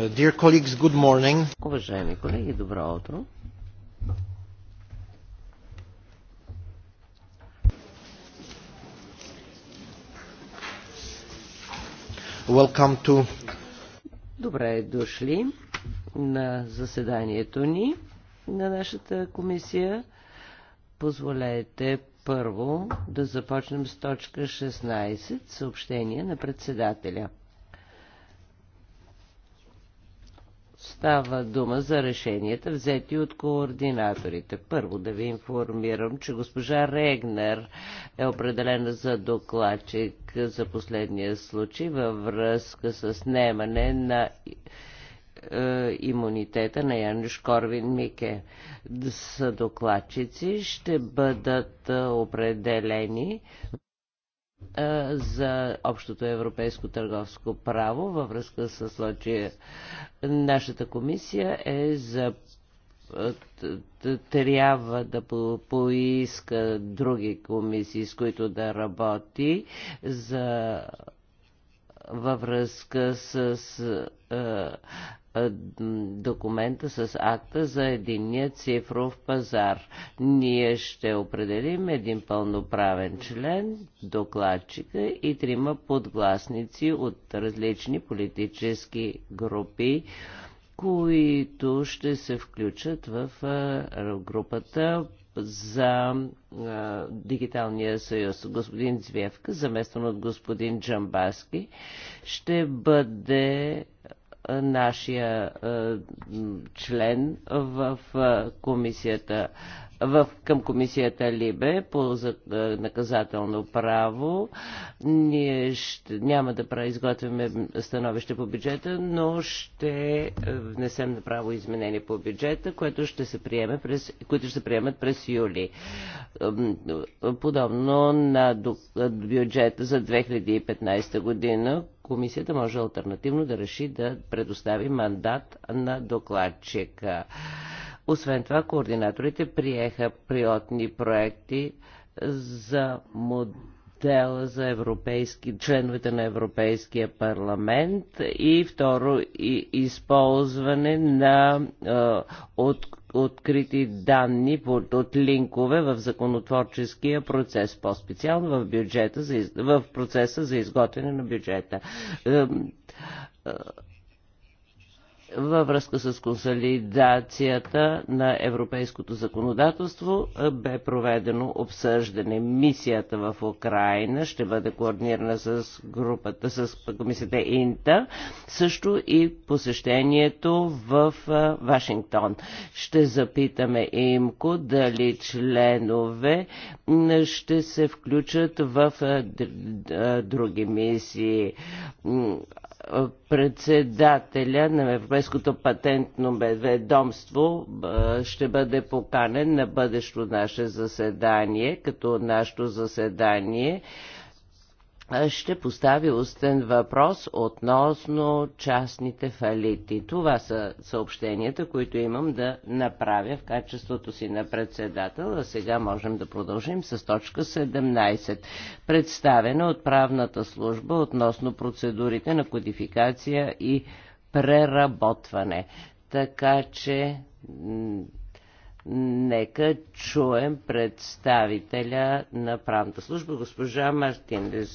Uh, Уважаеми колеги, добро утро. Welcome to... Добре дошли на заседанието ни на нашата комисия. Позволете първо да започнем с точка 16, съобщение на председателя – Става дума за решенията, взети от координаторите. Първо да ви информирам, че госпожа Регнер е определена за докладчик за последния случай във връзка с немане на е, имунитета на Яниш Корвин Мике. С докладчици ще бъдат е, определени за общото европейско търговско право във връзка с случая. Нашата комисия е за трябва да по поиска други комисии, с които да работи за във връзка с а, е, а, е, документа, с акта за единния цифров пазар. Ние ще определим един пълноправен член, докладчика и трима подгласници от различни политически групи които ще се включат в е, групата за а, Дигиталния съюз. Господин Звевка, заместен от господин Джамбаски, ще бъде нашия член в комисията в, към комисията Либе по за, е, наказателно право. Ние ще, няма да изготвяме становище по бюджета, но ще е, внесем направо изменение по бюджета, което ще се приеме през, които ще се приемат през юли. Подобно на е, бюджета за 2015 година, комисията може альтернативно да реши да предостави мандат на докладчика. Освен това, координаторите приеха приотни проекти за модела за европейски, членовете на Европейския парламент и второ и използване на е, от, открити данни от, от линкове в законотворческия процес, по-специално в, бюджета за, в процеса за изготвяне на бюджета. Е, е, във връзка с консолидацията на европейското законодателство бе проведено обсъждане. Мисията в Украина ще бъде координирана с групата, с комисията Инта, също и посещението в Вашингтон. Ще запитаме имко дали членове ще се включат в други мисии председателя на Европейското патентно ведомство ще бъде поканен на бъдещо наше заседание, като нашето заседание ще постави устен въпрос относно частните фалити. Това са съобщенията, които имам да направя в качеството си на председател, а сега можем да продължим с точка 17, представена от правната служба относно процедурите на кодификация и преработване. Така че Нека чуем представителя на правната служба, госпожа Мартин.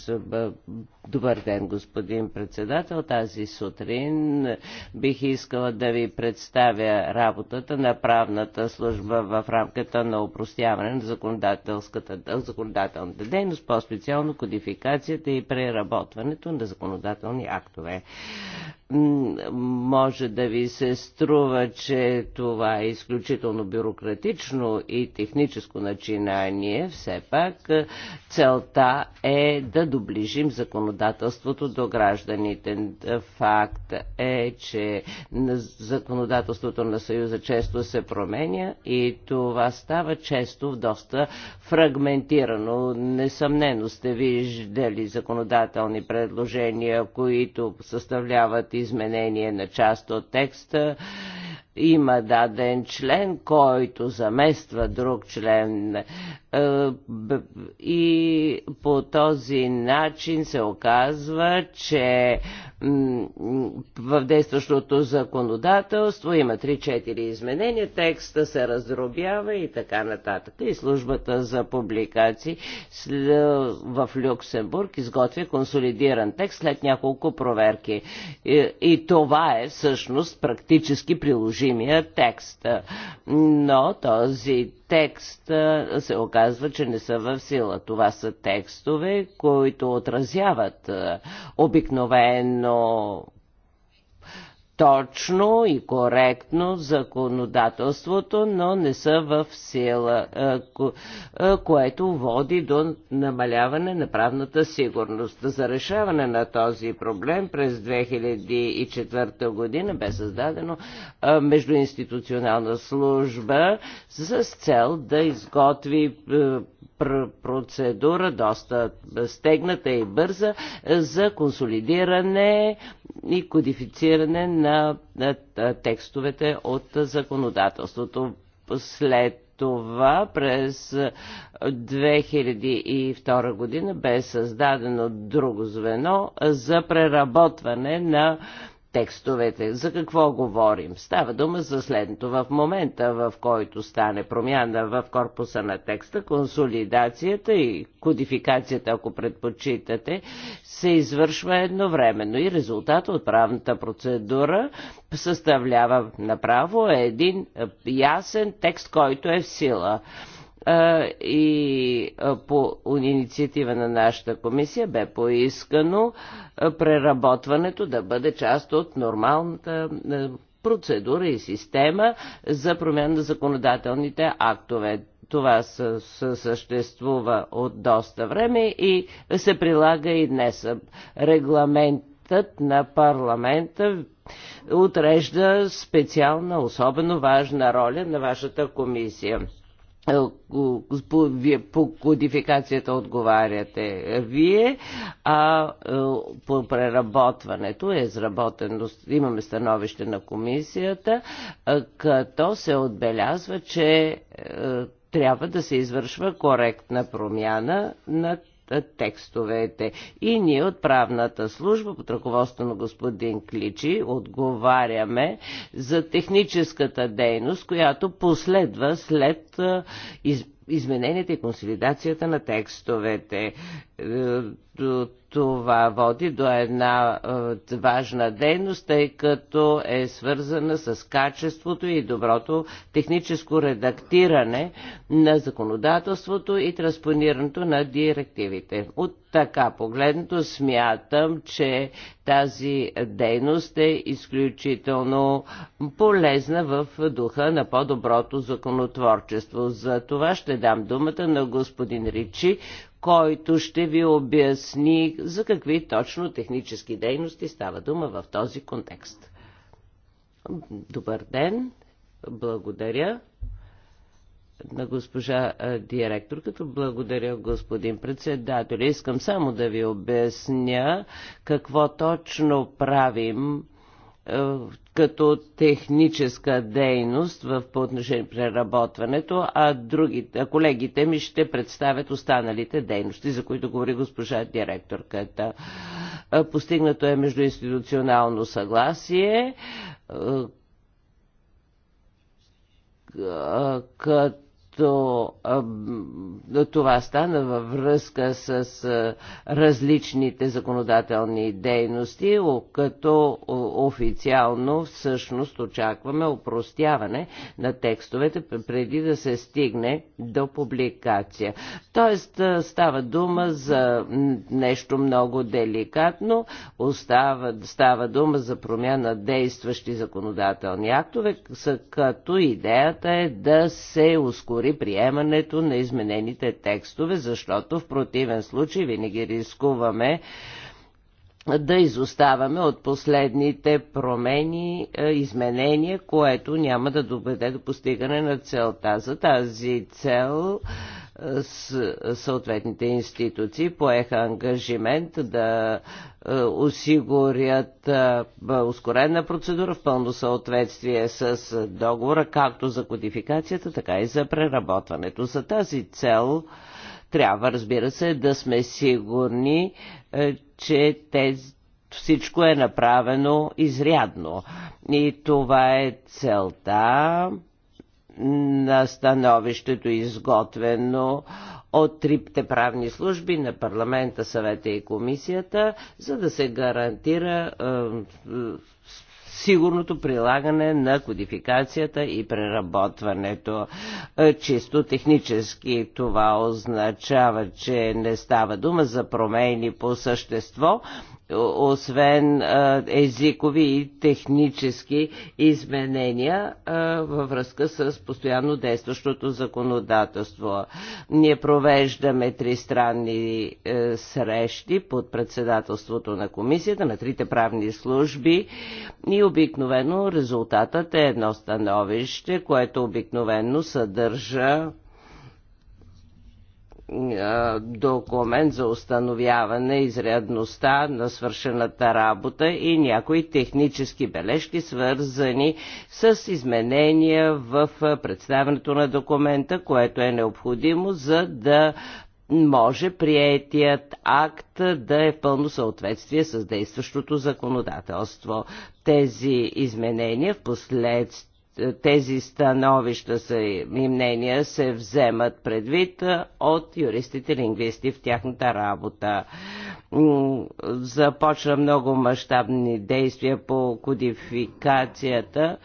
Добър ден, господин председател. Тази сутрин бих искала да ви представя работата на правната служба в рамката на упростяване на законодателната дейност, по-специално кодификацията и преработването на законодателни актове. Може да ви се струва, че това е изключително бюрократично и техническо начинание. Все пак целта е да доближим законодателството законодателството до гражданите. Факт е, че законодателството на Съюза често се променя и това става често в доста фрагментирано. Несъмнено сте виждали законодателни предложения, които съставляват изменение на част от текста има даден член, който замества друг член е, и по този начин се оказва, че в действащото законодателство. Има 3-4 изменения, текста се раздробява и така нататък. И службата за публикации е, в Люксембург изготви консолидиран текст след няколко проверки. И, и това е всъщност практически приложимия текст. Но този Текст се оказва, че не са в сила. Това са текстове, които отразяват обикновено точно и коректно законодателството, но не са в сила, което води до намаляване на правната сигурност. За решаване на този проблем през 2004 година бе създадено междуинституционална служба с цел да изготви пр- процедура, доста стегната и бърза, за консолидиране и кодифициране на, на, на текстовете от законодателството. След това през 2002 година бе създадено друго звено за преработване на текстовете. За какво говорим? Става дума за следното. В момента, в който стане промяна в корпуса на текста, консолидацията и кодификацията, ако предпочитате, се извършва едновременно и резултат от правната процедура съставлява направо един ясен текст, който е в сила и по инициатива на нашата комисия бе поискано преработването да бъде част от нормалната процедура и система за промяна на законодателните актове. Това съществува от доста време и се прилага и днес. Регламентът на парламента отрежда специална, особено важна роля на вашата комисия. Е, вие по кодификацията отговаряте вие, а е, по преработването е изработено, имаме становище на комисията, е, като се отбелязва, че трябва да се извършва коректна промяна на текстовете. И ние от правната служба под ръководство на господин Кличи отговаряме за техническата дейност, която последва след изменението и консолидацията на текстовете. Е, това води до една е, важна дейност, тъй като е свързана с качеството и доброто техническо редактиране на законодателството и транспонирането на директивите. От така погледнато смятам, че тази дейност е изключително полезна в духа на по-доброто законотворчество. За това ще дам думата на господин Ричи, който ще ви обясни за какви точно технически дейности става дума в този контекст. Добър ден, благодаря на госпожа директор, като благодаря господин председател. Искам само да ви обясня какво точно правим е, като техническа дейност в, по отношение преработването, а другите, колегите ми ще представят останалите дейности, за които говори госпожа директорката. Е, постигнато е междуинституционално съгласие, е, като а, това стана във връзка с различните законодателни дейности, като официално всъщност очакваме опростяване на текстовете преди да се стигне до публикация. Тоест става дума за нещо много деликатно, остава, става дума за промяна действащи законодателни актове, като идеята е да се ускори ускори приемането на изменените текстове, защото в противен случай винаги рискуваме да изоставаме от последните промени, е, изменения, което няма да доведе до постигане на целта. За тази цел е, с съответните институции поеха ангажимент да е, осигурят ускорена процедура в пълно съответствие с договора, както за кодификацията, така и за преработването. За тази цел трябва, разбира се, да сме сигурни, е, че тези, всичко е направено изрядно. И това е целта на становището, изготвено от трипте правни служби на парламента, съвета и комисията, за да се гарантира е, сигурното прилагане на кодификацията и преработването. Е, чисто технически това означава, че не става дума за промени по същество, освен езикови и технически изменения във връзка с постоянно действащото законодателство. Ние провеждаме тристранни е, срещи под председателството на комисията, на трите правни служби и обикновено резултатът е едно становище, което обикновено съдържа документ за установяване изрядността на свършената работа и някои технически бележки, свързани с изменения в представенето на документа, което е необходимо, за да може приетият акт да е в пълно съответствие с действащото законодателство. Тези изменения в последствие тези становища са и мнения се вземат предвид от юристите-лингвисти в тяхната работа започна много мащабни действия по кодификацията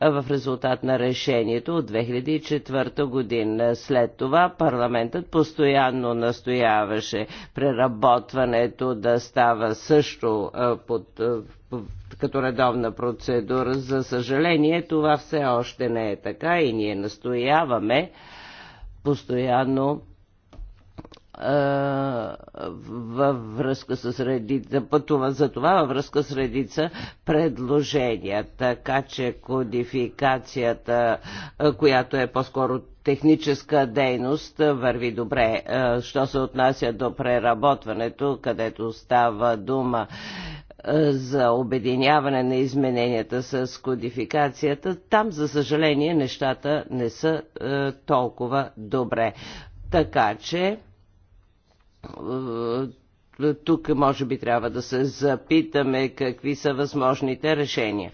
в резултат на решението от 2004 година. След това парламентът постоянно настояваше преработването да става също под като редовна процедура. За съжаление, това все още не е така и ние настояваме постоянно във връзка с редица, пътува за това във връзка с редица предложения. Така че кодификацията, която е по-скоро техническа дейност, върви добре. Що се отнася до преработването, където става дума за обединяване на измененията с кодификацията, там, за съжаление, нещата не са толкова добре. Така че тук може би трябва да се запитаме какви са възможните решения.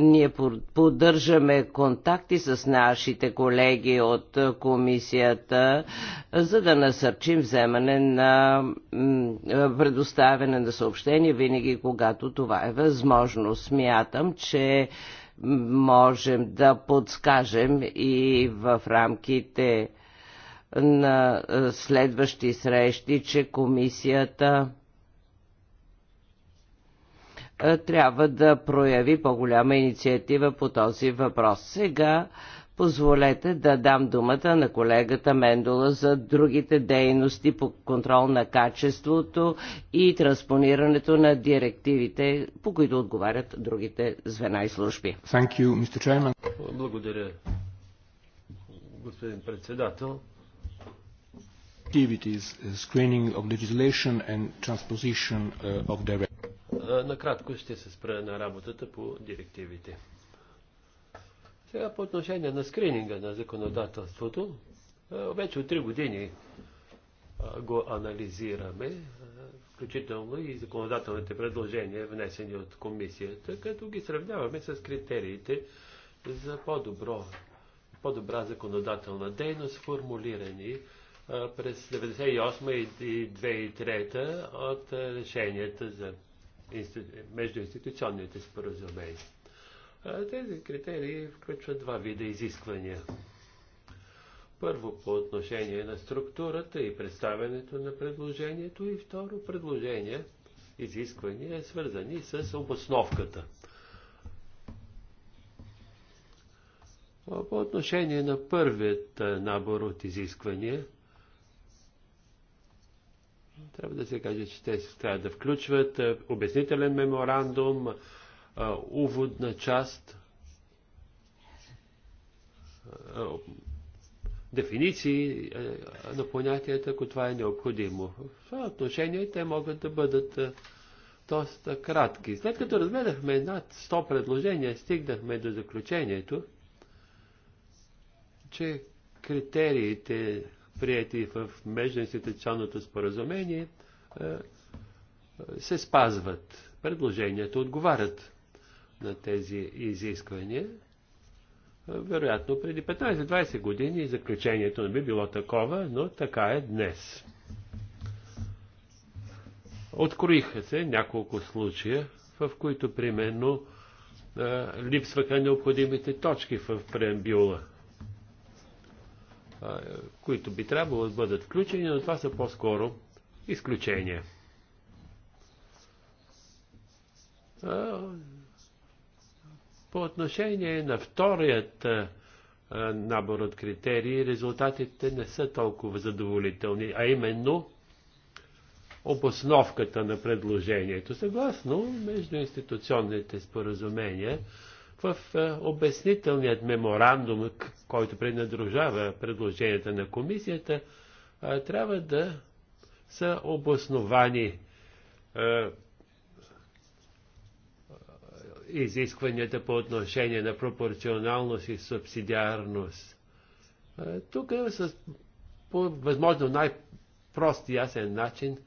Ние поддържаме контакти с нашите колеги от комисията, за да насърчим вземане на предоставяне на съобщения винаги, когато това е възможно. Смятам, че можем да подскажем и в рамките на е, следващи срещи, че комисията е, трябва да прояви по-голяма инициатива по този въпрос. Сега позволете да дам думата на колегата Мендола за другите дейности по контрол на качеството и транспонирането на директивите, по които отговарят другите звена и служби. Thank you, Mr. Благодаря, господин председател activities, uh, screening of legislation and transposition uh, of directives. Накратко ще се спра на работата по директивите. Сега по отношение на скрининга на законодателството, вече от три години го анализираме, включително и законодателните предложения, внесени от комисията, като ги сравняваме с критериите за по-добро, по-добра законодателна дейност, формулирани през 1998 и 2003 от решенията за междуинституционните споразумения. Тези критерии включват два вида изисквания. Първо по отношение на структурата и представянето на предложението и второ предложение, изисквания, свързани с обосновката. По отношение на първият набор от изисквания – трябва да се каже, че те трябва да включват е, обяснителен меморандум, е, уводна част, е, дефиниции на понятията, ако това е необходимо. В това отношение те могат да бъдат доста кратки. След като разгледахме над 100 предложения, стигнахме до заключението, че критериите прияти в междуинституционното споразумение, е, е, се спазват. Предложенията отговарят на тези изисквания. Е, вероятно преди 15-20 години заключението не би било такова, но така е днес. Откроиха се няколко случая, в които примерно липсваха необходимите точки в преамбюла които би трябвало да бъдат включени, но това са по-скоро изключения. По отношение на вторият набор от критерии, резултатите не са толкова задоволителни, а именно обосновката на предложението. Съгласно междуинституционните споразумения, в е, обяснителният меморандум, който принадружава предложенията на комисията, е, трябва да са обосновани е, изискванията по отношение на пропорционалност и субсидиарност. Тук с по възможно най-прост и ясен начин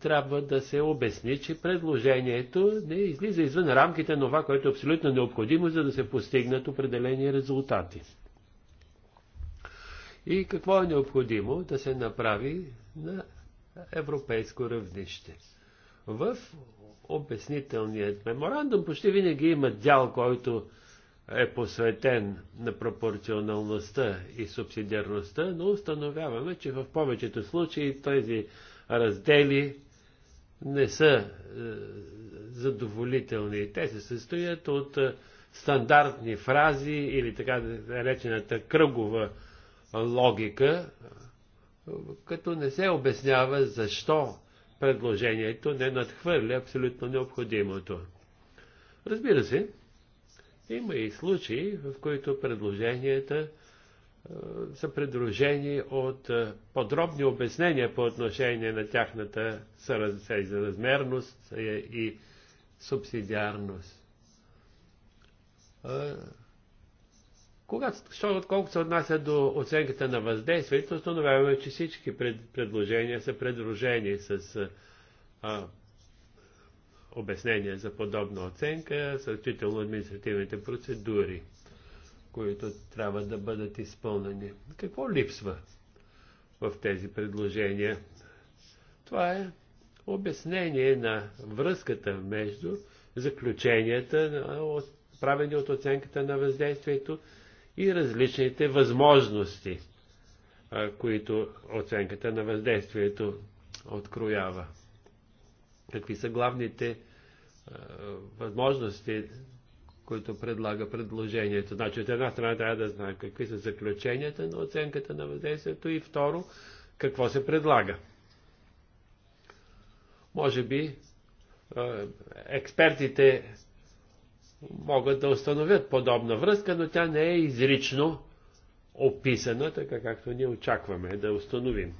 трябва да се обясни, че предложението не излиза извън рамките на това, което е абсолютно необходимо, за да се постигнат определени резултати. И какво е необходимо да се направи на европейско равнище? В обяснителният меморандум почти винаги има дял, който е посветен на пропорционалността и субсидиарността, но установяваме, че в повечето случаи тези раздели не са е, задоволителни. Те се състоят от е, стандартни фрази или така наречената кръгова логика, е, като не се обяснява защо предложението не надхвърля абсолютно необходимото. Разбира се, има и случаи, в които предложенията е, са придружени от е, подробни обяснения по отношение на тяхната съразмерност и субсидиарност. Е, Когато, колкото се отнася до оценката на въздействието, установяваме, че всички предложения са придружени с а, обяснения за подобна оценка, съответно административните процедури които трябва да бъдат изпълнени. Какво липсва в тези предложения? Това е обяснение на връзката между заключенията, правени от оценката на въздействието и различните възможности, които оценката на въздействието откроява. Какви са главните възможности който предлага предложението. Значи от една страна трябва да знаем какви са заключенията на оценката на въздействието и второ какво се предлага. Може би експертите могат да установят подобна връзка, но тя не е изрично описана, така както ние очакваме да установим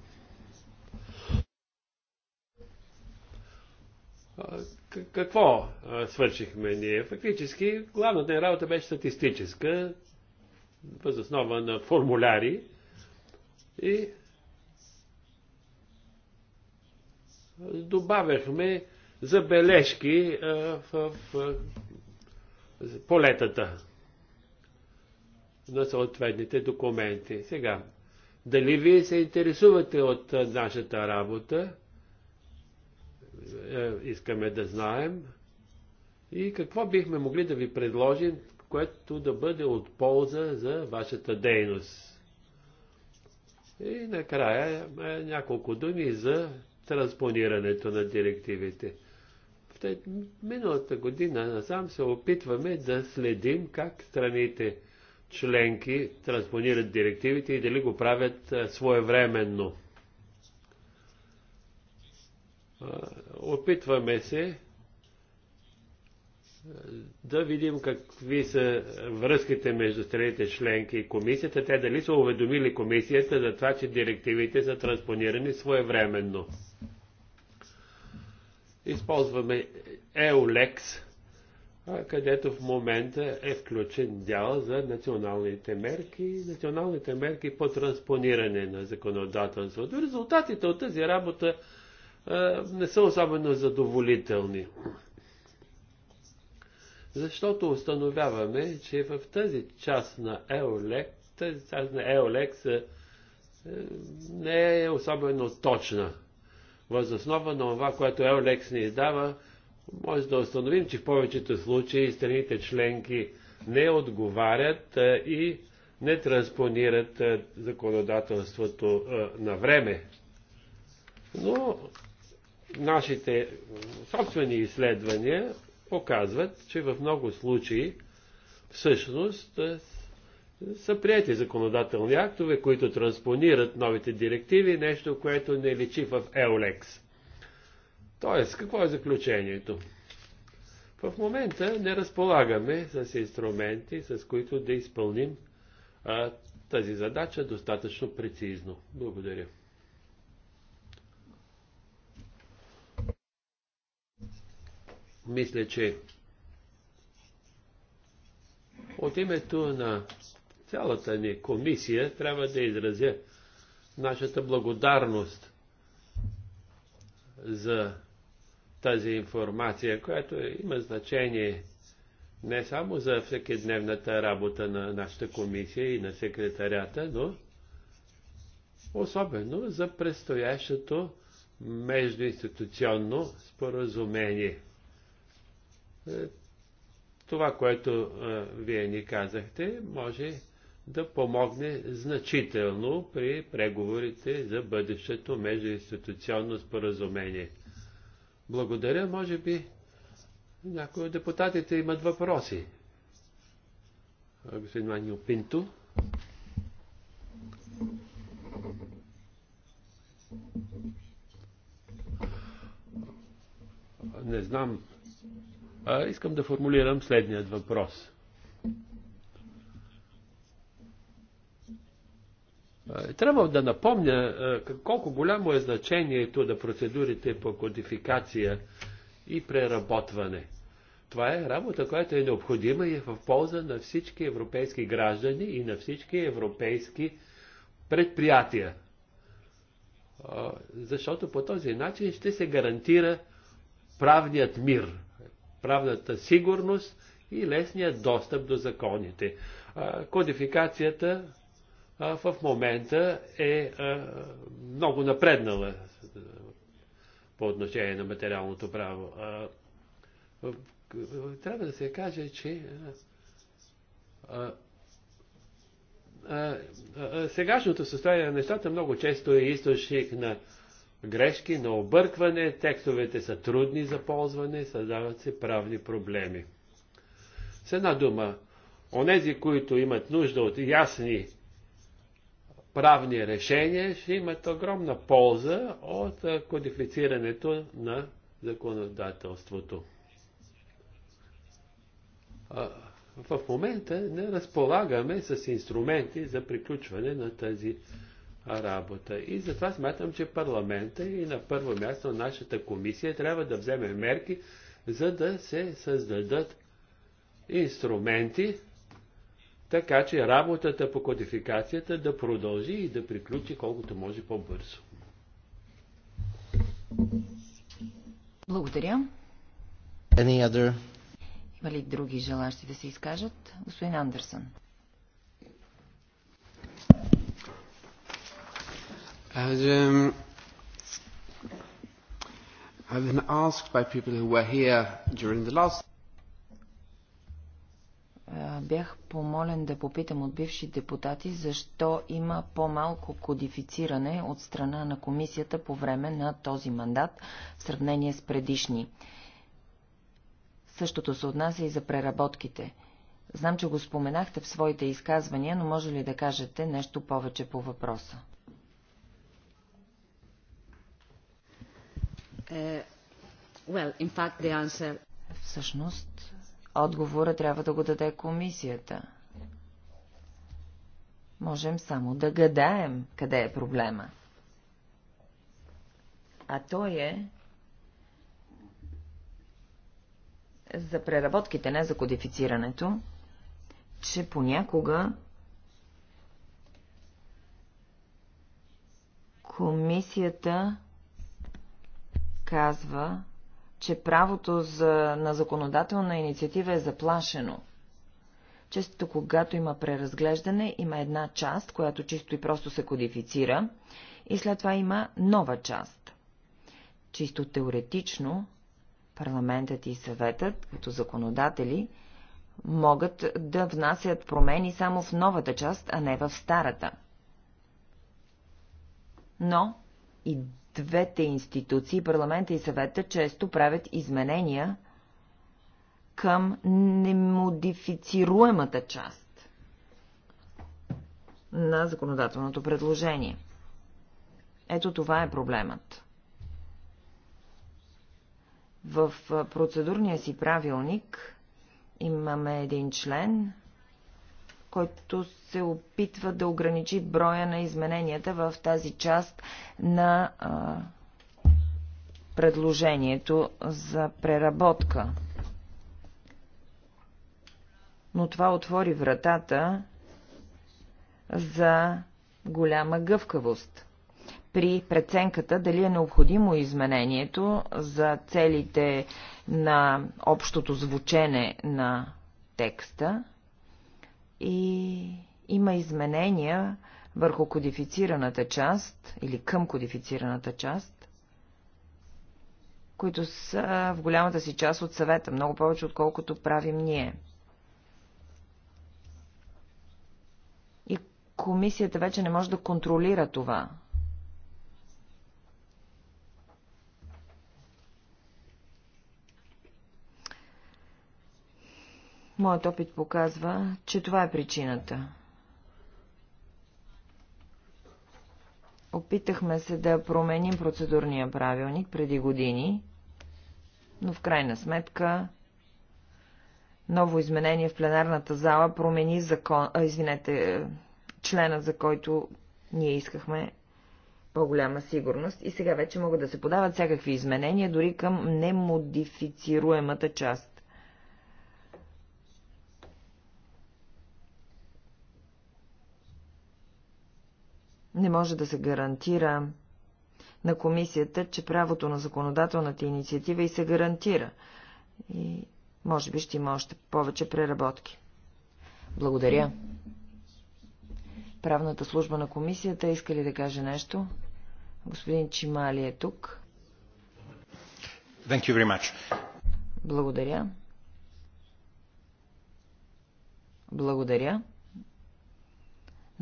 какво свършихме ние? Фактически главната ни работа беше статистическа, основа на формуляри и добавяхме забележки в, полетата на съответните документи. Сега, дали вие се интересувате от нашата работа? Е, искаме да знаем и какво бихме могли да ви предложим, което да бъде от полза за вашата дейност. И накрая е, няколко думи за транспонирането на директивите. В миналата година насам се опитваме да следим как страните членки транспонират директивите и дали го правят е, своевременно опитваме се е, да видим какви са връзките между страните членки и комисията, те дали са уведомили комисията за това, че директивите са транспонирани своевременно. Използваме EULEX, където в момента е включен дял за националните мерки, националните мерки по транспониране на законодателството. Резултатите от тази работа не са особено задоволителни. Защото установяваме, че в тази част на Еолек, тази част на Еолекс е, не е особено точна. Възоснова на това, което Еолекс ни издава, може да установим, че в повечето случаи страните членки не отговарят е, и не транспонират е, законодателството на време. Но нашите собствени изследвания показват, че в много случаи всъщност е, са прияти законодателни актове, които транспонират новите директиви, нещо, което не личи в Еолекс. Тоест, какво е заключението? В момента не разполагаме с инструменти, с които да изпълним а, тази задача достатъчно прецизно. Благодаря. Мисля, че от името на цялата ни комисия трябва да изразя нашата благодарност за тази информация, която има значение не само за всекидневната работа на нашата комисия и на секретарята, но особено за предстоящото междуинституционно споразумение – е, това, което е, вие ни казахте, може да помогне значително при преговорите за бъдещето междуинституционно споразумение. Благодаря, може би някои от депутатите имат въпроси. Господин Манио Пинто. Не знам а, искам да формулирам следният въпрос. Трябва да напомня колко голямо е значението на процедурите по кодификация и преработване. Това е работа, която е необходима и е в полза на всички европейски граждани и на всички европейски предприятия. Защото по този начин ще се гарантира правният мир правната сигурност и лесния достъп до законите. Кодификацията в момента е много напреднала по отношение на материалното право. Трябва да се каже, че сегашното състояние на нещата много често е източник на грешки, на объркване, текстовете са трудни за ползване, създават се правни проблеми. С една дума, онези, които имат нужда от ясни правни решения, ще имат огромна полза от кодифицирането на законодателството. В момента не разполагаме с инструменти за приключване на тази работа. И затова смятам, че парламента и на първо място нашата комисия трябва да вземе мерки, за да се създадат инструменти, така че работата по кодификацията да продължи и да приключи колкото може по-бързо. Благодаря. Any other? Има ли други желащи да се изкажат? Господин Андерсън. Um, I've been asked by people who were here during the last е, бях помолен да попитам от бивши депутати, защо има по-малко кодифициране от страна на комисията по време на този мандат в сравнение с предишни. Същото се отнася и за преработките. Знам, че го споменахте в своите изказвания, но може ли да кажете нещо повече по въпроса? Е, Всъщност, отговора трябва да го даде комисията. Можем само да гадаем къде е проблема. А той е за преработките, не за кодифицирането, че понякога комисията казва, че правото за, на законодателна инициатива е заплашено. Често, когато има преразглеждане, има една част, която чисто и просто се кодифицира, и след това има нова част. Чисто теоретично, парламентът и съветът, като законодатели, могат да внасят промени само в новата част, а не в старата. Но и двете институции, парламента и съвета, често правят изменения към немодифицируемата част на законодателното предложение. Ето това е проблемът. В процедурния си правилник имаме един член, който се опитва да ограничи броя на измененията в тази част на а, предложението за преработка. Но това отвори вратата за голяма гъвкавост при преценката дали е необходимо изменението за целите на общото звучене на текста и има изменения върху кодифицираната част или към кодифицираната част, които са в голямата си част от съвета, много повече отколкото правим ние. И комисията вече не може да контролира това, Моят опит показва, че това е причината. Опитахме се да променим процедурния правилник преди години, но в крайна сметка ново изменение в пленарната зала промени закон, а, извинете, члена, за който ние искахме по-голяма сигурност и сега вече могат да се подават всякакви изменения, дори към немодифицируемата част. Не може да се гарантира на комисията, че правото на законодателната инициатива и се гарантира. И може би ще има още повече преработки. Благодаря. Правната служба на комисията иска ли да каже нещо? Господин Чимали е тук. Thank you very much. Благодаря. Благодаря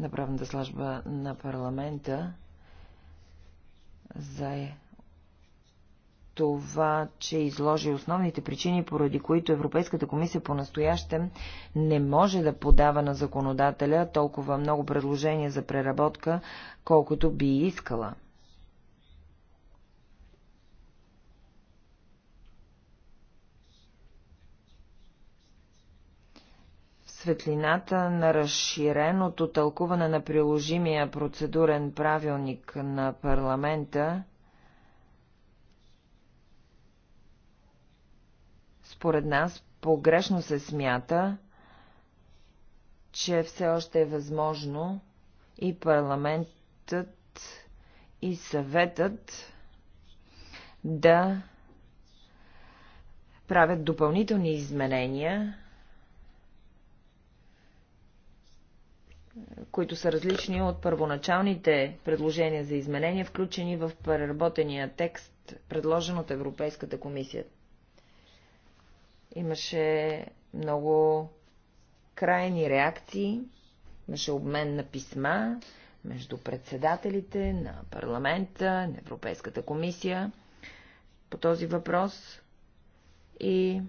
на правната служба на парламента за това, че изложи основните причини, поради които Европейската комисия по-настоящем не може да подава на законодателя толкова много предложения за преработка, колкото би искала. светлината на разширеното тълкуване на приложимия процедурен правилник на парламента, според нас погрешно се смята, че все още е възможно и парламентът, и съветът да правят допълнителни изменения които са различни от първоначалните предложения за изменения, включени в преработения текст, предложен от Европейската комисия. Имаше много крайни реакции, имаше обмен на писма между председателите на парламента, на Европейската комисия по този въпрос и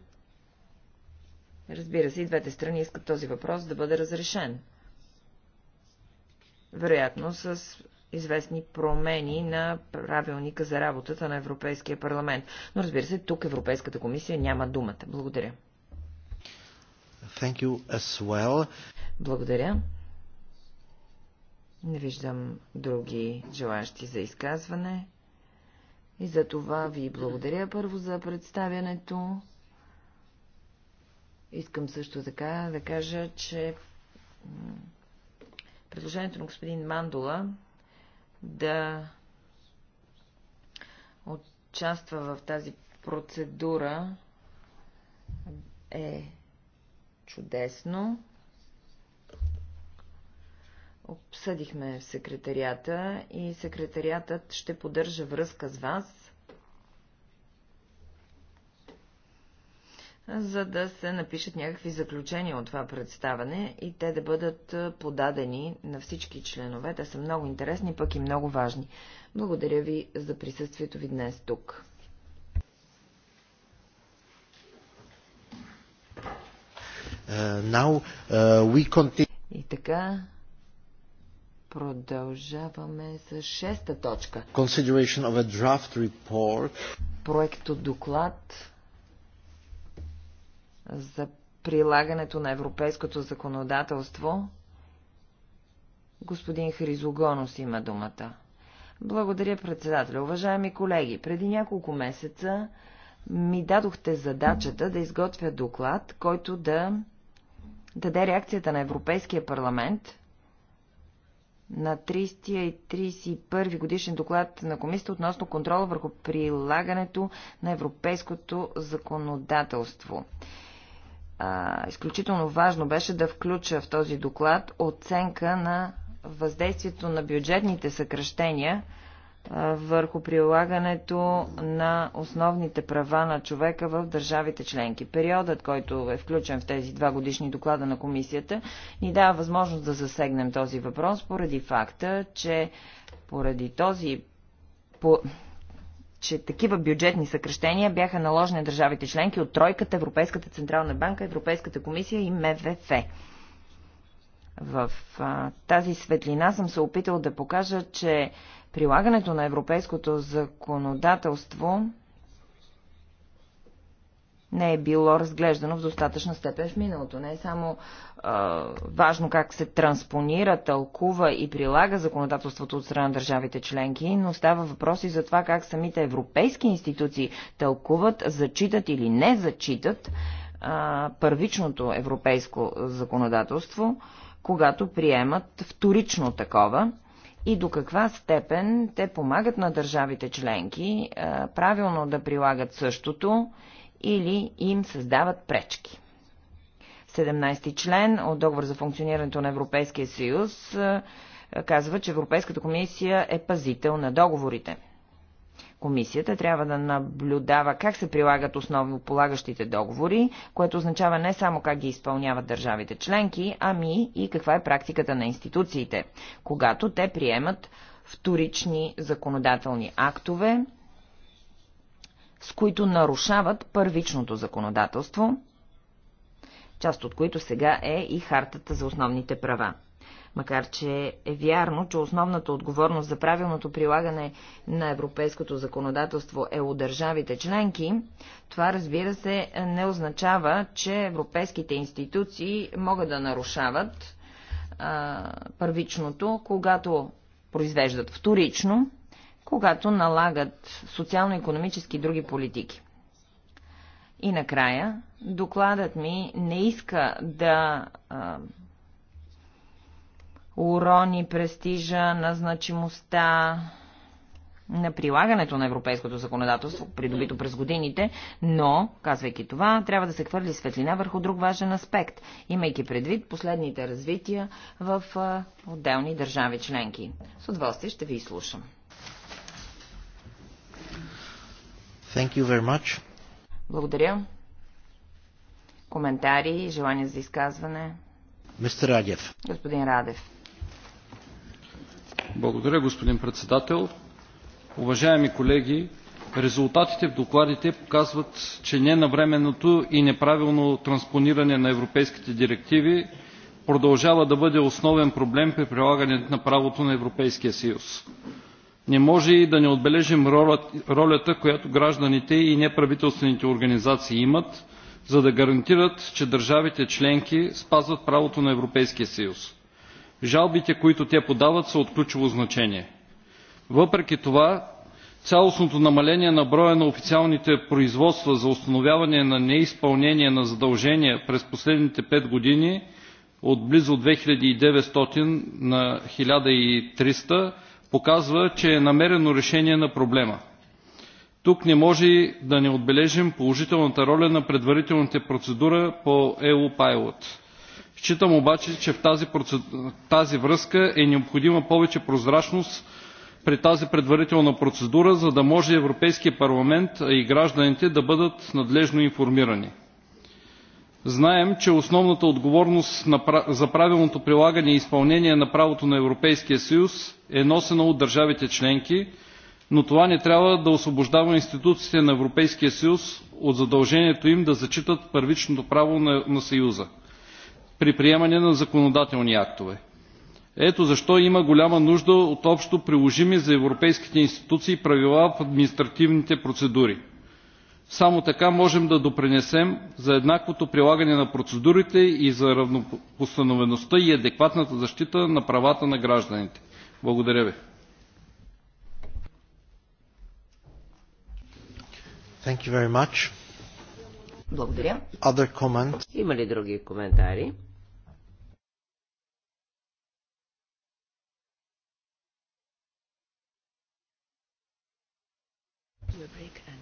Разбира се, и двете страни искат този въпрос да бъде разрешен вероятно с известни промени на правилника за работата на Европейския парламент. Но разбира се, тук Европейската комисия няма думата. Благодаря. Thank you as well. Благодаря. Не виждам други желащи за изказване. И за това ви благодаря първо за представянето. Искам също така да кажа, че предложението на господин Мандула да участва в тази процедура е чудесно. Обсъдихме в секретарията и секретариатът ще поддържа връзка с вас за да се напишат някакви заключения от това представане и те да бъдат подадени на всички членове. Те са много интересни, пък и много важни. Благодаря ви за присъствието ви днес тук. Uh, now, uh, we и така, Продължаваме с шеста точка. Consideration of a draft report. Проекто доклад за прилагането на европейското законодателство. Господин Хризогонос има думата. Благодаря, председател. Уважаеми колеги, преди няколко месеца ми дадохте задачата да изготвя доклад, който да даде реакцията на Европейския парламент на 30 и 31 годишен доклад на комисията относно контрола върху прилагането на европейското законодателство а, изключително важно беше да включа в този доклад оценка на въздействието на бюджетните съкръщения върху прилагането на основните права на човека в държавите членки. Периодът, който е включен в тези два годишни доклада на комисията, ни дава възможност да засегнем този въпрос поради факта, че поради този по, че такива бюджетни съкрещения бяха наложени на държавите членки от Тройката, Европейската Централна банка, Европейската комисия и МВФ. В а, тази светлина съм се опитал да покажа, че прилагането на европейското законодателство не е било разглеждано в достатъчна степен в миналото. Не е само а, важно как се транспонира, тълкува и прилага законодателството от страна на държавите членки, но става въпрос и за това как самите европейски институции тълкуват, зачитат или не зачитат а, първичното европейско законодателство, когато приемат вторично такова и до каква степен те помагат на държавите членки а, правилно да прилагат същото или им създават пречки. 17 член от договор за функционирането на Европейския съюз казва, че Европейската комисия е пазител на договорите. Комисията трябва да наблюдава как се прилагат основно полагащите договори, което означава не само как ги изпълняват държавите членки, ами и каква е практиката на институциите, когато те приемат вторични законодателни актове, с които нарушават първичното законодателство, част от които сега е и Хартата за основните права. Макар, че е вярно, че основната отговорност за правилното прилагане на европейското законодателство е у държавите членки, това разбира се не означава, че европейските институции могат да нарушават а, първичното, когато произвеждат вторично когато налагат социално-економически и други политики. И накрая, докладът ми не иска да а, урони престижа на значимостта на прилагането на европейското законодателство, придобито през годините, но, казвайки това, трябва да се хвърли светлина върху друг важен аспект, имайки предвид последните развития в а, отделни държави членки. С удоволствие ще ви изслушам. Thank you very much. Благодаря. Коментари, желания за изказване? Мистер Радев. Господин Радев. Благодаря, господин председател. Уважаеми колеги, резултатите в докладите показват, че ненавременното и неправилно транспониране на европейските директиви продължава да бъде основен проблем при прилагането на правото на Европейския съюз не може и да не отбележим ролята, която гражданите и неправителствените организации имат, за да гарантират, че държавите членки спазват правото на Европейския съюз. Жалбите, които те подават, са от ключово значение. Въпреки това, цялостното намаление на броя на официалните производства за установяване на неизпълнение на задължения през последните 5 години от близо 2900 на 1300 показва, че е намерено решение на проблема. Тук не може да не отбележим положителната роля на предварителните процедури по EU Pilot. Считам обаче, че в тази, процед... тази връзка е необходима повече прозрачност при тази предварителна процедура, за да може Европейския парламент и гражданите да бъдат надлежно информирани знаем че основната отговорност за правилното прилагане и изпълнение на правото на европейския съюз е носена от държавите членки но това не трябва да освобождава институциите на европейския съюз от задължението им да зачитат първичното право на съюза при приемане на законодателни актове. ето защо има голяма нужда от общо приложими за европейските институции правила в административните процедури. Само така можем да допринесем за еднаквото прилагане на процедурите и за равнопоставеността и адекватната защита на правата на гражданите. Благодаря ви. Thank you very much. Благодаря. Other comments? Има ли други коментари?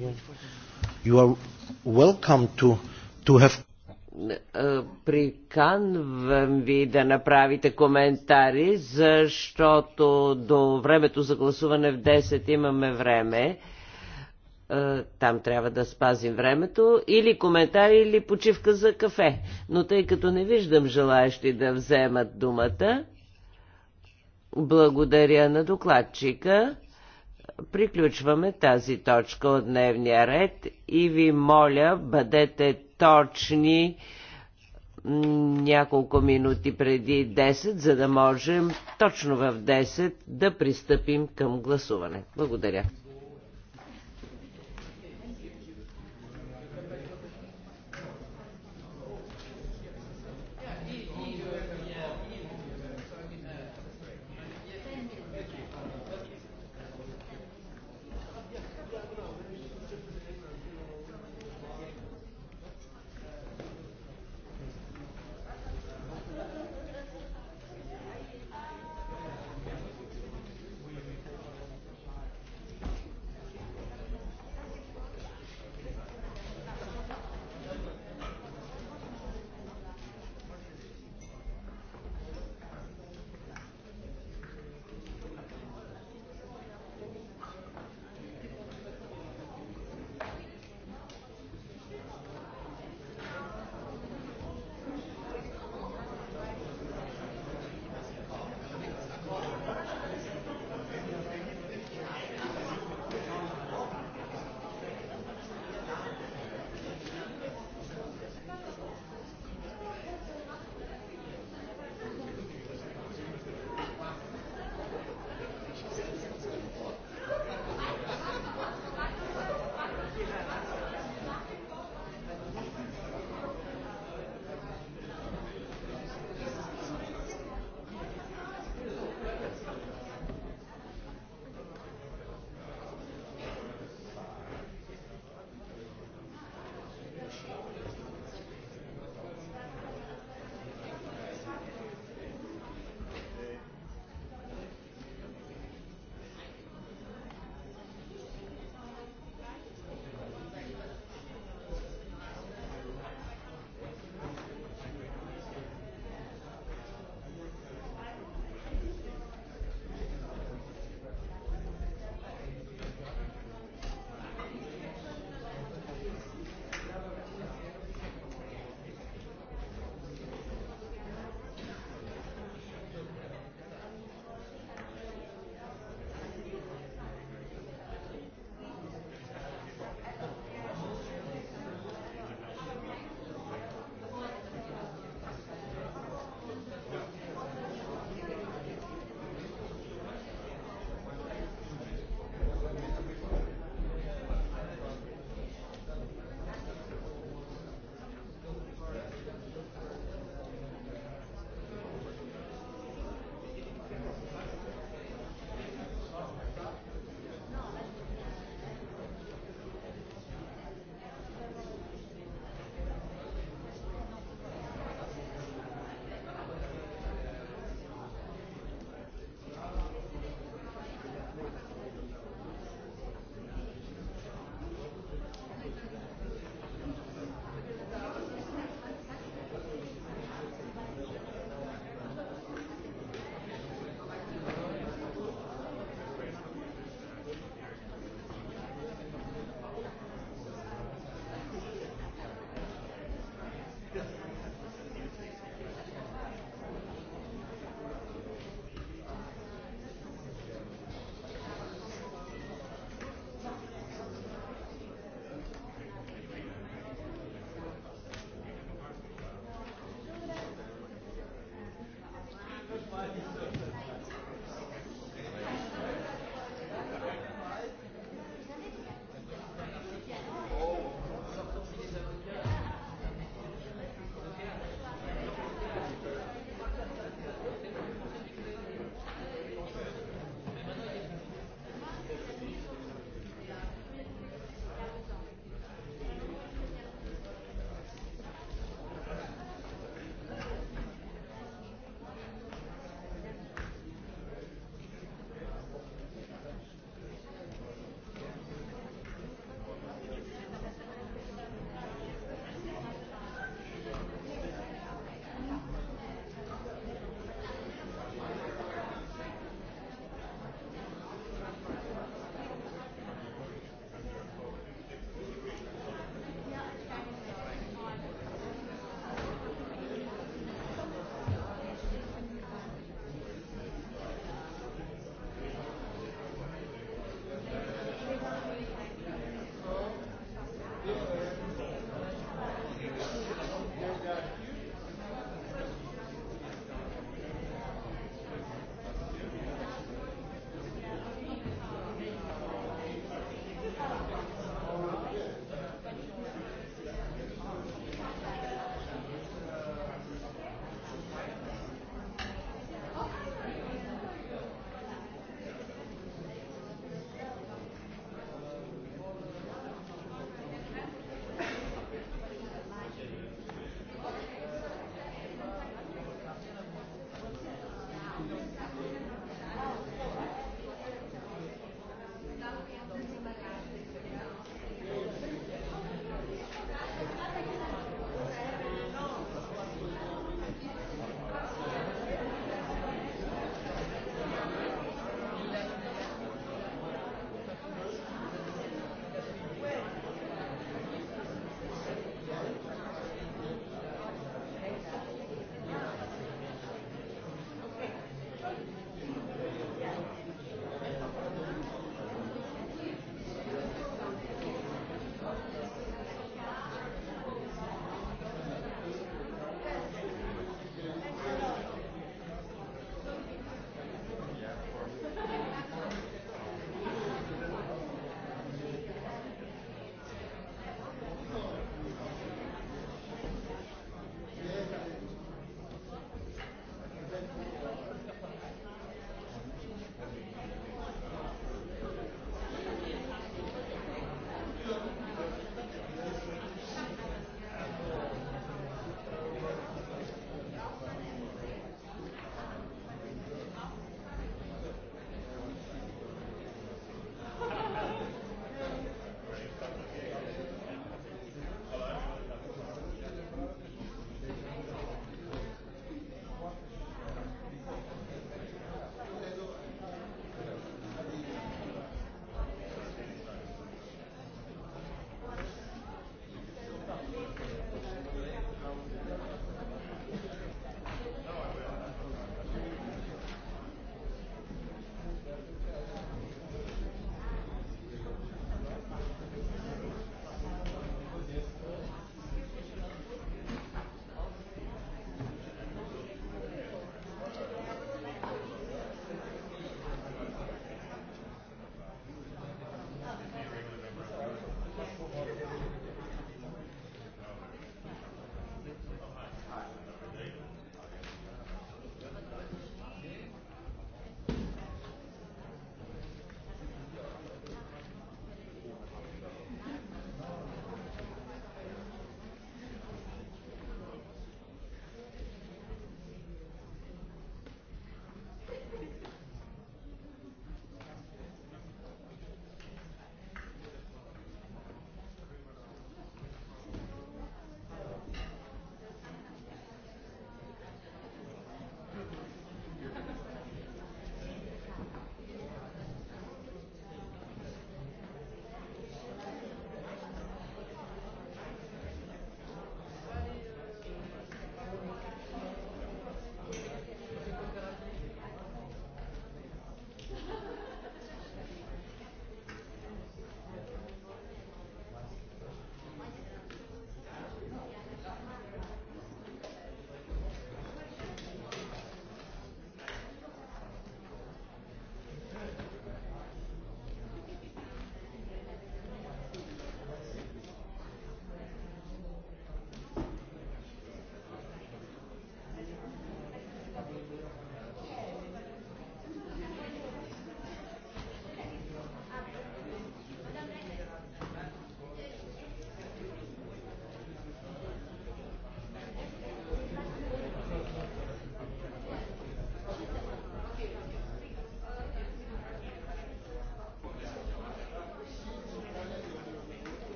Yeah you are welcome to, to have е, приканвам ви да направите коментари, защото до времето за гласуване в 10 имаме време. Е, там трябва да спазим времето. Или коментари, или почивка за кафе. Но тъй като не виждам желаящи да вземат думата, благодаря на докладчика приключваме тази точка от дневния ред и ви моля, бъдете точни няколко минути преди 10, за да можем точно в 10 да пристъпим към гласуване. Благодаря.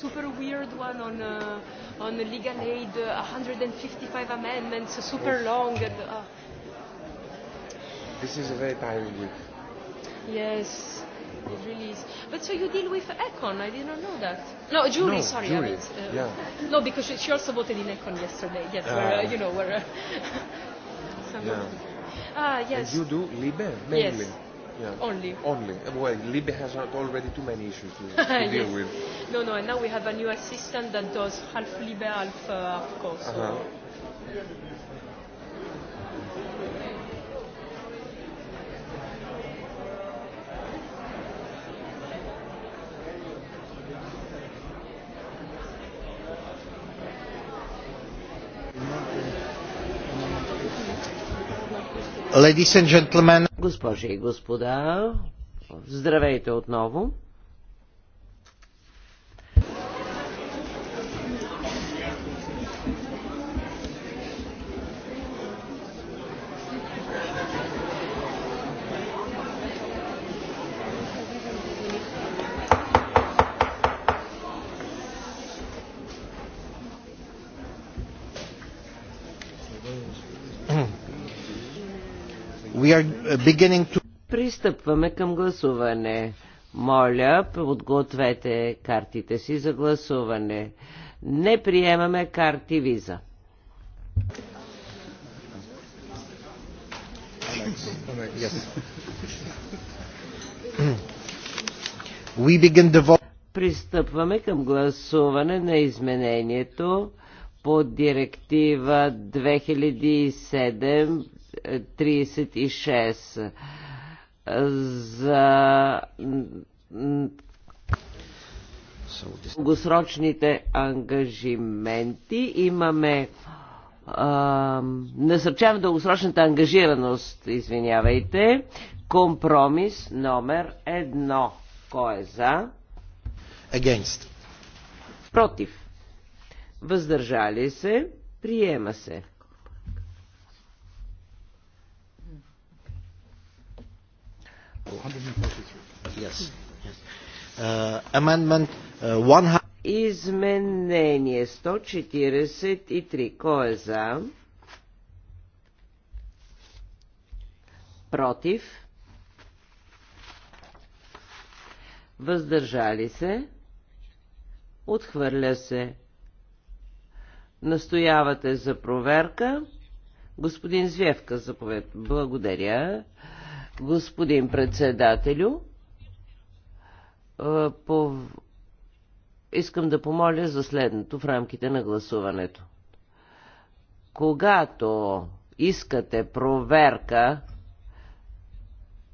super weird one on uh, on legal aid, uh, 155 amendments, super long. And, uh, this is a very tiring week. Yes, it really is. But so you deal with Econ? I did not know that. No, jury. No, sorry, jury. I mean, uh, yeah. No, because she also voted in Econ yesterday. Yes, uh, where, uh, you know where. Uh, yeah. Ah yes. And you do Libe mainly. Yes yeah. only. Only. Well, Libya has already too many issues to, to deal yes. with. No, no, and now we have a new assistant that does half Libya, half uh, AFCO. So. Uh-huh. Ladies and gentlemen, Госпожи и господа, здравейте отново. Пристъпваме към гласуване. Моля, подгответе картите си за гласуване. Не приемаме карти виза. Пристъпваме към гласуване на изменението по директива 2007 36 за дългосрочните ангажименти. Имаме а, насърчаваме дългосрочната ангажираност, извинявайте, компромис номер едно. Кой е за? Against. Против. Въздържали се. Приема се. Yes. Uh, uh one... Изменение 143. Кой е за? Против? Въздържали се? Отхвърля се. Настоявате за проверка? Господин Звевка, заповед. Благодаря. Господин председателю, по... искам да помоля за следното в рамките на гласуването. Когато искате проверка,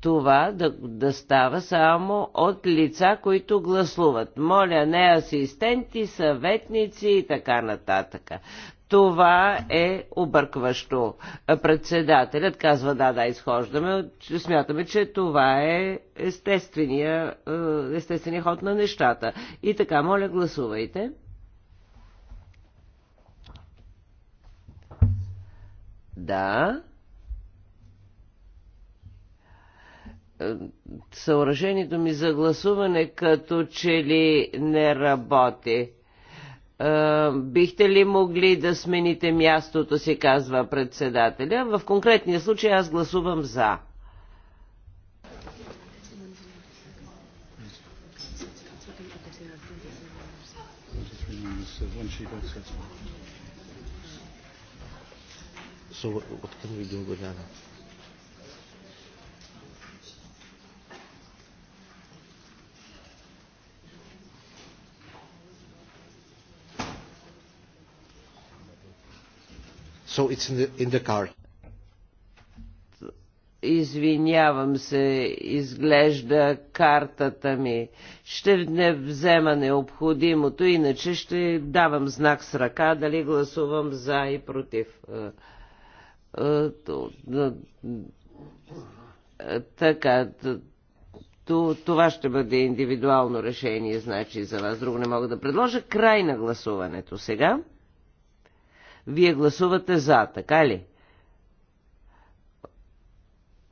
това да, да става само от лица, които гласуват. Моля, не асистенти, съветници и така нататък. Това е объркващо. Председателят казва, да, да, изхождаме. Смятаме, че това е естествения, е, естествения ход на нещата. И така, моля, гласувайте. Да. Е, съоръжението ми за гласуване като че ли не работи. Е, бихте ли могли да смените мястото си, казва председателя. В конкретния случай аз гласувам за. So what, what can we do with that? So it's in the, in the car. Извинявам се, изглежда картата ми. Ще не взема необходимото, иначе ще давам знак с ръка дали гласувам за и против е, е, е, така, това ще бъде индивидуално решение, значи за вас. Друго не мога да предложа. Край на гласуването сега. Вие гласувате за, така ли?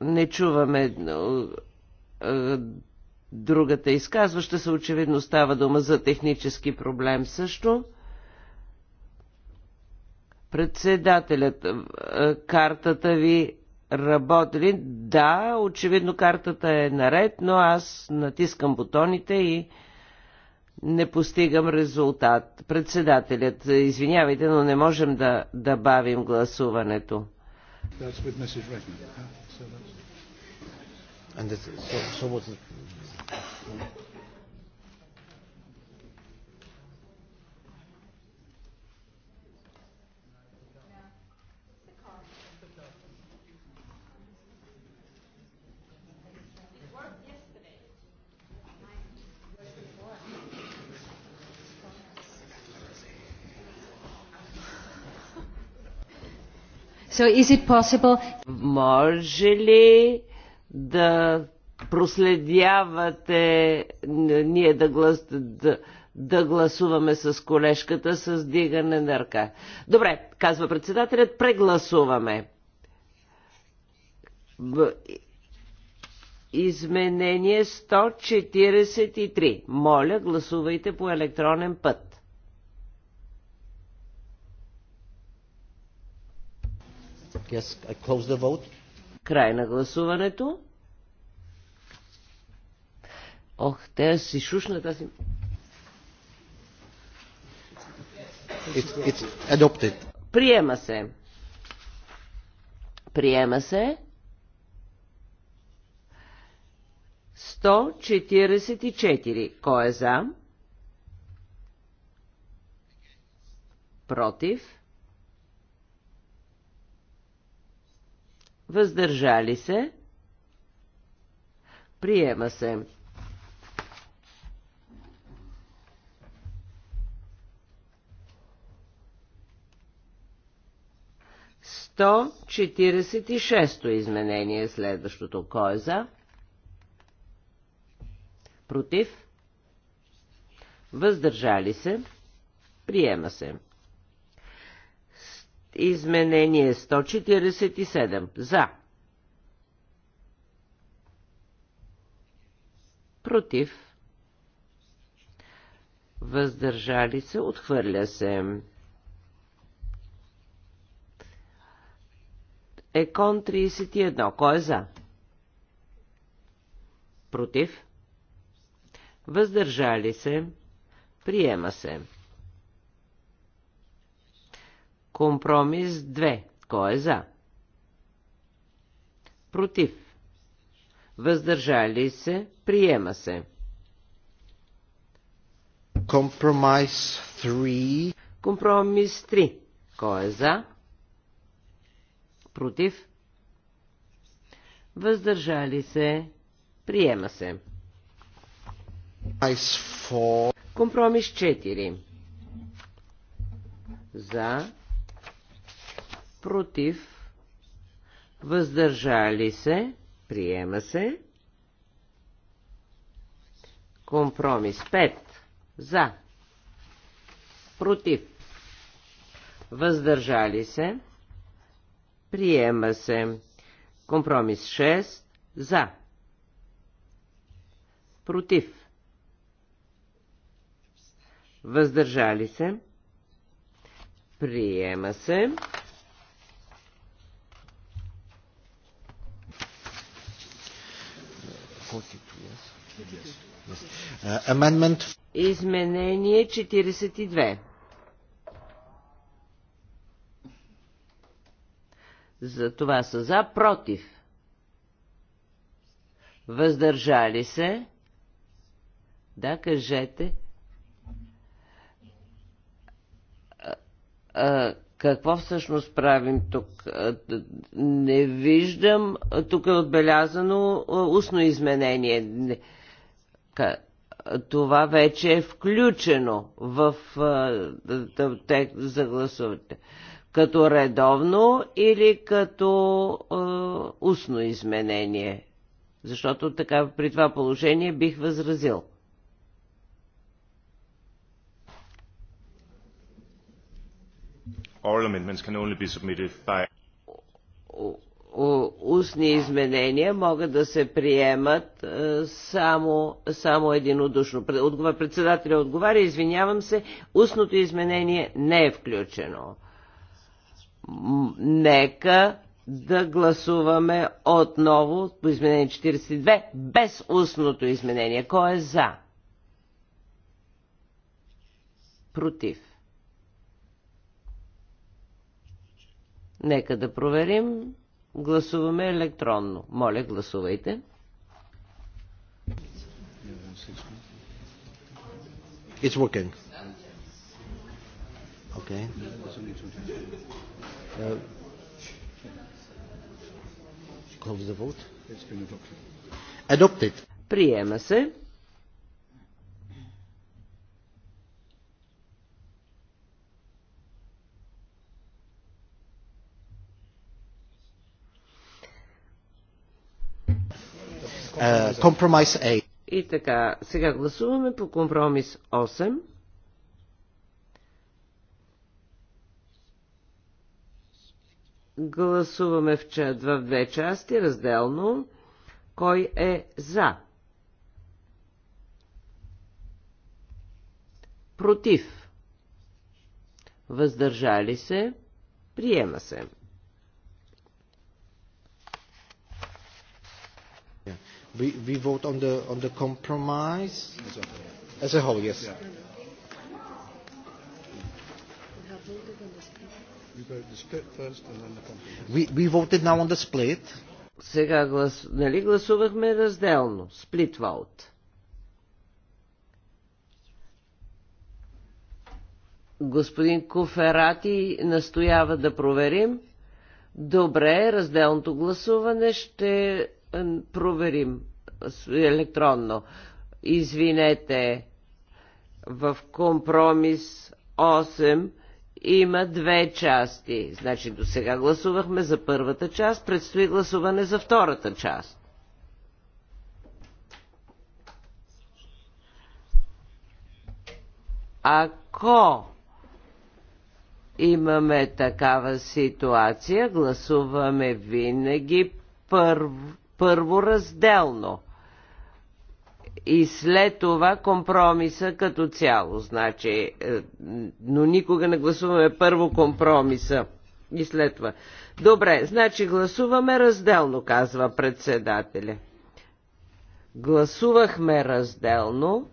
Не чуваме е, другата изказваща се. Очевидно става дума за технически проблем също. Председателят, е, картата ви работи ли? Да, очевидно картата е наред, но аз натискам бутоните и не постигам резултат. Председателят, извинявайте, но не можем да, да бавим гласуването. And so, so what's the... So is it possible... Може ли да проследявате ние да, глас, да, да гласуваме с колешката с дигане на ръка? Добре, казва председателят, прегласуваме. Изменение 143. Моля, гласувайте по електронен път. Yes, I close the vote. Край на гласуването. Ох, те си шушна аз си... It's, it's adopted. Приема се. Приема се. 144. Кой е за? Против? Въздържали се. Приема се. Сто четиридесет и шесто изменение следващото. Кой е за? Против? Въздържали се? Приема се. Изменение 147. За. Против. Въздържали се. Отхвърля се. Екон 31. Кой е за? Против. Въздържали се. Приема се. Компромис 2. Кой е за? Против. Въздържали се. Приема се. Компромис 3. Компромис 3. Кой е за? Против. Въздържали се. Приема се. Компромис 4. За против, въздържали се, приема се. Компромис 5 за, против, въздържали се, приема се. Компромис 6 за, против, въздържали се, приема се. Uh, изменение 42. За това са за, против. Въздържали се. Да, кажете. А, а, какво всъщност правим тук? Не виждам. Тук е отбелязано устно изменение това вече е включено в текст за гласовете. Като редовно или като е, устно изменение. Защото така при това положение бих възразил. Oral amendments can only be submitted by устни изменения могат да се приемат е, само, само единодушно. Председателя отговаря, извинявам се, устното изменение не е включено. Нека да гласуваме отново по изменение 42 без устното изменение. Кой е за? Против. Нека да проверим. Гласуваме електронно. Моля, гласувайте. It's working. Okay. Uh, close the vote. Adopted. Приема се. Компромис uh, И така, сега гласуваме по компромис 8. Гласуваме в, чат, в две части, разделно. Кой е за? Против. Въздържали се. Приема се. We, vote on the, on the compromise as a whole, yes. We, we voted now on the split. Сега глас... нали гласувахме разделно, split vote. Господин Коферати настоява да проверим. Добре, разделното гласуване ще проверим електронно. Извинете, в компромис 8 има две части. Значи до сега гласувахме за първата част, предстои гласуване за втората част. Ако имаме такава ситуация, гласуваме винаги първо първо разделно и след това компромиса като цяло. Значи, е, но никога не гласуваме първо компромиса и след това. Добре, значи гласуваме разделно, казва председателя. Гласувахме разделно.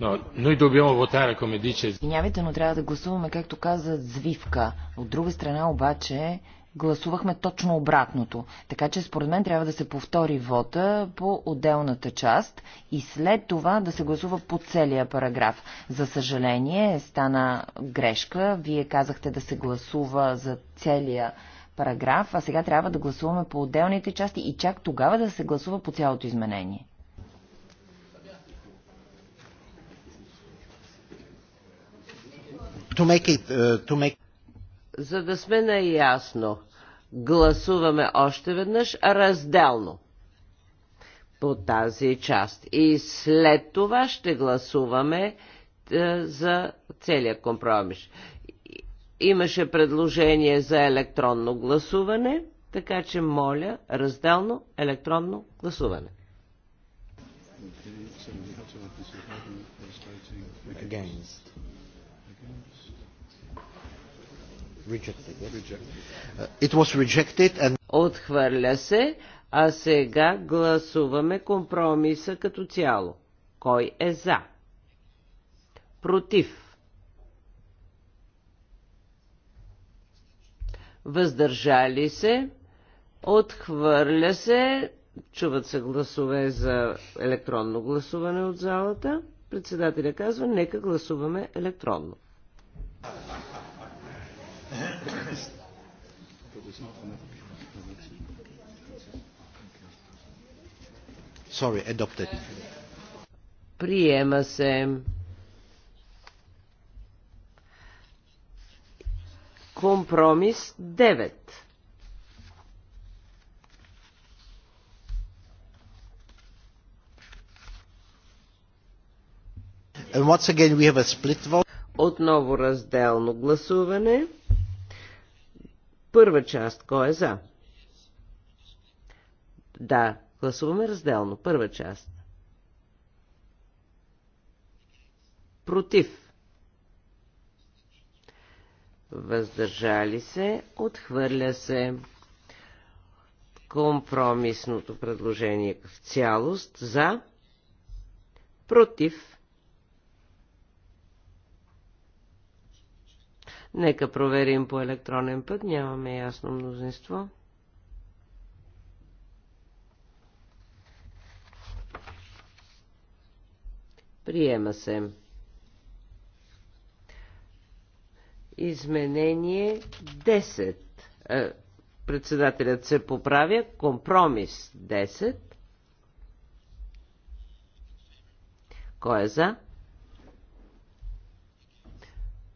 Но, но и добиваме вотара, ме dice. Извинявайте, но трябва да гласуваме, както каза, звивка. От друга страна обаче гласувахме точно обратното. Така че според мен трябва да се повтори вота по отделната част и след това да се гласува по целия параграф. За съжаление стана грешка. Вие казахте да се гласува за целия параграф, а сега трябва да гласуваме по отделните части и чак тогава да се гласува по цялото изменение. To make it, uh, to make за да сме наясно, гласуваме още веднъж разделно по тази част. И след това ще гласуваме е, за целият компромис. Имаше предложение за електронно гласуване, така че моля разделно електронно гласуване. Against. Uh, and... Отхвърля се, а сега гласуваме компромиса като цяло. Кой е за? Против. Въздържали се. Отхвърля се. Чуват се гласове за електронно гласуване от залата. Председателя казва, нека гласуваме електронно. Sorry, adopted. Приема се. Компромис 9. And once again we have a split vote. Отново разделно гласуване. Първа част. Кой е за? Да, гласуваме разделно. Първа част. Против. Въздържали се. Отхвърля се. Компромисното предложение в цялост. За. Против Нека проверим по електронен път. Нямаме ясно мнозинство. Приема се. Изменение 10. Е, председателят се поправя. Компромис 10. Кой е за?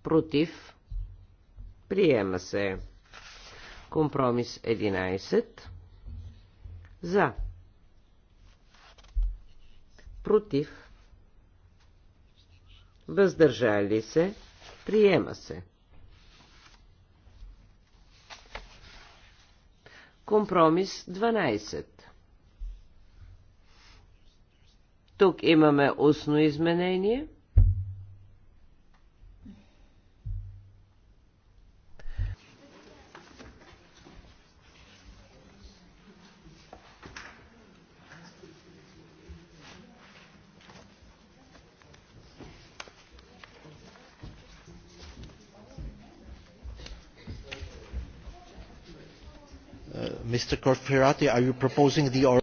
Против. Приема се. Компромис 11. За. Против. Въздържали се. Приема се. Компромис 12. Тук имаме устно изменение.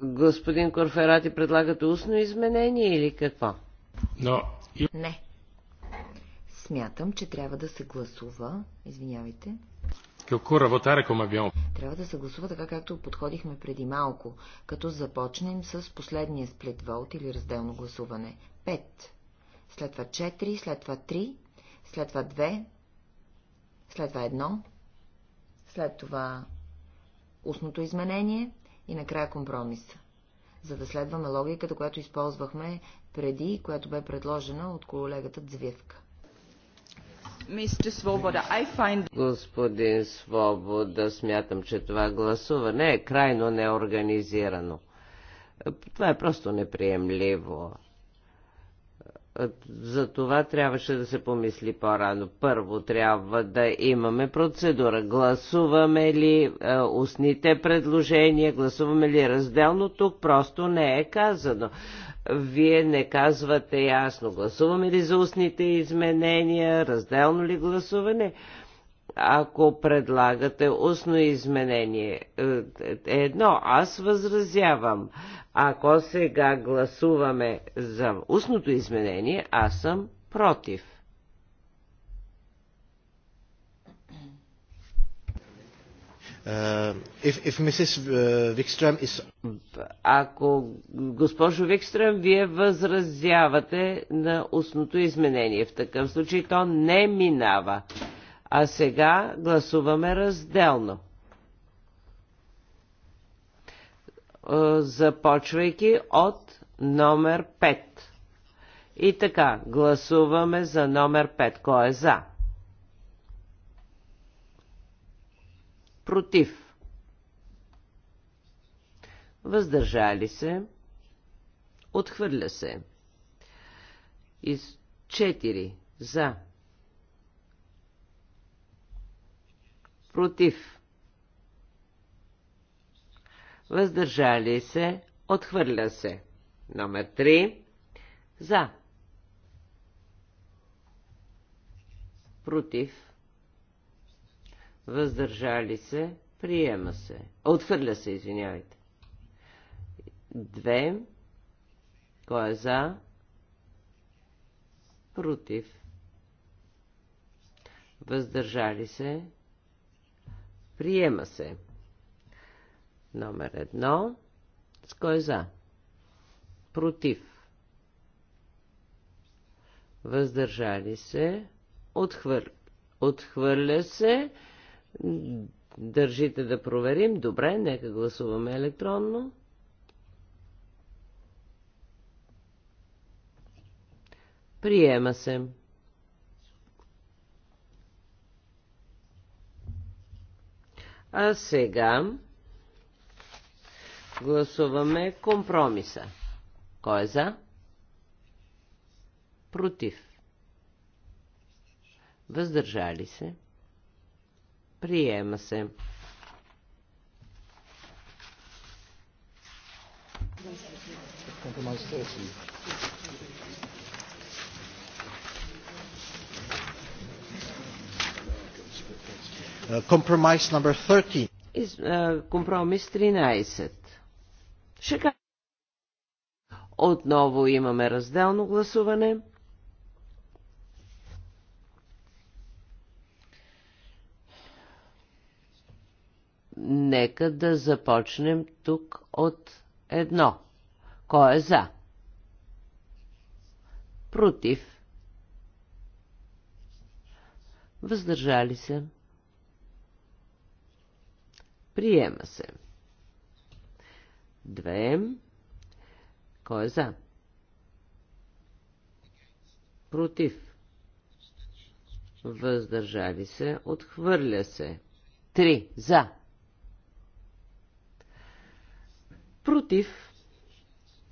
Господин Корферати, предлагате устно изменение или какво? No. Не. Смятам, че трябва да се гласува. Извинявайте. Трябва да се гласува така, както подходихме преди малко, като започнем с последния сплит волт или разделно гласуване. 5. След това 4, след това 3, след това 2, след това 1, след това устното изменение и накрая компромиса, за да следваме логиката, която използвахме преди, която бе предложена от колегата Дзвивка. Господин Свобода, смятам, че това гласуване е крайно неорганизирано. Това е просто неприемливо за това трябваше да се помисли по-рано. Първо трябва да имаме процедура. Гласуваме ли е, устните предложения, гласуваме ли разделно, тук просто не е казано. Вие не казвате ясно, гласуваме ли за устните изменения, разделно ли гласуване ако предлагате устно изменение. Е, е, едно, аз възразявам. Ако сега гласуваме за устното изменение, аз съм против. Uh, if, if is... Ако госпожо Викстрем, вие възразявате на устното изменение, в такъв случай то не минава. Uh, а сега гласуваме разделно. Е, започвайки от номер 5. И така, гласуваме за номер 5. Кой е за? Против. Въздържали се. Отхвърля се. Из 4 за против, въздържали се, отхвърля се. Номер 3 за, против, въздържали се, приема се, отхвърля се, извинявайте. Две, кой е за, против, въздържали се, Приема се. Номер едно. С кой е за? Против. Въздържали се. Отхвър... Отхвърля се. Държите да проверим. Добре, нека гласуваме електронно. Приема се. А сега гласуваме компромиса. Кой е за? Против. Въздържали се. Приема се. Compromise Uh, compromise number 13. компромис 13. Отново имаме разделно гласуване. Нека да започнем тук от едно. Кой е за? Против. Въздържали се. Приема се. Две. Кой е за? Против. Въздържали се. Отхвърля се. Три. За. Против.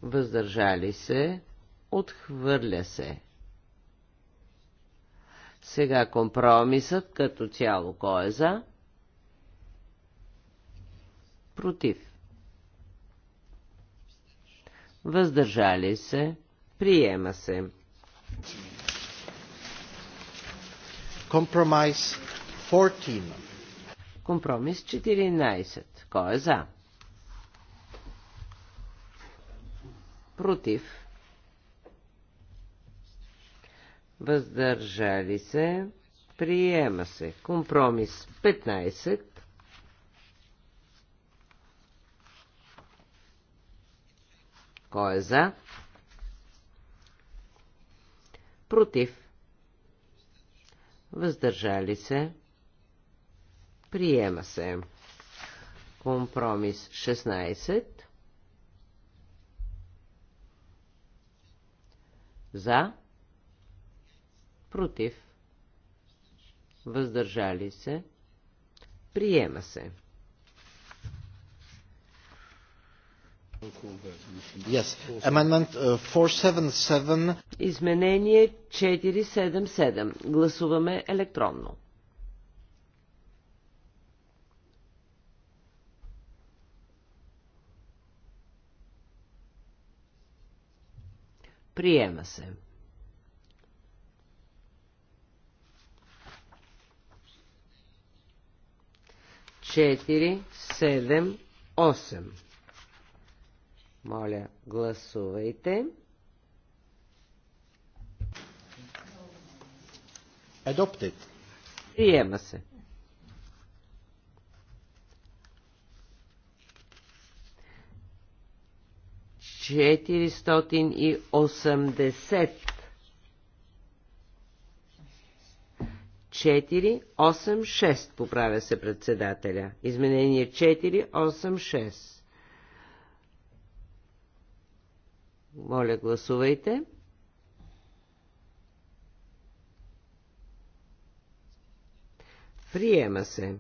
Въздържали се. Отхвърля се. Сега компромисът като цяло кой е за? Против. Въздържали се. Приема се. Компромис 14. Компромис 14. Кой е за? Против. Въздържали се. Приема се. Компромис 15. Кой е за? Против. Въздържали се. Приема се. Компромис 16. За. Против. Въздържали се. Приема се. Yes. Amendment 477. Uh, Изменение 477. Гласуваме електронно. Приема се. Четири, седем, осем. Моля, гласувайте. Adopted. Приема се. Четиристотин и осемдесет. Четири, осем, шест, поправя се председателя. Изменение четири, осем, шест. Моля, гласувайте. Приема се.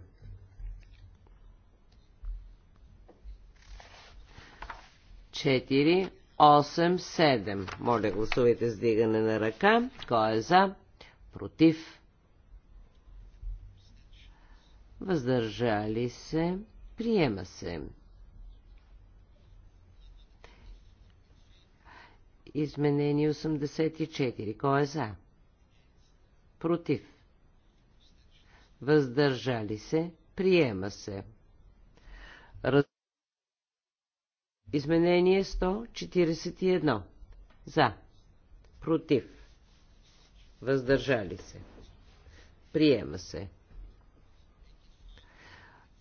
Четири, осем, седем. Моля, гласувайте с дигане на ръка. Кой е за? Против? Въздържали се. Приема се. Изменение 84. Кой е за? Против. Въздържали се. Приема се. Раз... Изменение 141. За. Против. Въздържали се. Приема се.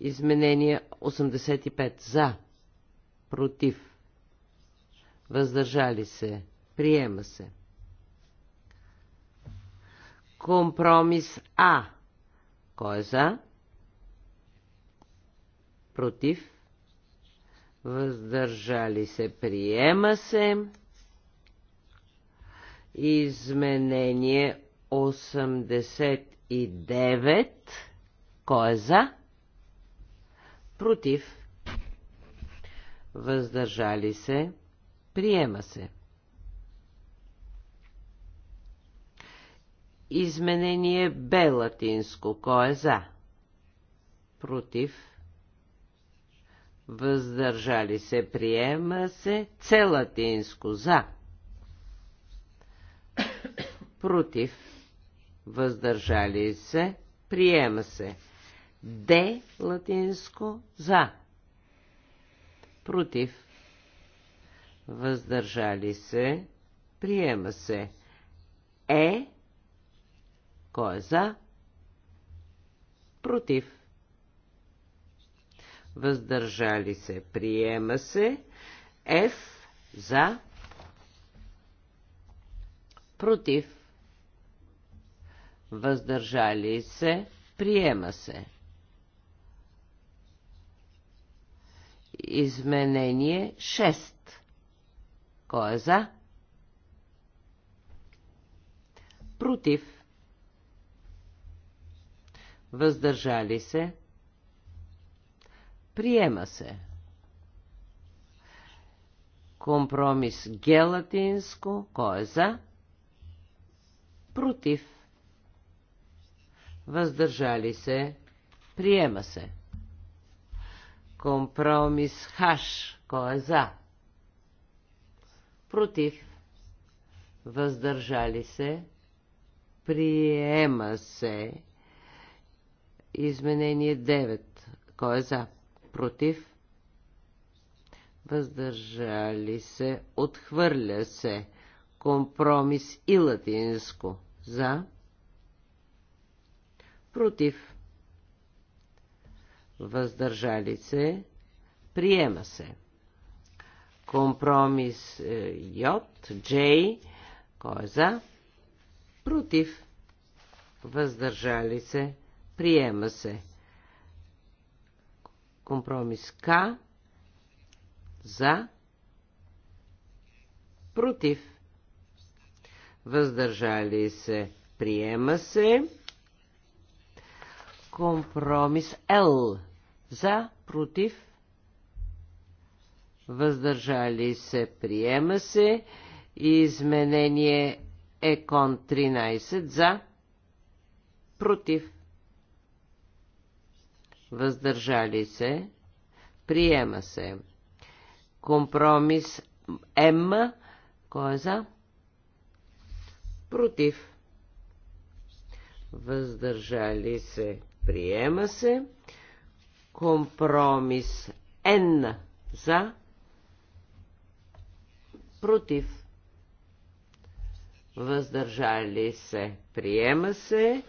Изменение 85. За. Против Въздържали се. Приема се. Компромис А. Кой е за? Против. Въздържали се. Приема се. Изменение 89. Кой е за? Против. Въздържали се. Приема се. Изменение Б латинско. Кой е за? Против. Въздържали се. Приема се. С латинско. За. Против. Въздържали се. Приема се. Д латинско. За. Против въздържали се, приема се. Е, кой е за, против, въздържали се, приема се. Ф, за, против, въздържали се, приема се. Изменение 6 кой е за? Против. Въздържали се. Приема се. Компромис гелатинско. Кой е за? Против. Въздържали се. Приема се. Компромис хаш. Кой е за? против, въздържали се, приема се. Изменение 9. Кой е за? Против? Въздържали се, отхвърля се. Компромис и латинско. За? Против? Въздържали се, приема се. Компромис J, е, J, кой е за? Против. Въздържали се. Приема се. Компромис К. За. Против. Въздържали се. Приема се. Компромис Л. За. Против въздържали се, приема се. Изменение Екон 13 за, против, въздържали се, приема се. Компромис М, кой е за? Против, въздържали се, приема се. Компромис Н за, против, въздържали се, приема се.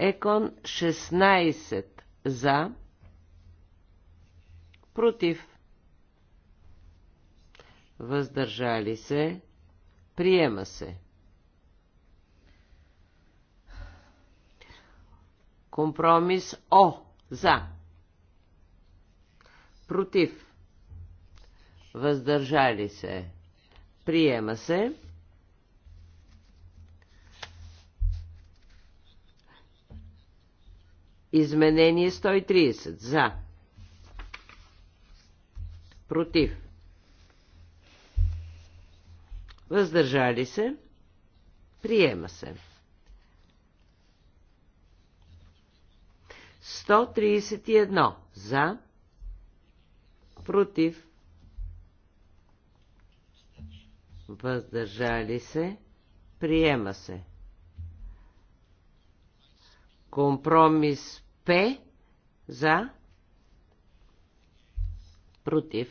Екон 16 за, против, въздържали се, приема се. Компромис О за, против, въздържали се, приема се. Изменение 130. За. Против. Въздържали се. Приема се. 131. За. Против. въздържали се, приема се. Компромис П за, против.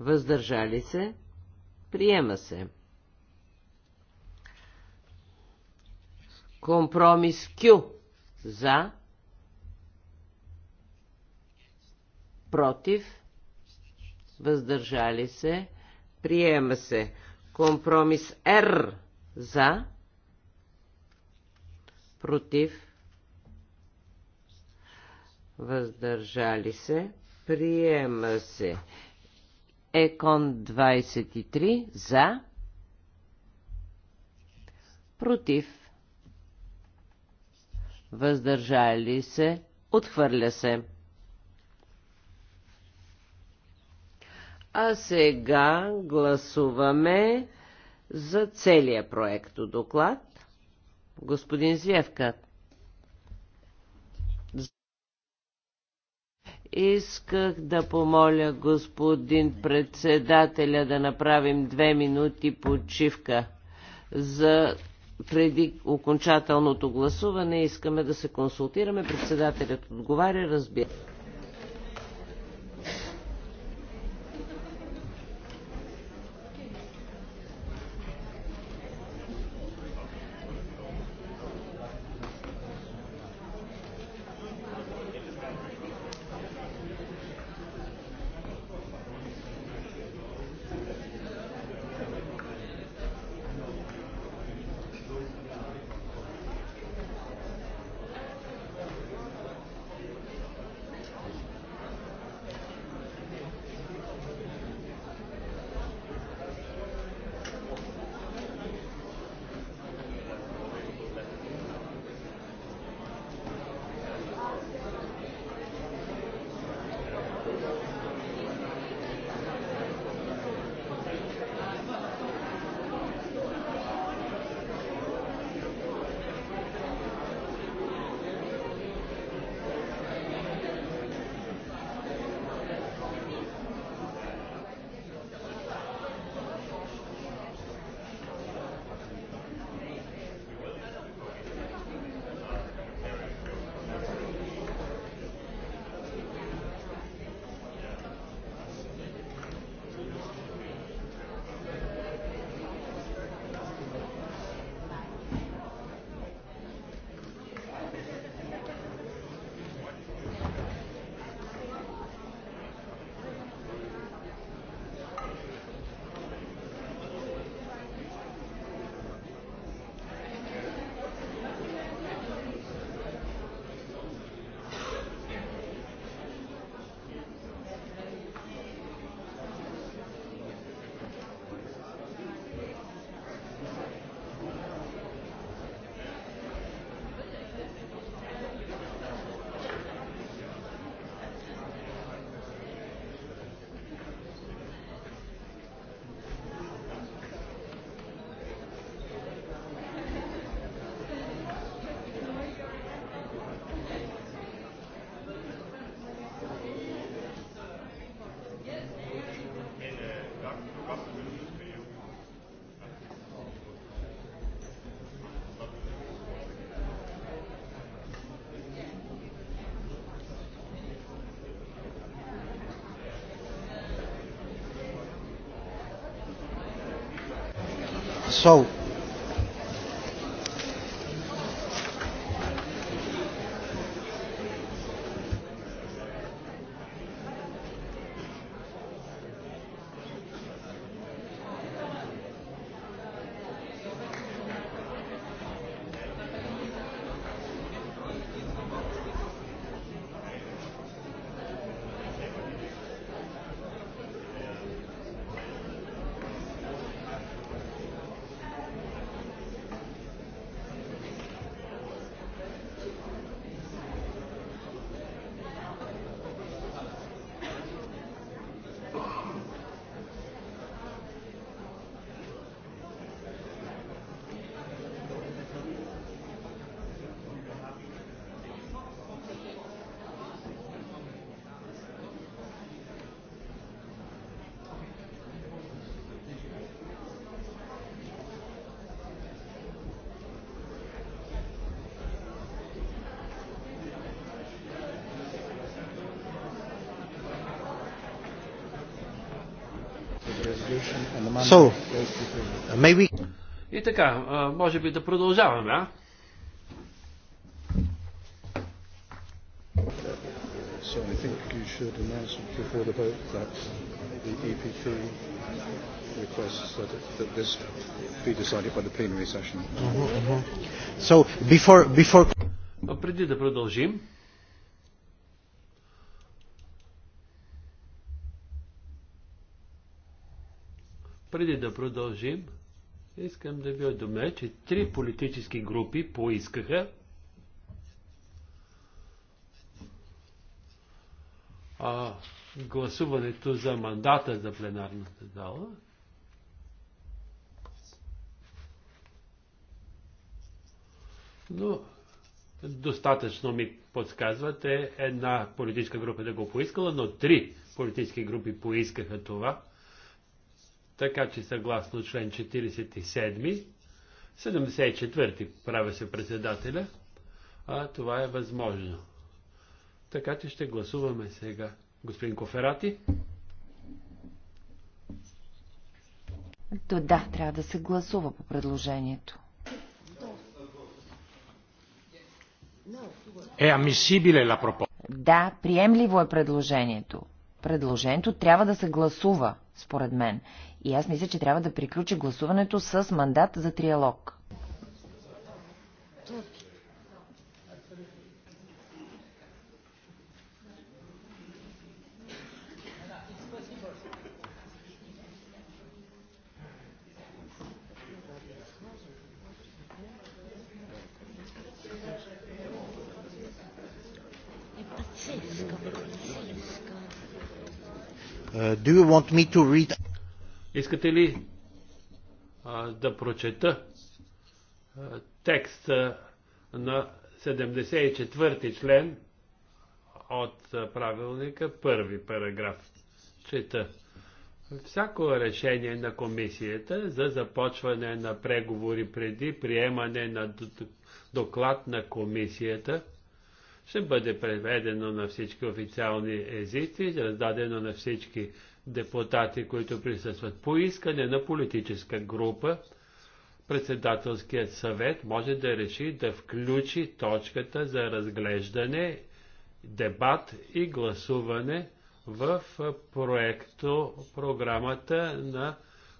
Въздържали се, приема се. Компромис Q за, против против, въздържали се, приема се. Компромис Р за, против, въздържали се, приема се. Екон 23 за, против, въздържали се, отхвърля се. А сега гласуваме за целия проект доклад. Господин Звевка. Исках да помоля господин председателя да направим две минути почивка за преди окончателното гласуване. Искаме да се консултираме. Председателят отговаря, разбира. So, So, we... И така, може би да продължаваме, а? So I think you should announce before the vote that the EPP requests that, that this be decided by the plenary session. Uh-huh, uh-huh. So before, before... Преди да продължим, продължим, искам да ви удомя, че три политически групи поискаха а, гласуването за мандата за пленарната зала. Но достатъчно ми подсказвате една политическа група да го поискала, но три политически групи поискаха това. Така че съгласно член 47, 74 правя се председателя, а това е възможно. Така че ще гласуваме сега. Господин Коферати? То да, трябва да се гласува по предложението. Е амисибиле ла пропо. Да, приемливо е предложението. Предложението трябва да се гласува, според мен. И аз мисля, че трябва да приключи гласуването с мандат за триалог. Uh, do you want me to read Искате ли а, да прочета а, текста на 74 ти член от правилника, първи параграф? Чета. Всяко решение на комисията за започване на преговори преди приемане на доклад на комисията ще бъде преведено на всички официални езици, раздадено на всички депутати, които присъстват. По искане на политическа група, председателският съвет може да реши да включи точката за разглеждане, дебат и гласуване в проекто програмата на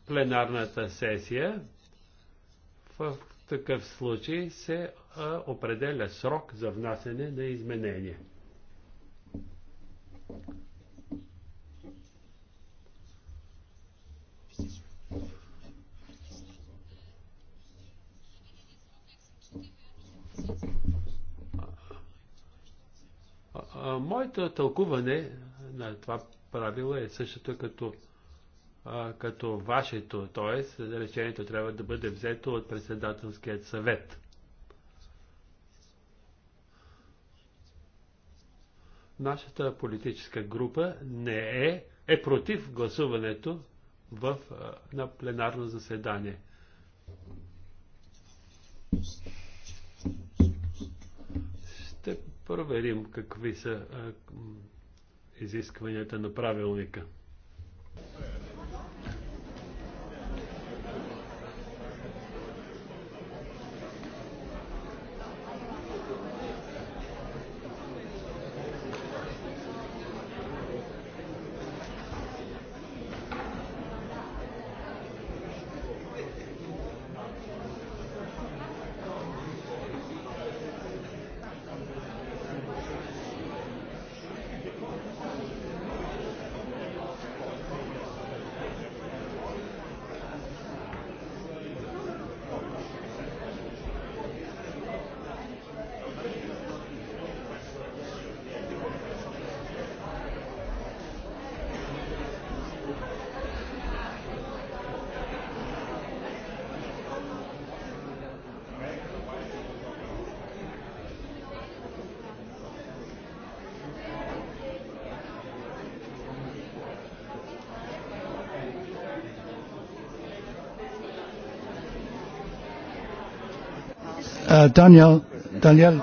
пленарната сесия. В такъв случай се определя срок за внасене на изменения. Моето тълкуване на това правило е същото като, а, като вашето, т.е. решението трябва да бъде взето от председателският съвет. Нашата политическа група не е, е против гласуването в, на пленарно заседание. Ще проверим какви са изискванията на правилника. Daniel, Daniel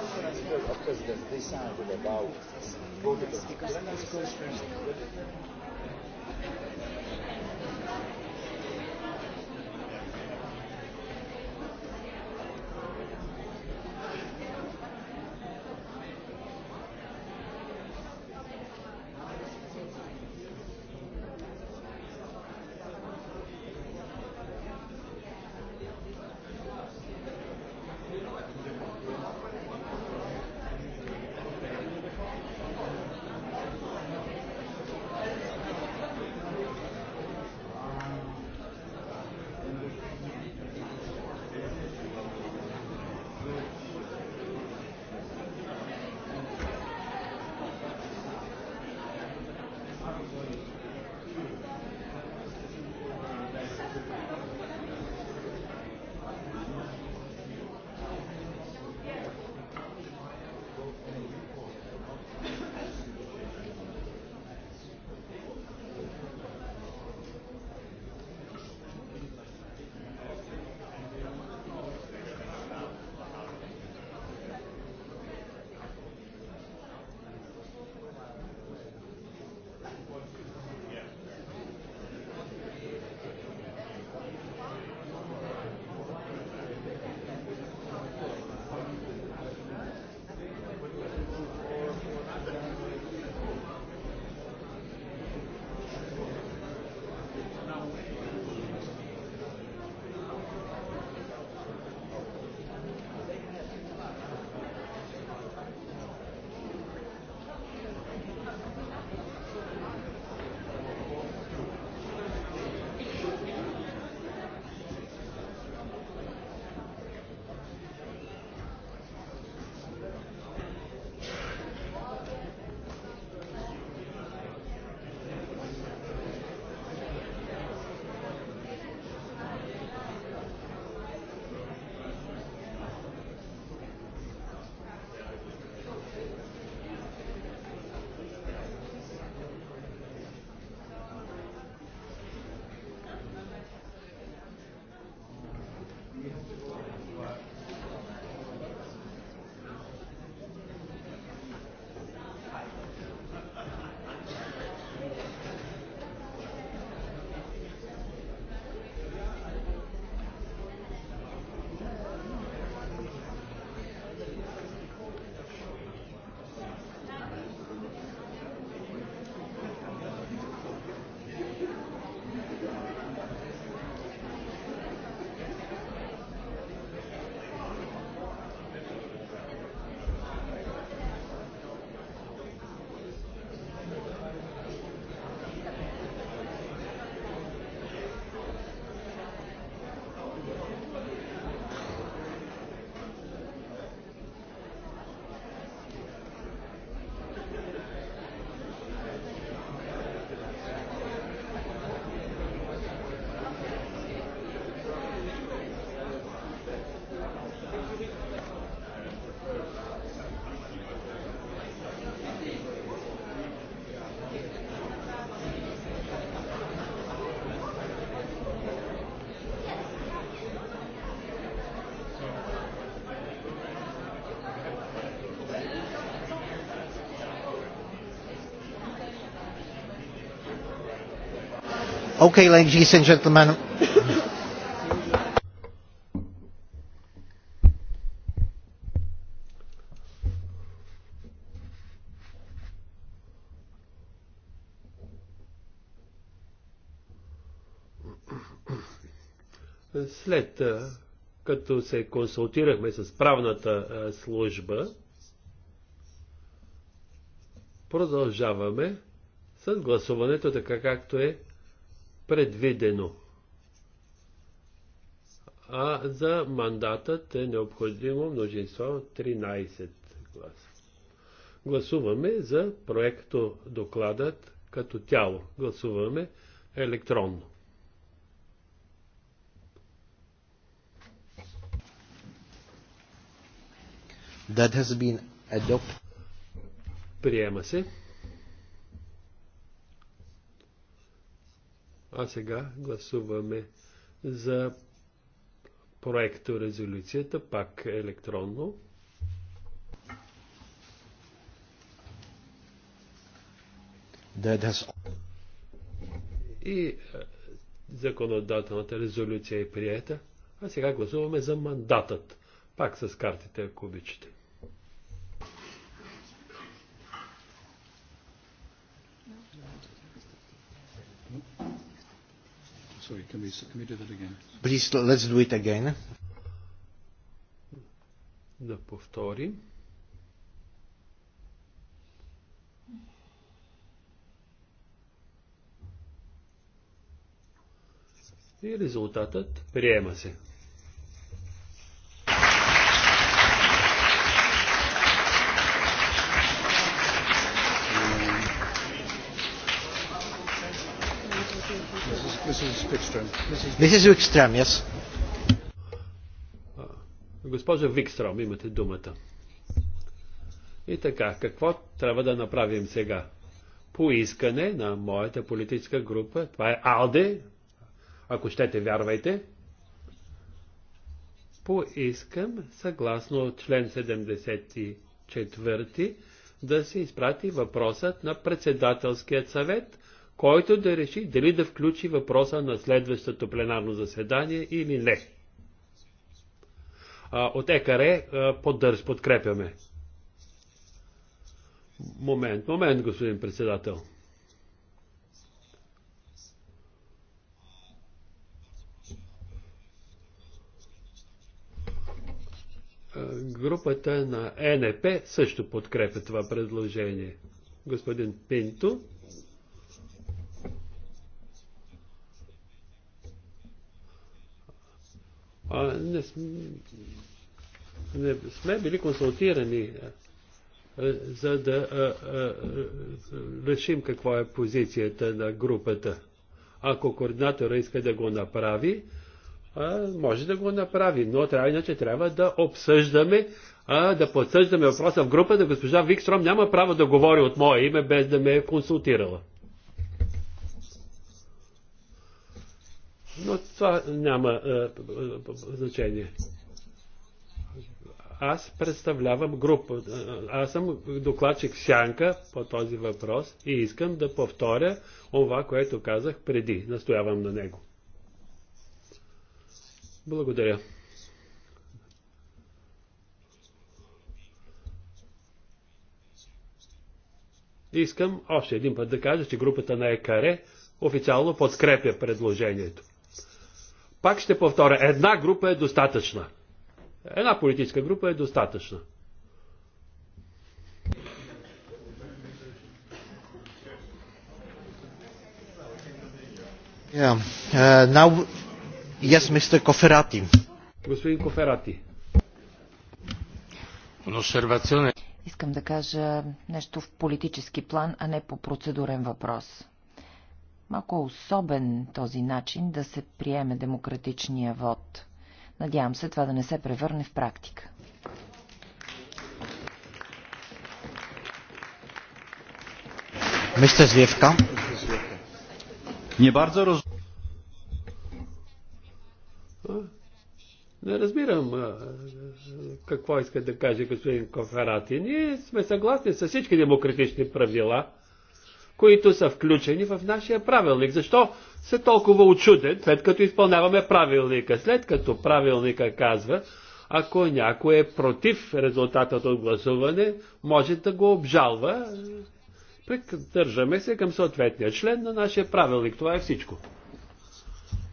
Okay, ladies and gentlemen. След като се консултирахме с правната служба, продължаваме с гласуването така както е предвидено. А за мандатът е необходимо множество 13 гласа. Гласуваме за проекто докладът като тяло. Гласуваме електронно. That has been adopted. Приема се. А сега гласуваме за проекто резолюцията, пак електронно. И е, законодателната резолюция е приета. А сега гласуваме за мандатът. Пак с картите, ако обичате. Sorry, can we, can we do that again? Please, let's do it again. Да повторим. И резултатът приема се. Mrs. Wikström, yes. Госпожа Викстром, имате думата. И така, какво трябва да направим сега? По искане на моята политическа група, това е АЛДЕ, ако щете, вярвайте, поискам, съгласно член 74, да се изпрати въпросът на председателският съвет, който да реши дали да включи въпроса на следващото пленарно заседание или не. От ЕКАРЕ поддърж, подкрепяме. Момент, момент, господин председател. Групата на е НП също подкрепя това предложение. Господин Пинто, не, не сме били консултирани е, за да е, е, решим каква е позицията на групата. Ако координатора иска да го направи, а, може да го направи, но трябва, иначе трябва да обсъждаме, а, да подсъждаме въпроса в групата, госпожа Викстром няма право да говори от мое име, без да ме е консултирала. Но това няма е, е, е, значение. Аз представлявам група. Аз съм докладчик Сянка по този въпрос и искам да повторя това, което казах преди. Настоявам на него. Благодаря. Искам още един път да кажа, че групата на ЕКАРЕ официално подкрепя предложението. Пак ще повторя, една група е достатъчна. Една политическа група е достатъчна. Yeah. Uh, now, yes, Mr. Коферати. Господин Коферати. Искам да кажа нещо в политически план, а не по процедурен въпрос. Малко особен този начин да се приеме демократичния вод. Надявам се това да не се превърне в практика. Мистер Звевка. Не бързо роз... Не разбирам какво иска да каже господин Коферати. Ние сме съгласни с всички демократични правила, които са включени в нашия правилник. Защо се толкова очуден, след като изпълняваме правилника? След като правилника казва, ако някой е против резултатът от гласуване, може да го обжалва. Придържаме се към съответния член на нашия правилник. Това е всичко.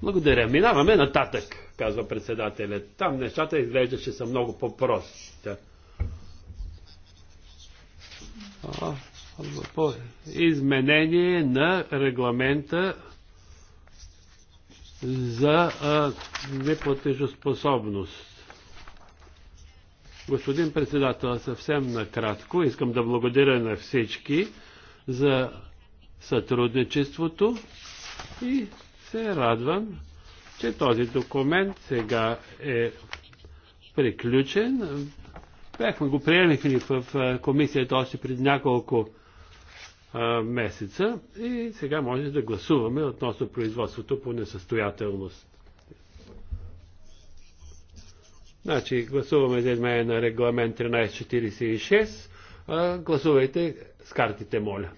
Благодаря. Минаваме нататък, казва председателят. Там нещата изглеждаше са много по-прости по изменение на регламента за неплатежоспособност. Господин председател, съвсем накратко искам да благодаря на всички за сътрудничеството и се радвам, че този документ сега е приключен. Бяхме го приемихли в комисията още пред няколко месеца и сега може да гласуваме относно производството по несъстоятелност. Значи гласуваме за изменение на регламент 1346. Гласувайте с картите, моля.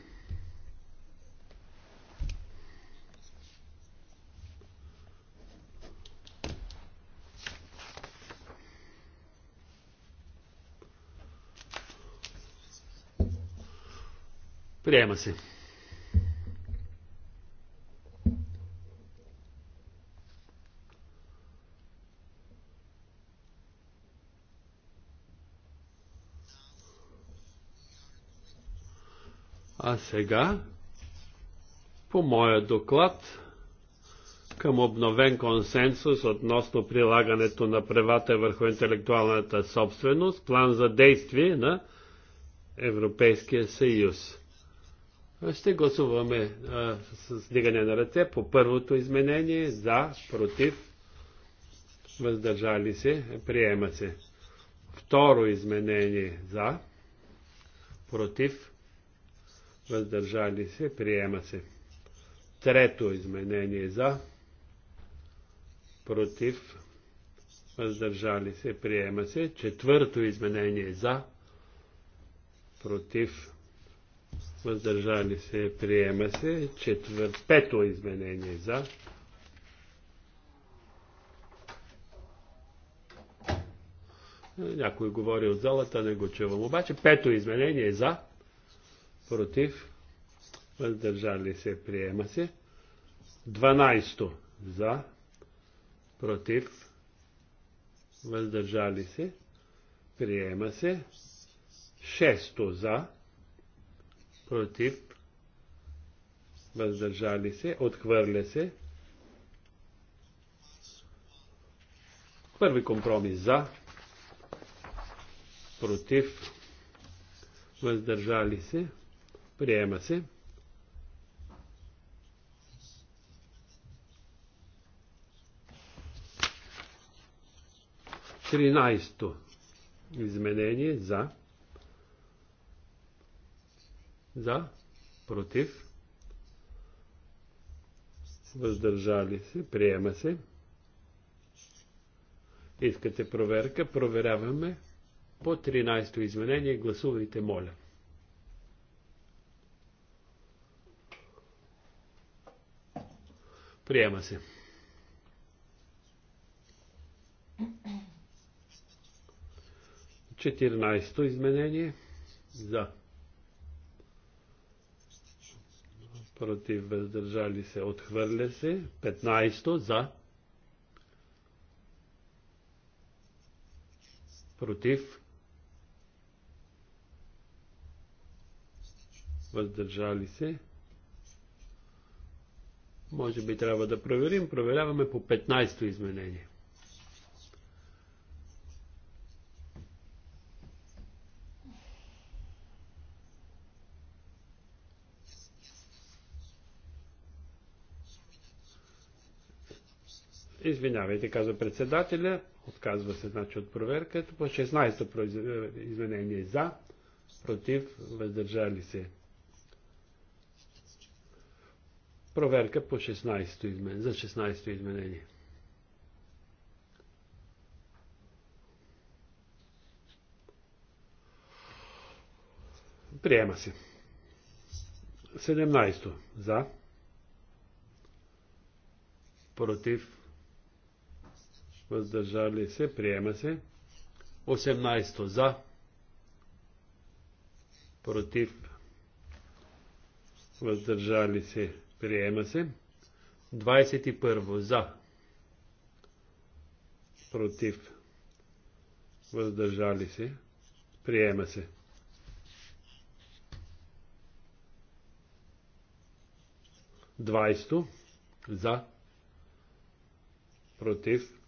Приема се. А сега, по моя доклад, към обновен консенсус относно прилагането на правата върху интелектуалната собственост, план за действие на Европейския съюз. Ще гласуваме а, с дигане на ръце по първото изменение. За, против, въздържали се, приема се. Второ изменение за, против, въздържали се, приема се. Трето изменение за, против, въздържали се, приема се. Четвърто изменение за, против, въздържали се, приема се. Четвър... Пето изменение за. Някой говори от залата, не го чувам. Обаче пето изменение за, против, въздържали се, приема се. 12 за, против, въздържали се, приема се. 6 за, против, въздържали се, отхвърля се. Първи компромис за, против, въздържали се, приема се. Тринайсто изменение за за, против, въздържали се, приема се. Искате проверка, проверяваме по 13-то изменение. Гласувайте, моля. Приема се. Четирнайсто изменение. За. против, въздържали се, отхвърля се. 15 за, против, въздържали се. Може би трябва да проверим. Проверяваме по 15-то изменение. Извинявайте, каза председателя, отказва се значи от проверката. По 16 то е, изменение за, против, въздържали се. Проверка по 16 измен... за 16 изменение. Приема се. 17 то за, против, въздържали се, приема се. 18 за, против, въздържали се, приема се. 21 за, против, въздържали се, приема се. Двайсто за, против,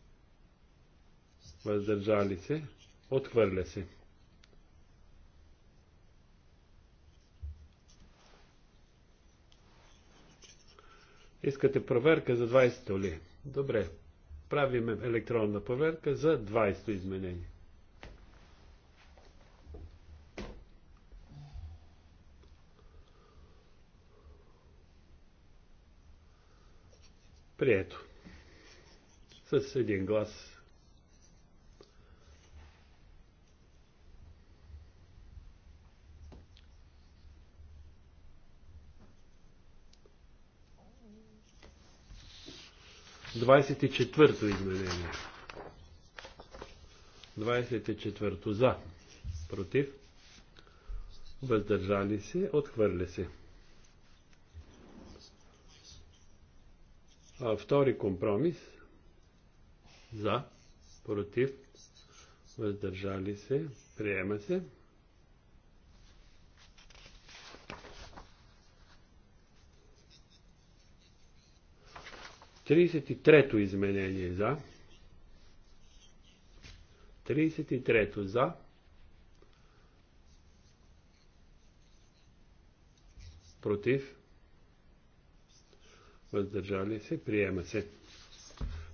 въздържали се, отхвърля се. Искате проверка за 20-то ли? Добре. Правим електронна проверка за 20-то изменение. Прието. С един глас 24-то изменение. 24-то за. Против. Въздържали се. Отхвърля се. А, втори компромис. За. Против. Въздържали се. Приема се. 33-то изменение за. 33-то за. Против. Въздържали се. Приема се.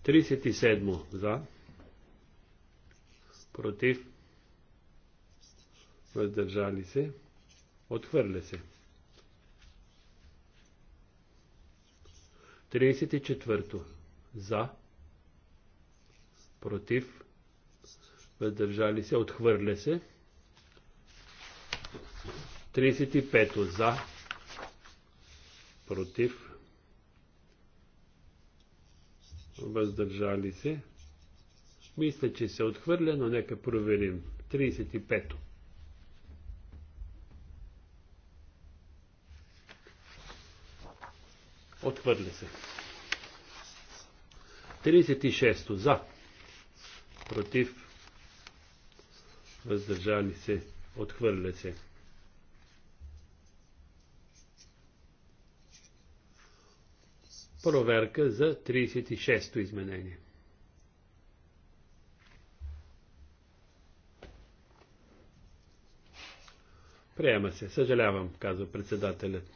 37 за. Против. Въздържали се. Отхвърля се. 34. За. Против. Въздържали се. Отхвърля се. 35. За. Против. Въздържали се. Мисля, че се отхвърля, но нека проверим. 35. Отхвърля се. 36 за. Против. Въздържали се. Отхвърля се. Проверка за 36-то изменение. Приема се. Съжалявам, казва председателят.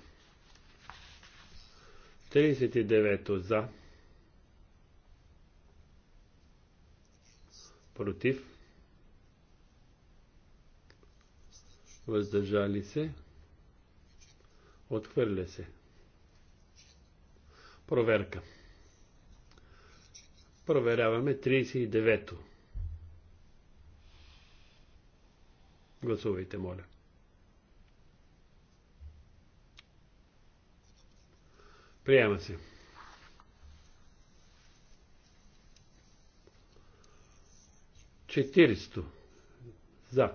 39 за. Против. Въздържали се. Отхвърля се. Проверка. Проверяваме 39-то. Гласувайте, моля. Приема се. Четиристо. За.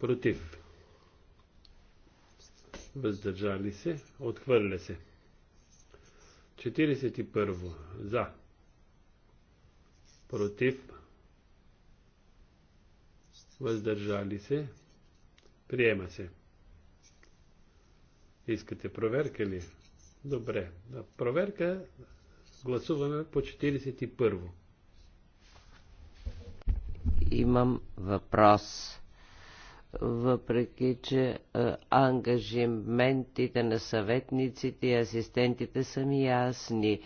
Против. Въздържали се. Отхвърля се. 41. За. Против. Въздържали се. Приема се. Искате проверка ли? Добре. На проверка гласуваме по 41. Имам въпрос въпреки че ангажиментите на съветниците и асистентите са ми ясни,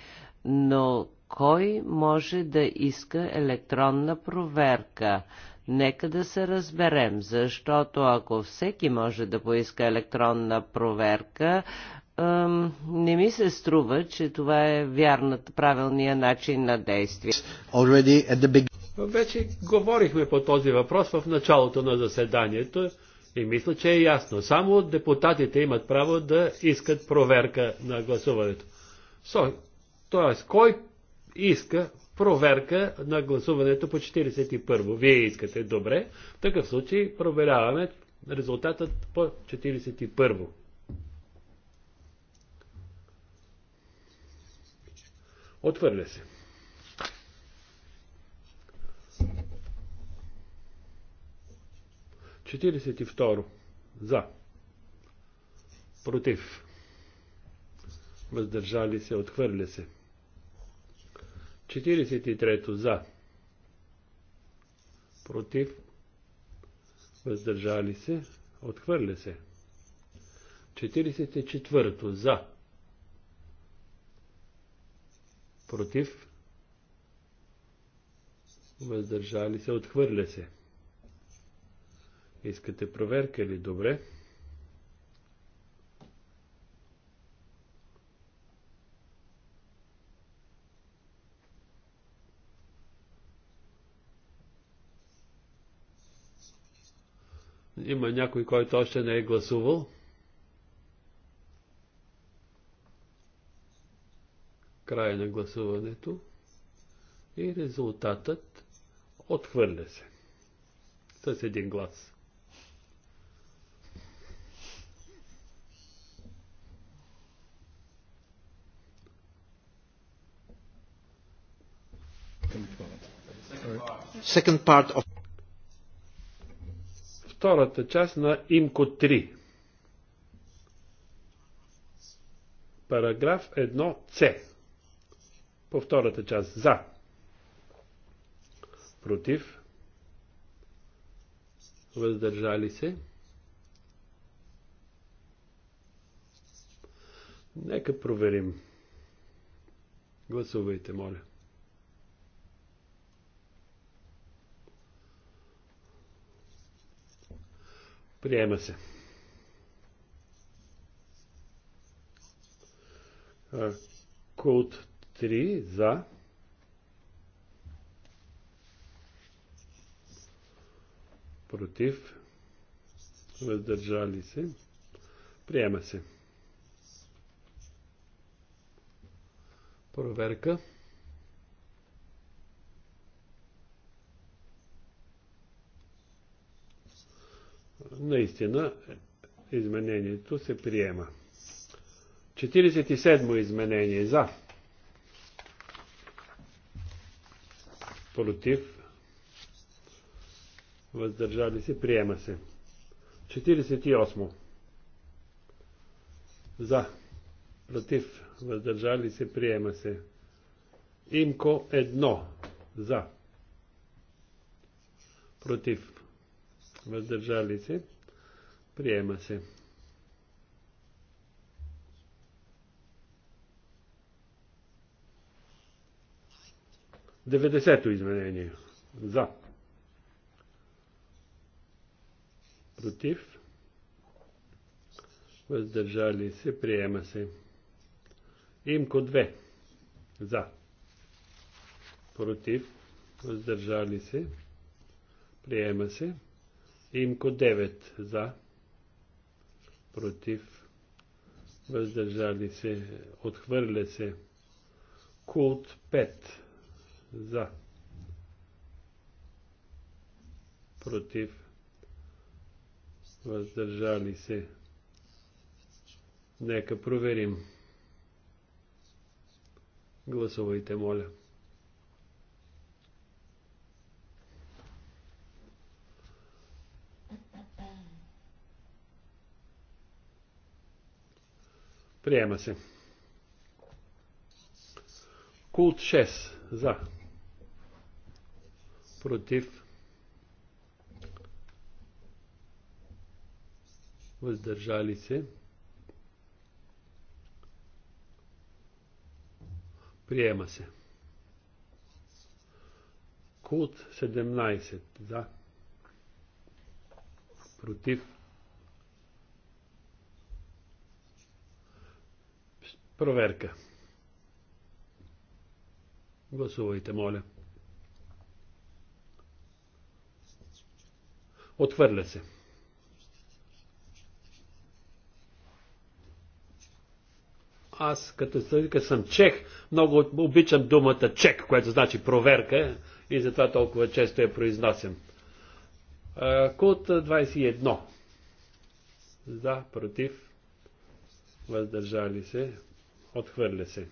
но кой може да иска електронна проверка? Нека да се разберем, защото ако всеки може да поиска електронна проверка, не ми се струва, че това е вярната, правилния начин на действие. Вече говорихме по този въпрос в началото на заседанието и мисля, че е ясно. Само депутатите имат право да искат проверка на гласуването. Тоест, кой иска проверка на гласуването по 41. во Вие искате, добре. В такъв случай проверяваме резултатът по 41. во Отвърля се. Четиридесет и второ. За. Против. Въздържали се. Отхвърля се. 43 за. Против. Въздържали се. Отхвърля се. 44 за. Против. Въздържали се. Отхвърля се. Искате проверка ли? Добре. Има някой, който още не е гласувал. Край на гласуването. И резултатът отхвърля се. С един глас. Second part of втората част на Имко 3. Параграф 1 С. По втората част. За. Против. Въздържали се. Нека проверим. Гласувайте, моля. Приема се. Код 3 за. Против. Въздържали се. Приема се. Проверка. Наистина, изменението се приема. 47-мо изменение за. Против. Въздържали се. Приема се. 48-мо. За. Против. Въздържали се. Приема се. Имко едно. За. Против въздържали се, приема се. Деветдесето изменение. За. Против. Въздържали се. Приема се. Имко 2. За. Против. Въздържали се. Приема се. Имко 9 за, против, въздържали се, отхвърля се. Култ 5 за, против, въздържали се. Нека проверим. Гласувайте, моля. Приема се. Култ 6. За. Против. Въздържали се. Приема се. Култ 17. За. Против. Проверка. Гласувайте, моля. Отхвърля се. Аз като статистика съм чех, много обичам думата чек, което значи проверка и затова толкова често я произнасям. Код 21. За, против, въздържали се, Отхвърля се.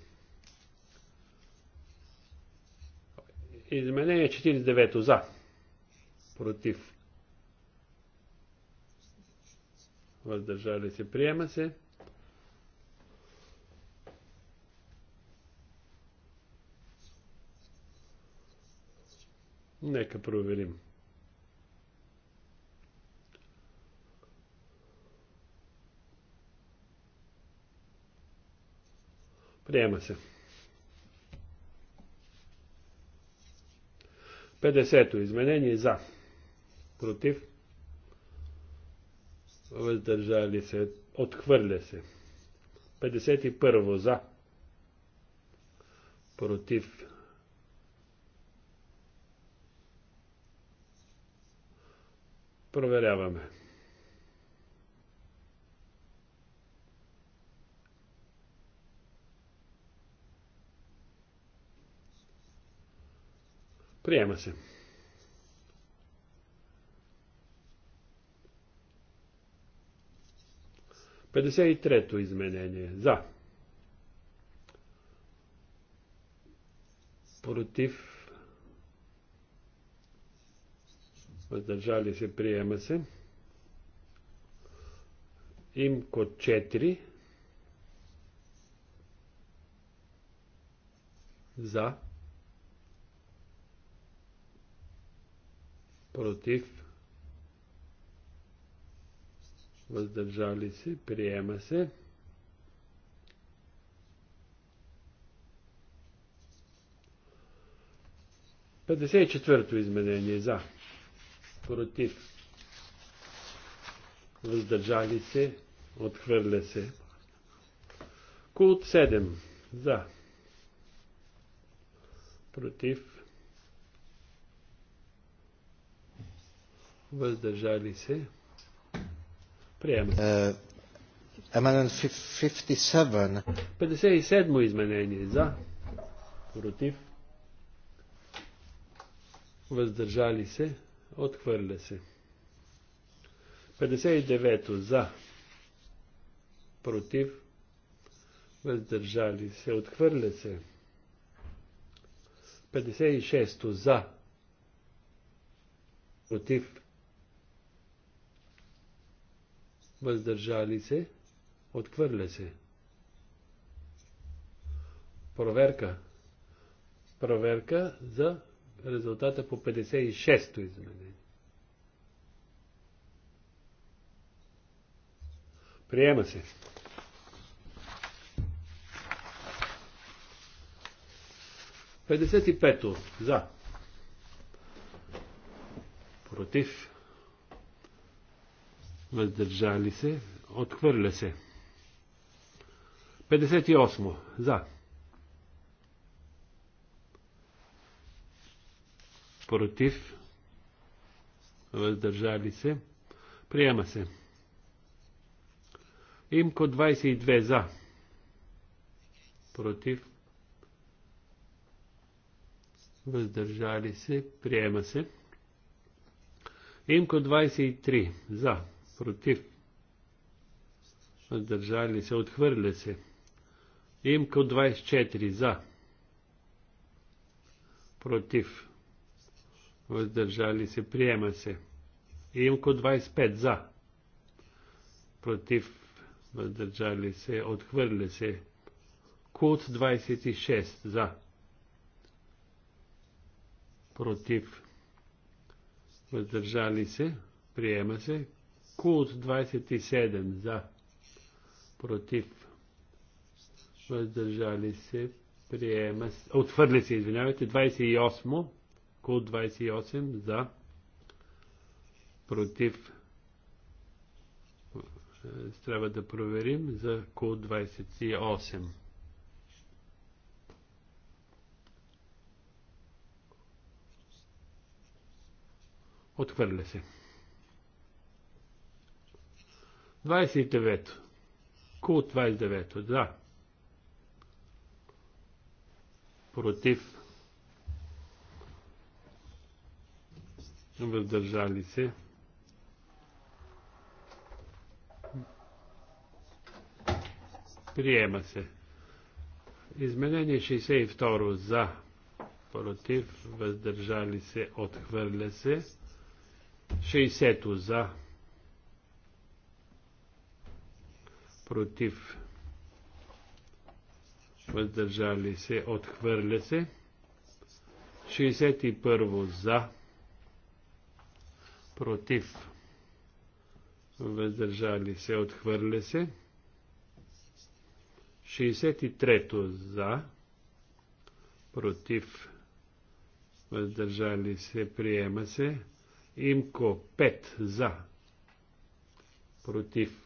Изменение 49 за. Против. Въздържали се. Приема се. Нека проверим. Приема се. 50-то изменение за. Против. Въздържали се. Отхвърля се. 51-во за. Против. Проверяваме. Приема се. Петдесет и трето изменение. За. Против. Въздържали се. Приема се. Им код 4. За. против, въздържали се, приема се. Петдесет четвърто изменение за, против, въздържали се, отхвърля се. Култ 7 за, против, въздържали се, приема се. 57. Е, 57 изменение за, против, въздържали се, отхвърля се. 59 за, против, въздържали се, отхвърля се. 56 за, против, въздържали се, отхвърля се. Проверка. Проверка за резултата по 56-то изменение. Приема се. Пятьдесят и пето. За. Против въздържали се, отхвърля се. 58. За. Против. Въздържали се. Приема се. Имко 22 за. Против. Въздържали се. Приема се. Имко 23 за против, въздържали се, отхвърля се. Имко 24 за, против, въздържали се, приема се. Имко 25 за, против, въздържали се, отхвърля се. Кут 26 за, против, въздържали се, приема се. Култ 27 за. Против. Въздържали се. Приема. Отвърли се, извинявайте. 28. Култ 28 за. Против. Е, трябва да проверим за Култ 28. Отхвърля се. 29-то. Кул 29-то, да. Против. Въздържали се. Приема се. Изменение 62 за. Против. Въздържали се. Отхвърля се. 60 за против, въздържали се, отхвърля се. 61 за, против, въздържали се, отхвърля се. 63 за, против, въздържали се, приема се. Имко 5 за, против,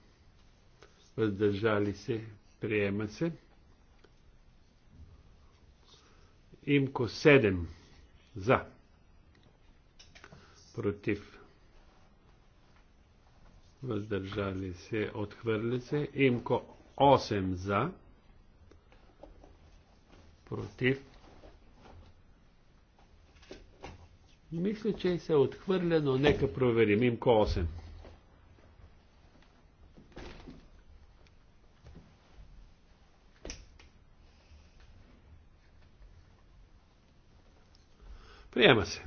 въздържали се, приема се. Имко 7 за, против, въздържали се, отхвърли се. Имко 8 за, против. Мисля, че се отхвърля, но нека проверим. Имко 8. Приема се.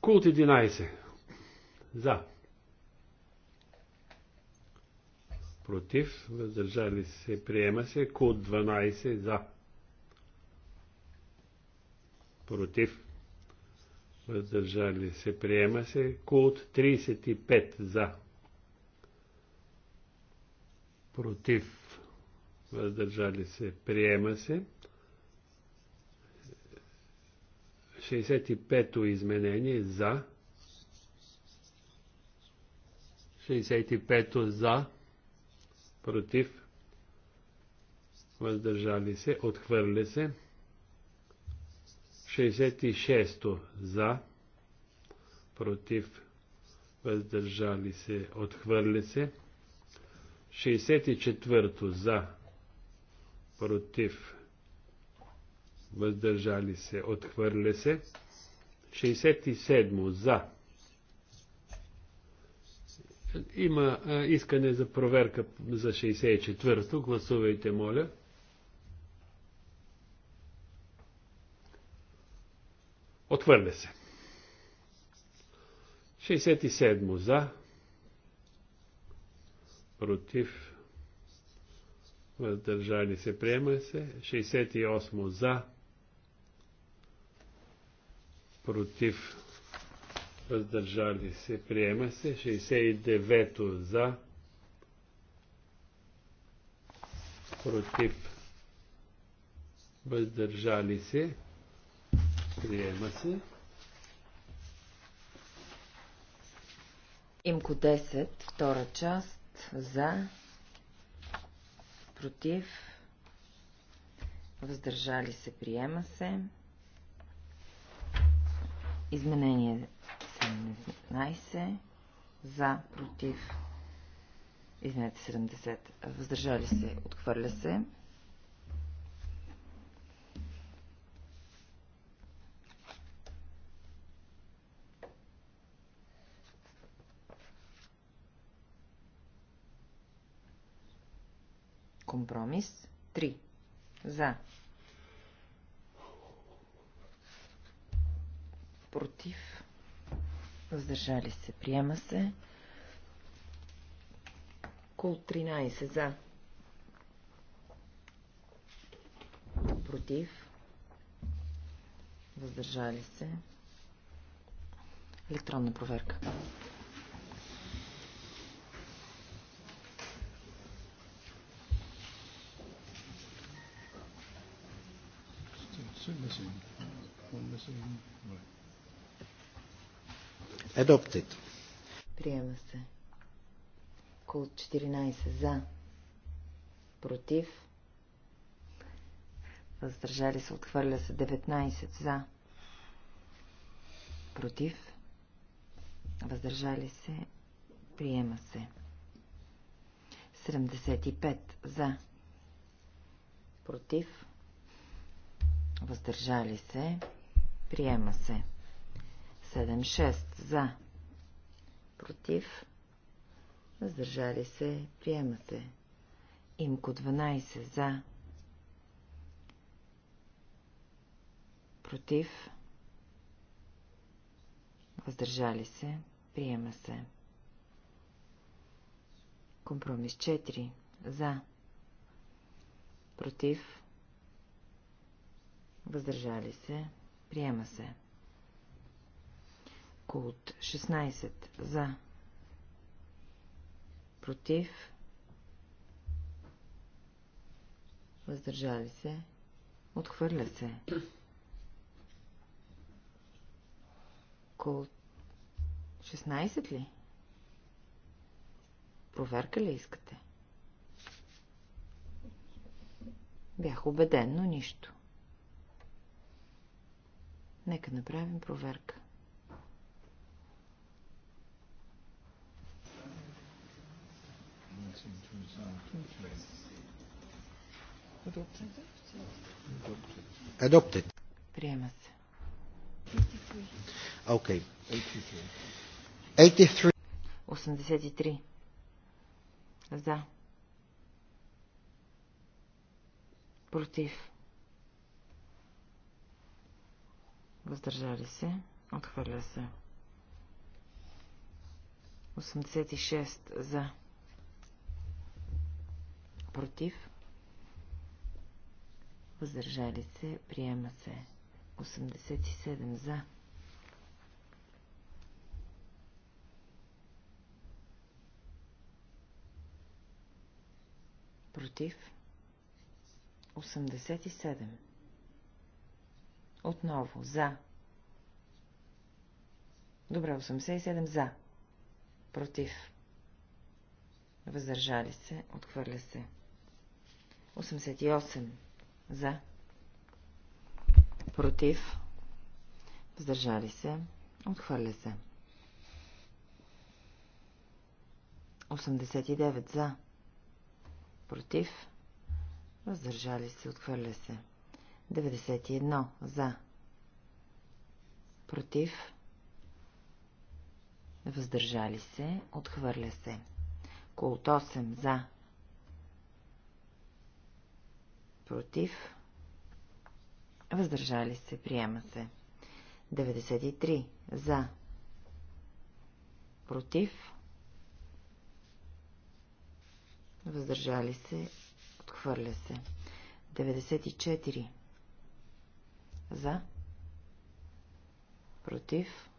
Култ 11. За. Против. Въздържали се. Приема се. Култ 12. За. Против. Въздържали се. Приема се. Култ 35. За. Против. Въздържали се. Приема се. 65-то изменение за. 65-то за. Против. Въздържали се. Отхвърля се. 66-то за. Против. Въздържали се. Отхвърля се. 64-то за. Против въздържали се, отхвърля се. 67 за. Има а, искане за проверка за 64-то. Гласувайте, моля. Отхвърля се. 67 за. Против. Въздържали се. Приема се. 68 за против, въздържали се, приема се. 69-то за, против, въздържали се, приема се. Имко 10, втора част, за, против, въздържали се, приема се. Изменение 17 за, против, извинете 70, въздържали се, отхвърля се. Компромис 3 за, против, въздържали се, приема се. Кул 13 за, против, въздържали се. Електронна проверка. Still missing. Right. Adopted. Приема се. Култ 14 за. Против. Въздържали се, отхвърля се 19 за. Против. Въздържали се, приема се. 75 за. Против. Въздържали се, приема се. 7-6 за. Против. Въздържали се. Приема се. Имко 12 за. Против. Въздържали се. Приема се. Компромис 4. За. Против. Въздържали се. Приема се. Култ 16 за. Против. Въздържали се. Отхвърля се. Култ 16 ли? Проверка ли искате? Бях убеден, но нищо. Нека направим проверка. Adopted. Приема се. Okay. 83. 83. За. Против. Въздържали се. Отхвърля се. 86 за. Против. Въздържали се. Приема се. 87 за. Против. 87. Отново. За. Добре, 87 за. Против. Въздържали се. Отхвърля се. 88 за. Против. Въздържали се. Отхвърля се. 89 за. Против. Въздържали се. Отхвърля се. 91 за. Против. Въздържали се. Отхвърля се. Култ 8 за против, въздържали се, приема се. 93 за, против, въздържали се, отхвърля се. 94 за, против,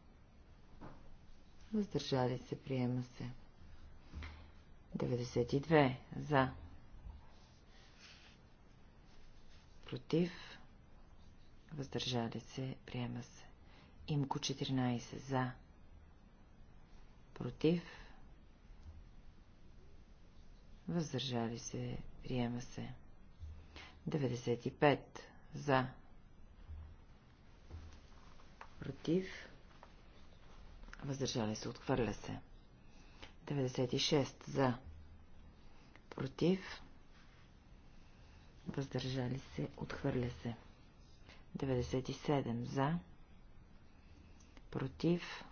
въздържали се, приема се. 92 за, против, въздържали се, приема се. Имко 14 за, против, въздържали се, приема се. 95 за, против, въздържали се, отхвърля се. 96 за, против, въздържали се, отхвърля се. 97 за, против,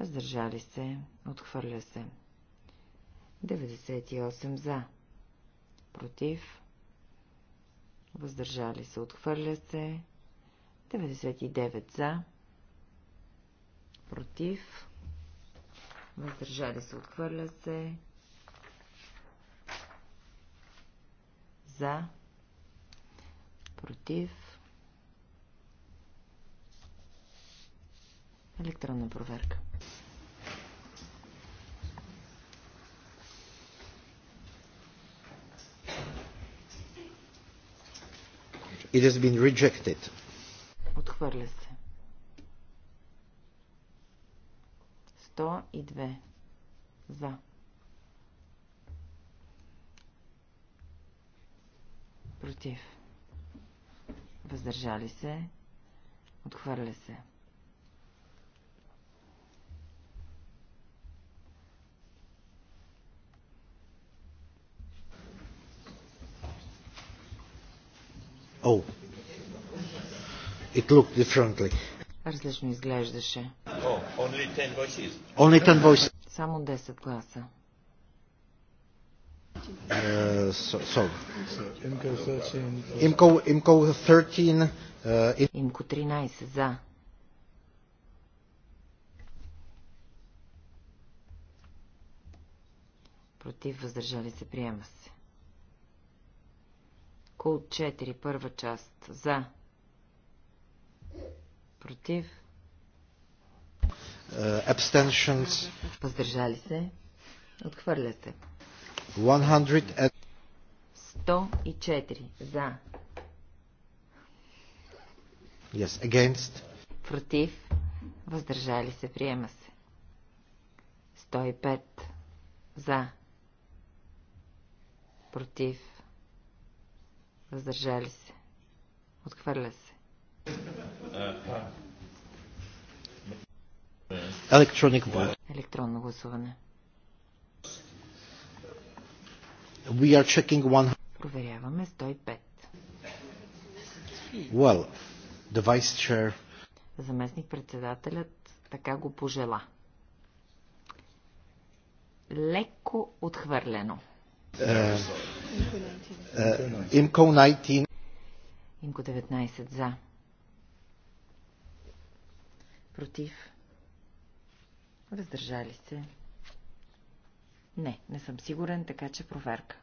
въздържали се, отхвърля се. 98 за, против, въздържали се, отхвърля се. 99 за, против, въздържали се, отхвърля се. за, против, електронна проверка. It has been rejected. Отхвърля се. 102 за. Против. Въздържали се. Отхвърля се. Oh. It looked differently. Различно изглеждаше. Oh, only 10 voices. Only 10 voices. Само 10 гласа so, so. IMCO 13. IMCO, 13. за. Против въздържали се. Приема се. Кул 4. Първа част. За. Против. Uh, abstentions. Въздържали се. Отхвърля се. 104 за. Yes, against. Против. Въздържали се. Приема се. 105 за. Против. Въздържали се. Отхвърля се. Електронно гласуване. We are checking one... Проверяваме 105. Well, the vice chair... Заместник-председателят така го пожела. Леко отхвърлено. Uh, uh, 19. Имко 19 за. Против. Въздържали се. Не, не съм сигурен, така че проверка.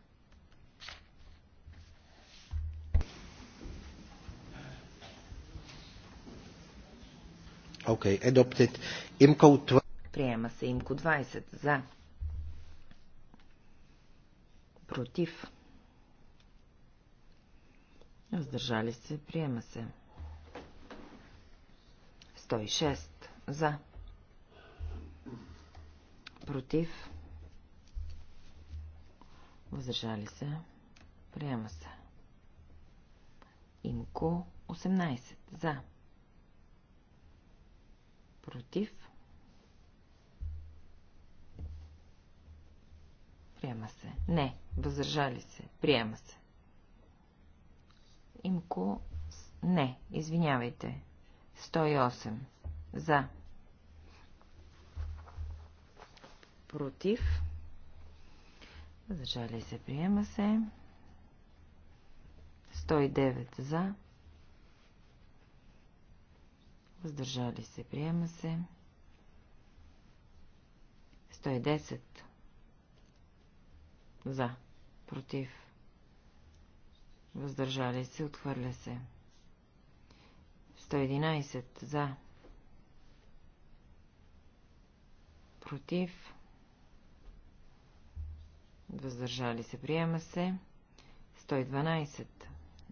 Окей, okay, adopted. Имко 20. Приема се имко 20. За. Против. Въздържали се. Приема се. 106. За. Против. Въздържали се. Приема се. Имко 18. За. Против. Приема се. Не. Въздържали се. Приема се. Имко... Не. Извинявайте. 108. За. Против. Против Въздържали се, приема се. 109 за. Въздържали се, приема се. 110 за. Против. Въздържали се, отхвърля се. 111 за. Против въздържали се, приема се. 112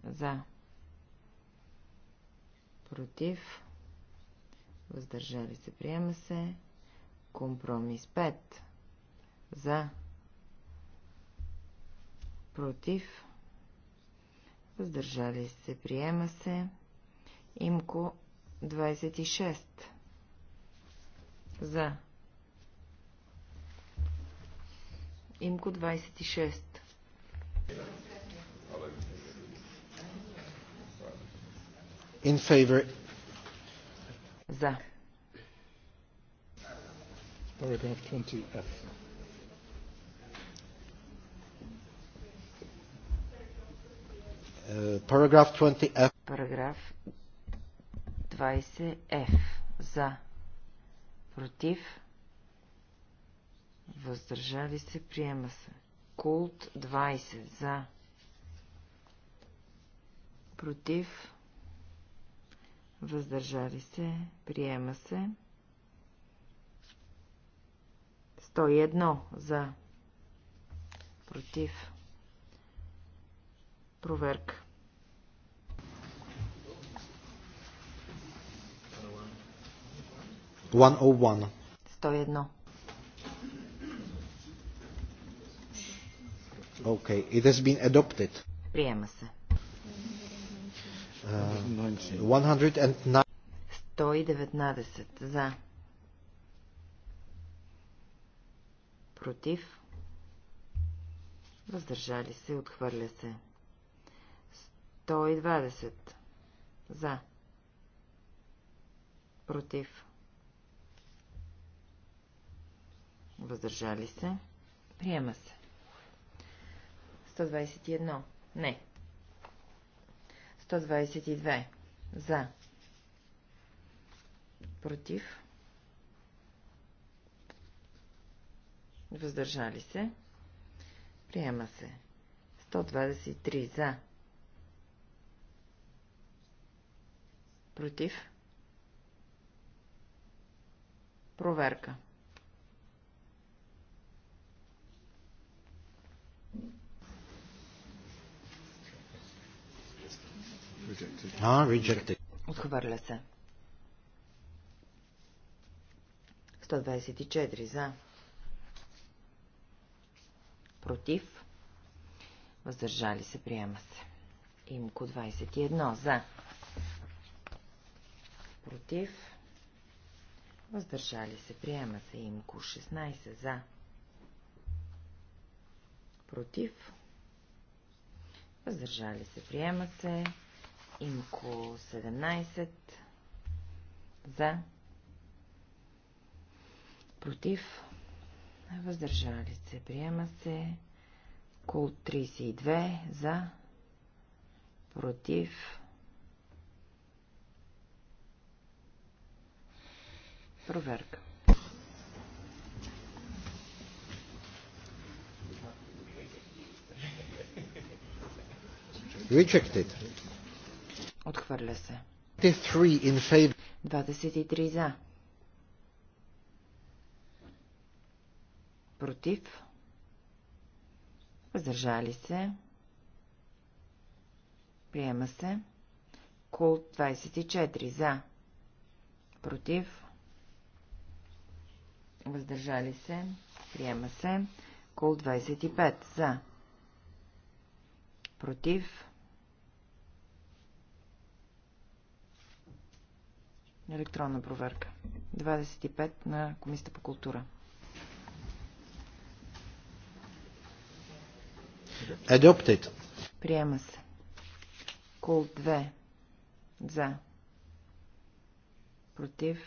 за, против, въздържали се, приема се. Компромис 5 за, против, въздържали се, приема се. Имко 26 за, Имко 26. In favor. За. Uh, Параграф 20F. Параграф uh, 20F. Параграф 20F. За. Против въздържали се, приема се. Култ 20 за, против, въздържали се, приема се. 101 за, против, проверка. One oh one. 101. Okay, it has been adopted. Приема се. Uh, 109. 119 за. Против. Въздържали се, отхвърля се. 120 за. Против. Въздържали се. Приема се. 121. Не. 122. За. Против. Въздържали се. Приема се. 123. За. Против. Проверка. Отхвърля се. 124 за. Против. Въздържали се. Приема се. Имко 21 за. Против. Въздържали се. Приема се. Имко 16 за. Против. Въздържали се. Приема се. Имко 17 за против въздържали се. Приема се кул 32 за против проверка. Rejected. Отхвърля се. 23 за. Против. Въздържали се. Приема се. Кул 24 за. Против. Въздържали се. Приема се. Кул 25 за. Против. Електронна проверка. 25 на Комисията по култура. Adopted. Приема се. Кол 2. За. Против.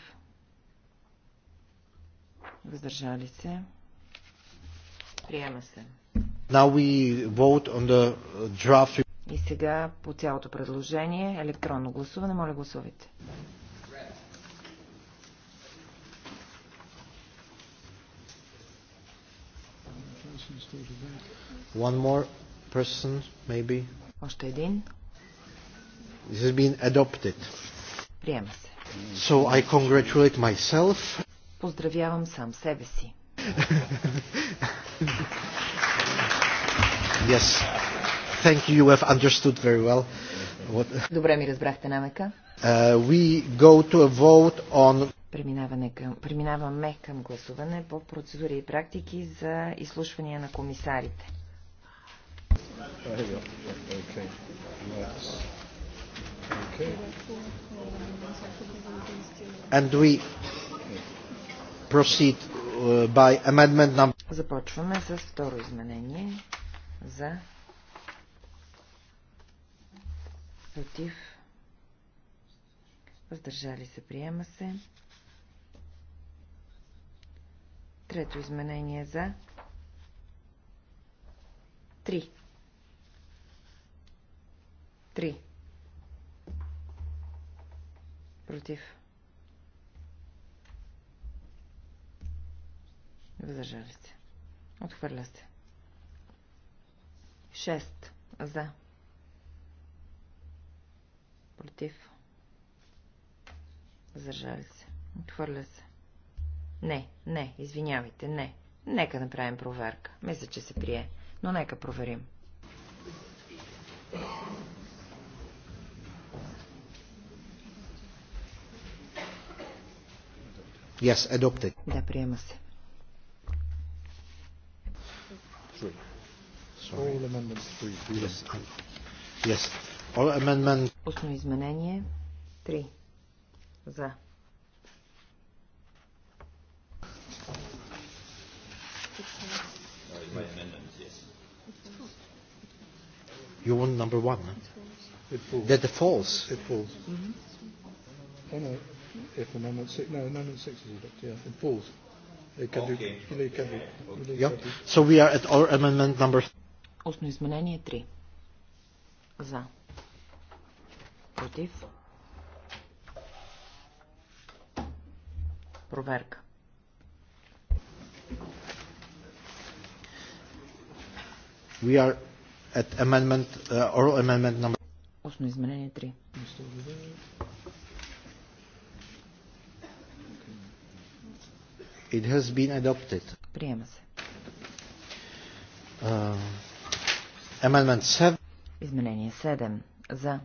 Въздържали се. Приема се. Now we vote on the draft. И сега по цялото предложение електронно гласуване. Моля гласувайте. One more person, maybe. Още един. This has been adopted. Приема се. So I congratulate myself. Поздравявам сам себе си. yes. Thank you. You have understood very well. What... Добре ми разбрахте намека. Uh, we go to a vote on Преминаване към, преминаваме към гласуване по процедури и практики за изслушвания на комисарите. And we proceed uh, by amendment number... Започваме с второ изменение за против въздържали се, приема се. Трето изменение за. Три. Три. Против. Въздържали се. Отхвърля се. Шест За. Против. Въздържали се. Отхвърля се. Не, не, извинявайте, не. Нека направим проверка. Мисля, че се прие. Но нека проверим. Yes, adopted. Да, приема се. Yes. Yes. Yes. Yes. Yes. изменение Yes. За. You want number one? It falls. That the falls. It falls. Mm-hmm. Oh no. If amendment six, no, amendment six is adopted. Yeah, it falls. It can okay. do, it can do, Okay. Yep. So we are at our amendment number. Устно изменение 3. За. Против. Проверка. We are at amendment, uh, oral amendment number... Осно изменение 3. It has been adopted. Приема се. Uh, amendment 7. Изменение 7. За.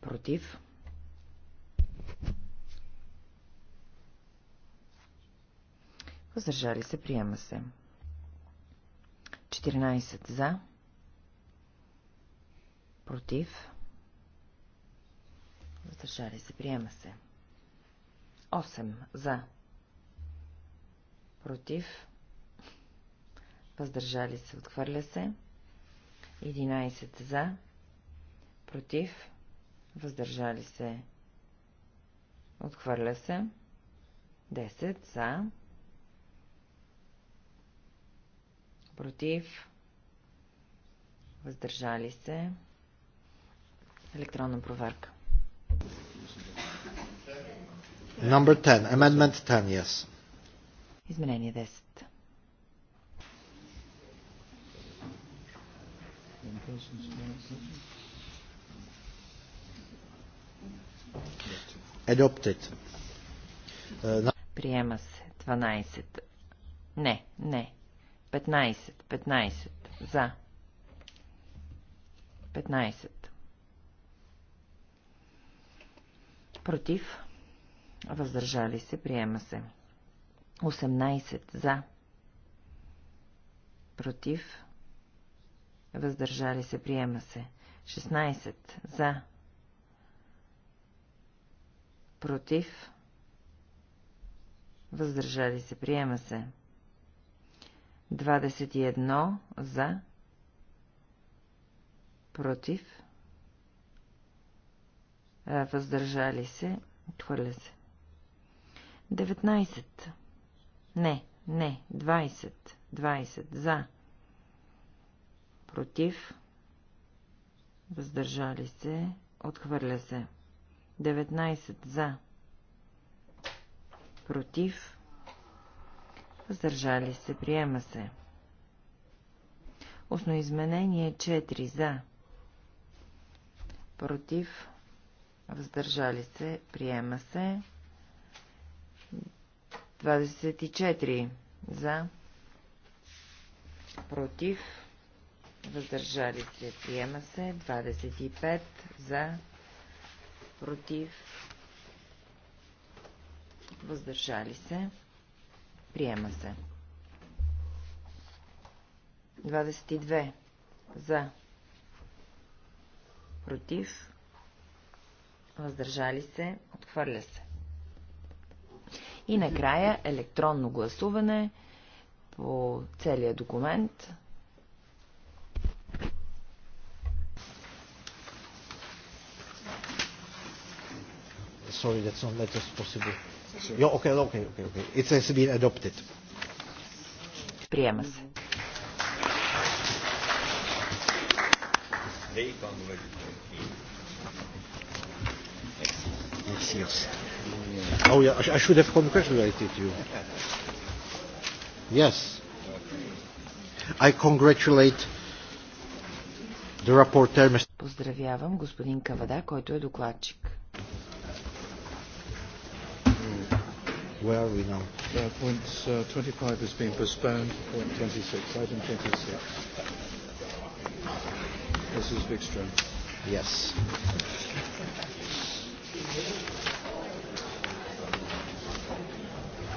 Против. Въздържали се. Приема се. 14 за. Против. Въздържали се. Приема се. 8 за. Против. Въздържали се. Отхвърля се. 11 за. Против. Въздържали се. Отхвърля се. 10 за против, въздържали се, електронна проверка. Number 10, amendment 10, yes. Изменение 10. Adopted. Uh, Приема се 12. Не, не. 15. 15. За. 15. Против. Въздържали се. Приема се. 18. За. Против. Въздържали се. Приема се. 16. За. Против. Въздържали се. Приема се. 21 за, против, въздържали се, отхвърля се. 19. Не, не, 20. 20 за, против, въздържали се, отхвърля се. 19 за, против, Въздържали се. Приема се. Устно изменение 4 за. Против. Въздържали се. Приема се. 24 за. Против. Въздържали се. Приема се. 25 за. Против. Въздържали се. Приема се. 22. За. Против. Въздържали се. Отхвърля се. И накрая електронно гласуване по целия документ. Sorry, that's not letters possible. Yeah, okay, okay, okay, okay. It has been adopted. Приема се. Oh, yeah, I should have congratulated you. Yes. I congratulate the rapporteur. Поздравявам господин Кавада, който е докладчик. Where are we now? Uh, point uh, 25 has been postponed. Point 26. Item 26. This is Vikström. Yes.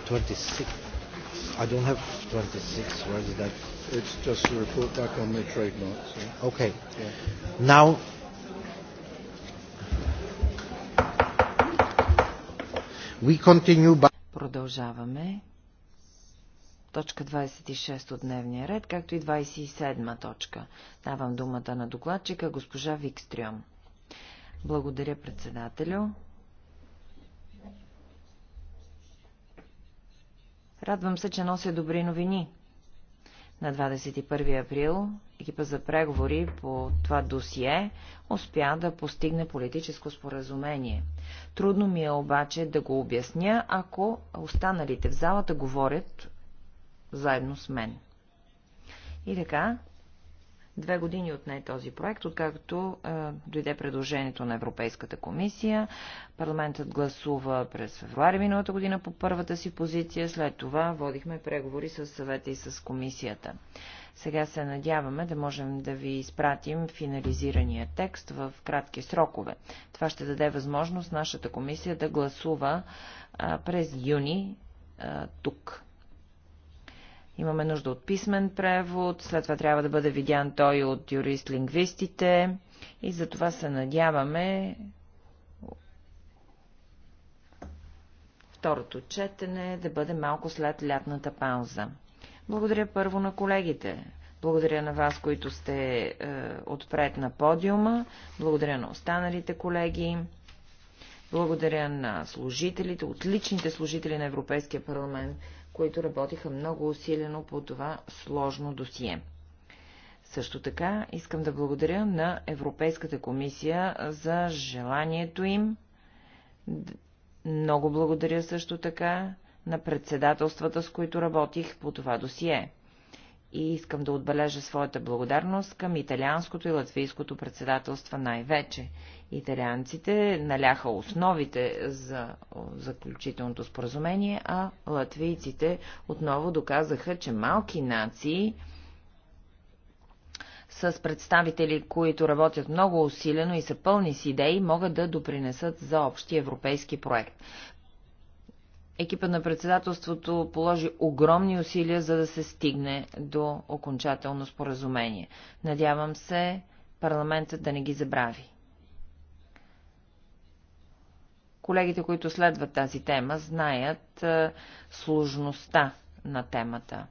Twenty-six. I don't have twenty-six. Where is that? It's just a report back on the trademark. So. Okay. Yeah. Now we continue by. Продължаваме. Точка 26 от дневния ред, както и 27 точка. Давам думата на докладчика госпожа Викстрюм. Благодаря, председателю. Радвам се, че нося добри новини на 21 април екипа за преговори по това досие успя да постигне политическо споразумение. Трудно ми е обаче да го обясня, ако останалите в залата говорят заедно с мен. И така, Две години отне този проект, откакто е, дойде предложението на Европейската комисия. Парламентът гласува през февруари миналата година по първата си позиция. След това водихме преговори с съвета и с комисията. Сега се надяваме да можем да ви изпратим финализирания текст в кратки срокове. Това ще даде възможност нашата комисия да гласува а, през юни а, тук. Имаме нужда от писмен превод, след това трябва да бъде видян той от юрист-лингвистите и за това се надяваме второто четене да бъде малко след лятната пауза. Благодаря първо на колегите. Благодаря на вас, които сте е, отпред на подиума. Благодаря на останалите колеги. Благодаря на служителите, отличните служители на Европейския парламент, които работиха много усилено по това сложно досие. Също така искам да благодаря на Европейската комисия за желанието им. Много благодаря също така на председателствата, с които работих по това досие и искам да отбележа своята благодарност към италианското и латвийското председателство най-вече. Италианците наляха основите за заключителното споразумение, а латвийците отново доказаха, че малки нации с представители, които работят много усилено и са пълни с идеи, могат да допринесат за общия европейски проект екипа на председателството положи огромни усилия, за да се стигне до окончателно споразумение. Надявам се парламентът да не ги забрави. Колегите, които следват тази тема, знаят е, сложността на темата.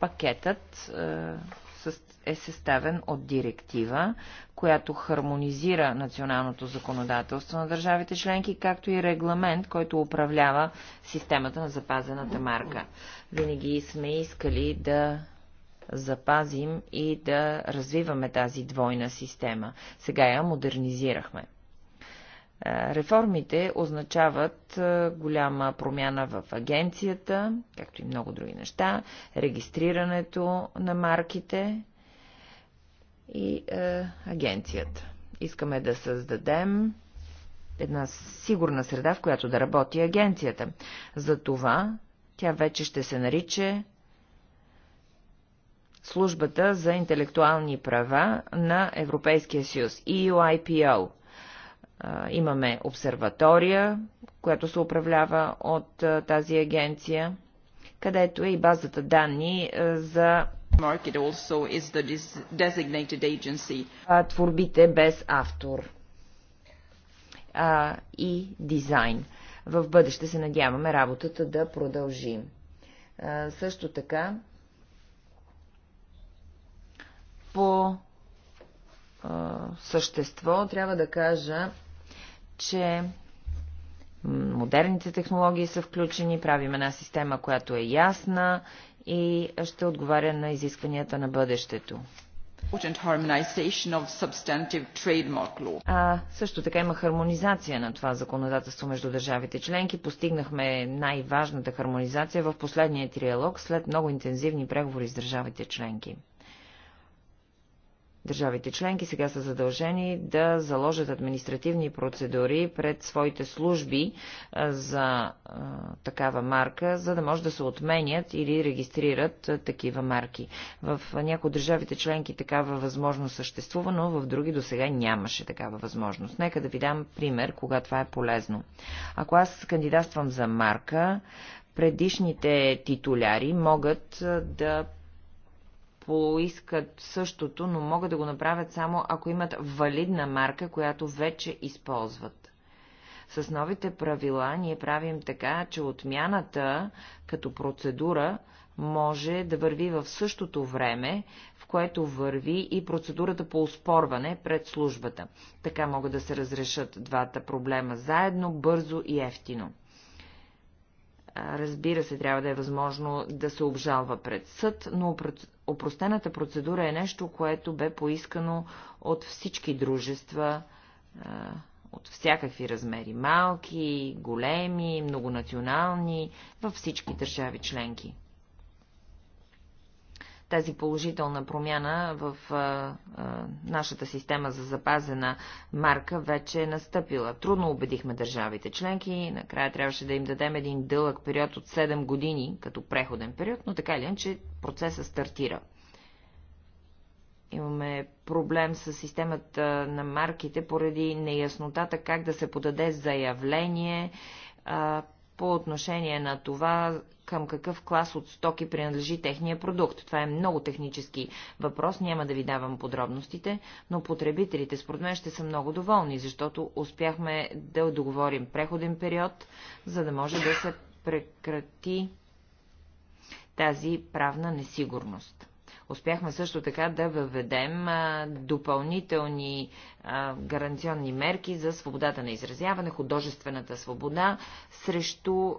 Пакетът е, е съставен от директива, която хармонизира националното законодателство на държавите членки, както и регламент, който управлява системата на запазената марка. Винаги сме искали да запазим и да развиваме тази двойна система. Сега я модернизирахме. Е, реформите означават е, голяма промяна в агенцията, както и много други неща, регистрирането на марките, и е, агенцията. Искаме да създадем една сигурна среда, в която да работи агенцията. За това тя вече ще се нарича Службата за интелектуални права на Европейския съюз, EUIPO. Е, имаме обсерватория, която се управлява от е, тази агенция, където е и базата данни е, за творбите без автор а, и дизайн. В бъдеще се надяваме работата да продължи. А, също така, по а, същество трябва да кажа, че модерните технологии са включени, правим една система, която е ясна и ще отговаря на изискванията на бъдещето. А, също така има хармонизация на това законодателство между държавите членки. Постигнахме най-важната хармонизация в последния триалог след много интензивни преговори с държавите членки. Държавите членки сега са задължени да заложат административни процедури пред своите служби за а, такава марка, за да може да се отменят или регистрират а, такива марки. В някои от държавите членки такава възможност съществува, но в други до сега нямаше такава възможност. Нека да ви дам пример, кога това е полезно. Ако аз кандидатствам за марка, предишните титуляри могат да поискат същото, но могат да го направят само ако имат валидна марка, която вече използват. С новите правила ние правим така, че отмяната като процедура може да върви в същото време, в което върви и процедурата по успорване пред службата. Така могат да се разрешат двата проблема заедно, бързо и ефтино. Разбира се, трябва да е възможно да се обжалва пред съд, но Опростената процедура е нещо, което бе поискано от всички дружества, от всякакви размери, малки, големи, многонационални, във всички държави членки тази положителна промяна в а, а, нашата система за запазена марка вече е настъпила. Трудно убедихме държавите членки, накрая трябваше да им дадем един дълъг период от 7 години, като преходен период, но така ли че процесът стартира. Имаме проблем с системата на марките поради неяснотата как да се подаде заявление а, по отношение на това към какъв клас от стоки принадлежи техния продукт. Това е много технически въпрос, няма да ви давам подробностите, но потребителите според мен ще са много доволни, защото успяхме да договорим преходен период, за да може да се прекрати тази правна несигурност. Успяхме също така да въведем допълнителни гаранционни мерки за свободата на изразяване, художествената свобода, срещу,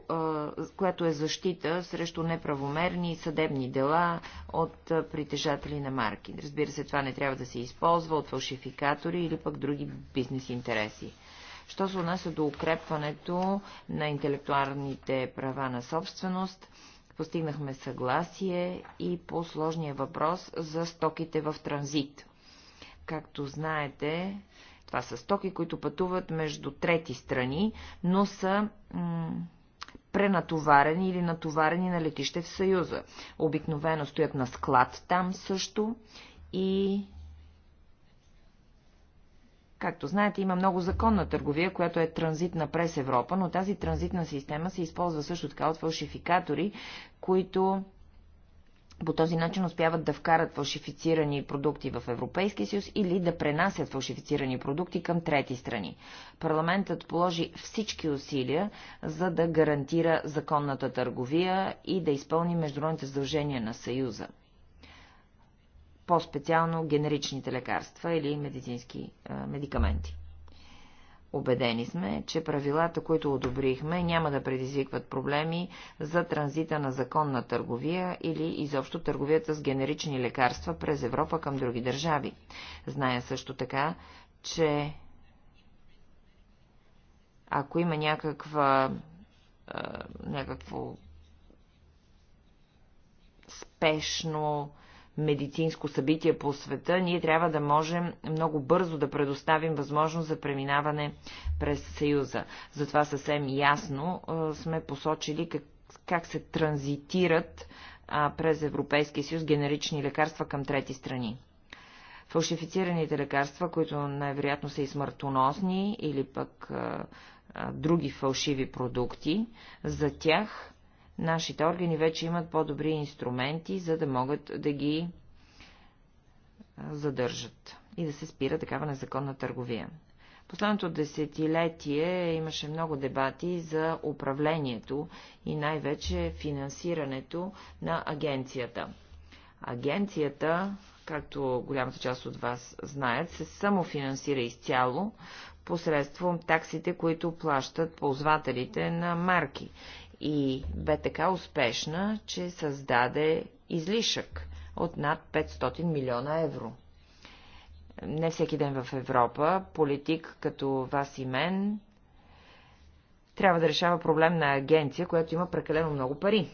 която е защита срещу неправомерни съдебни дела от притежатели на марки. Разбира се, това не трябва да се използва от фалшификатори или пък други бизнес интереси. Що се отнася до укрепването на интелектуалните права на собственост, Постигнахме съгласие и по сложния въпрос за стоките в транзит. Както знаете, това са стоки, които пътуват между трети страни, но са пренатоварени или натоварени на летище в Съюза. Обикновено стоят на склад там също и Както знаете, има много законна търговия, която е транзитна през Европа, но тази транзитна система се използва също така от фалшификатори, които по този начин успяват да вкарат фалшифицирани продукти в Европейския съюз или да пренасят фалшифицирани продукти към трети страни. Парламентът положи всички усилия, за да гарантира законната търговия и да изпълни международните задължения на Съюза по-специално генеричните лекарства или медицински медикаменти. Обедени сме, че правилата, които одобрихме, няма да предизвикват проблеми за транзита на законна търговия или изобщо търговията с генерични лекарства през Европа към други държави. Зная също така, че ако има някаква, някакво спешно медицинско събитие по света, ние трябва да можем много бързо да предоставим възможност за преминаване през Съюза. Затова съвсем ясно сме посочили как, как се транзитират през Европейския съюз генерични лекарства към трети страни. Фалшифицираните лекарства, които най-вероятно са и смъртоносни или пък а, а, други фалшиви продукти, за тях Нашите органи вече имат по-добри инструменти, за да могат да ги задържат и да се спира такава незаконна търговия. Последното десетилетие имаше много дебати за управлението и най-вече финансирането на агенцията. Агенцията, както голямата част от вас знаят, се самофинансира изцяло посредством таксите, които плащат ползвателите на марки и бе така успешна, че създаде излишък от над 500 милиона евро. Не всеки ден в Европа политик като вас и мен трябва да решава проблем на агенция, която има прекалено много пари.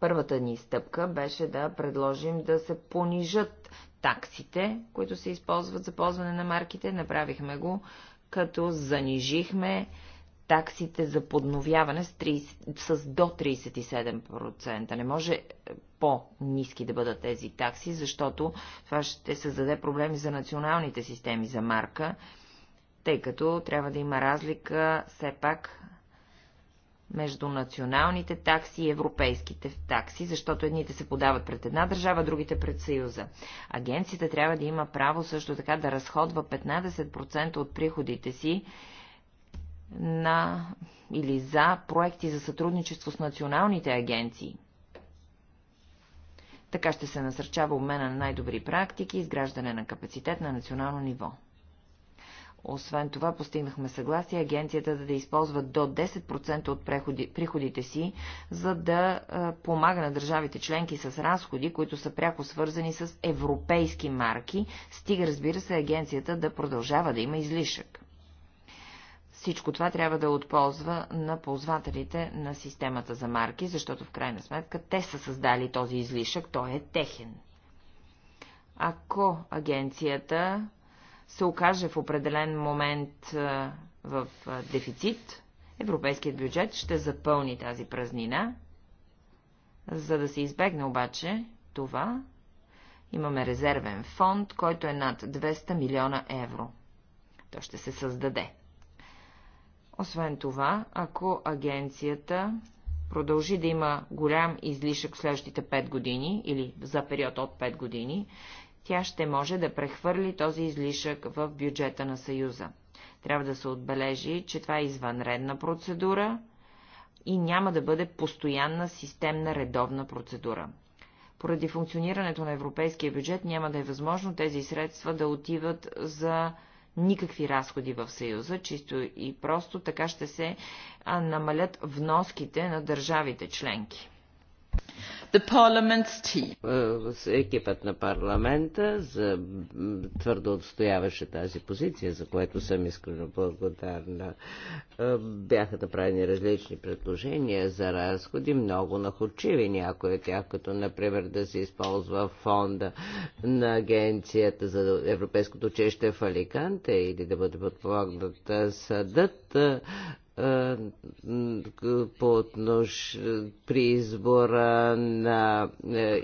Първата ни стъпка беше да предложим да се понижат таксите, които се използват за ползване на марките. Направихме го, като занижихме таксите за подновяване с, 30, с до 37%. Не може по-низки да бъдат тези такси, защото това ще създаде проблеми за националните системи за марка, тъй като трябва да има разлика все пак между националните такси и европейските такси, защото едните се подават пред една държава, другите пред Съюза. Агенцията трябва да има право също така да разходва 15% от приходите си на или за проекти за сътрудничество с националните агенции. Така ще се насърчава обмена на най-добри практики и изграждане на капацитет на национално ниво. Освен това, постигнахме съгласие агенцията да, да използва до 10% от преходи, приходите си, за да е, помага на държавите членки с разходи, които са пряко свързани с европейски марки, стига разбира се агенцията да продължава да има излишък. Всичко това трябва да е отползва на ползвателите на системата за марки, защото в крайна сметка те са създали този излишък, той е техен. Ако агенцията се окаже в определен момент в дефицит, европейският бюджет ще запълни тази празнина. За да се избегне обаче това, имаме резервен фонд, който е над 200 милиона евро. То ще се създаде. Освен това, ако агенцията продължи да има голям излишък в следващите 5 години или за период от 5 години, тя ще може да прехвърли този излишък в бюджета на Съюза. Трябва да се отбележи, че това е извънредна процедура и няма да бъде постоянна системна редовна процедура. Поради функционирането на европейския бюджет няма да е възможно тези средства да отиват за никакви разходи в Съюза, чисто и просто така ще се намалят вноските на държавите членки. Е, екипът на парламента за, твърдо отстояваше тази позиция, за което съм искрено благодарна. Е, бяха направени различни предложения за разходи, много нахочиви някои от тях, като например да се използва фонда на Агенцията за Европейското чеще в Аликанте или да бъде подпомогнат съдът е, е, по отнош, при избора на е,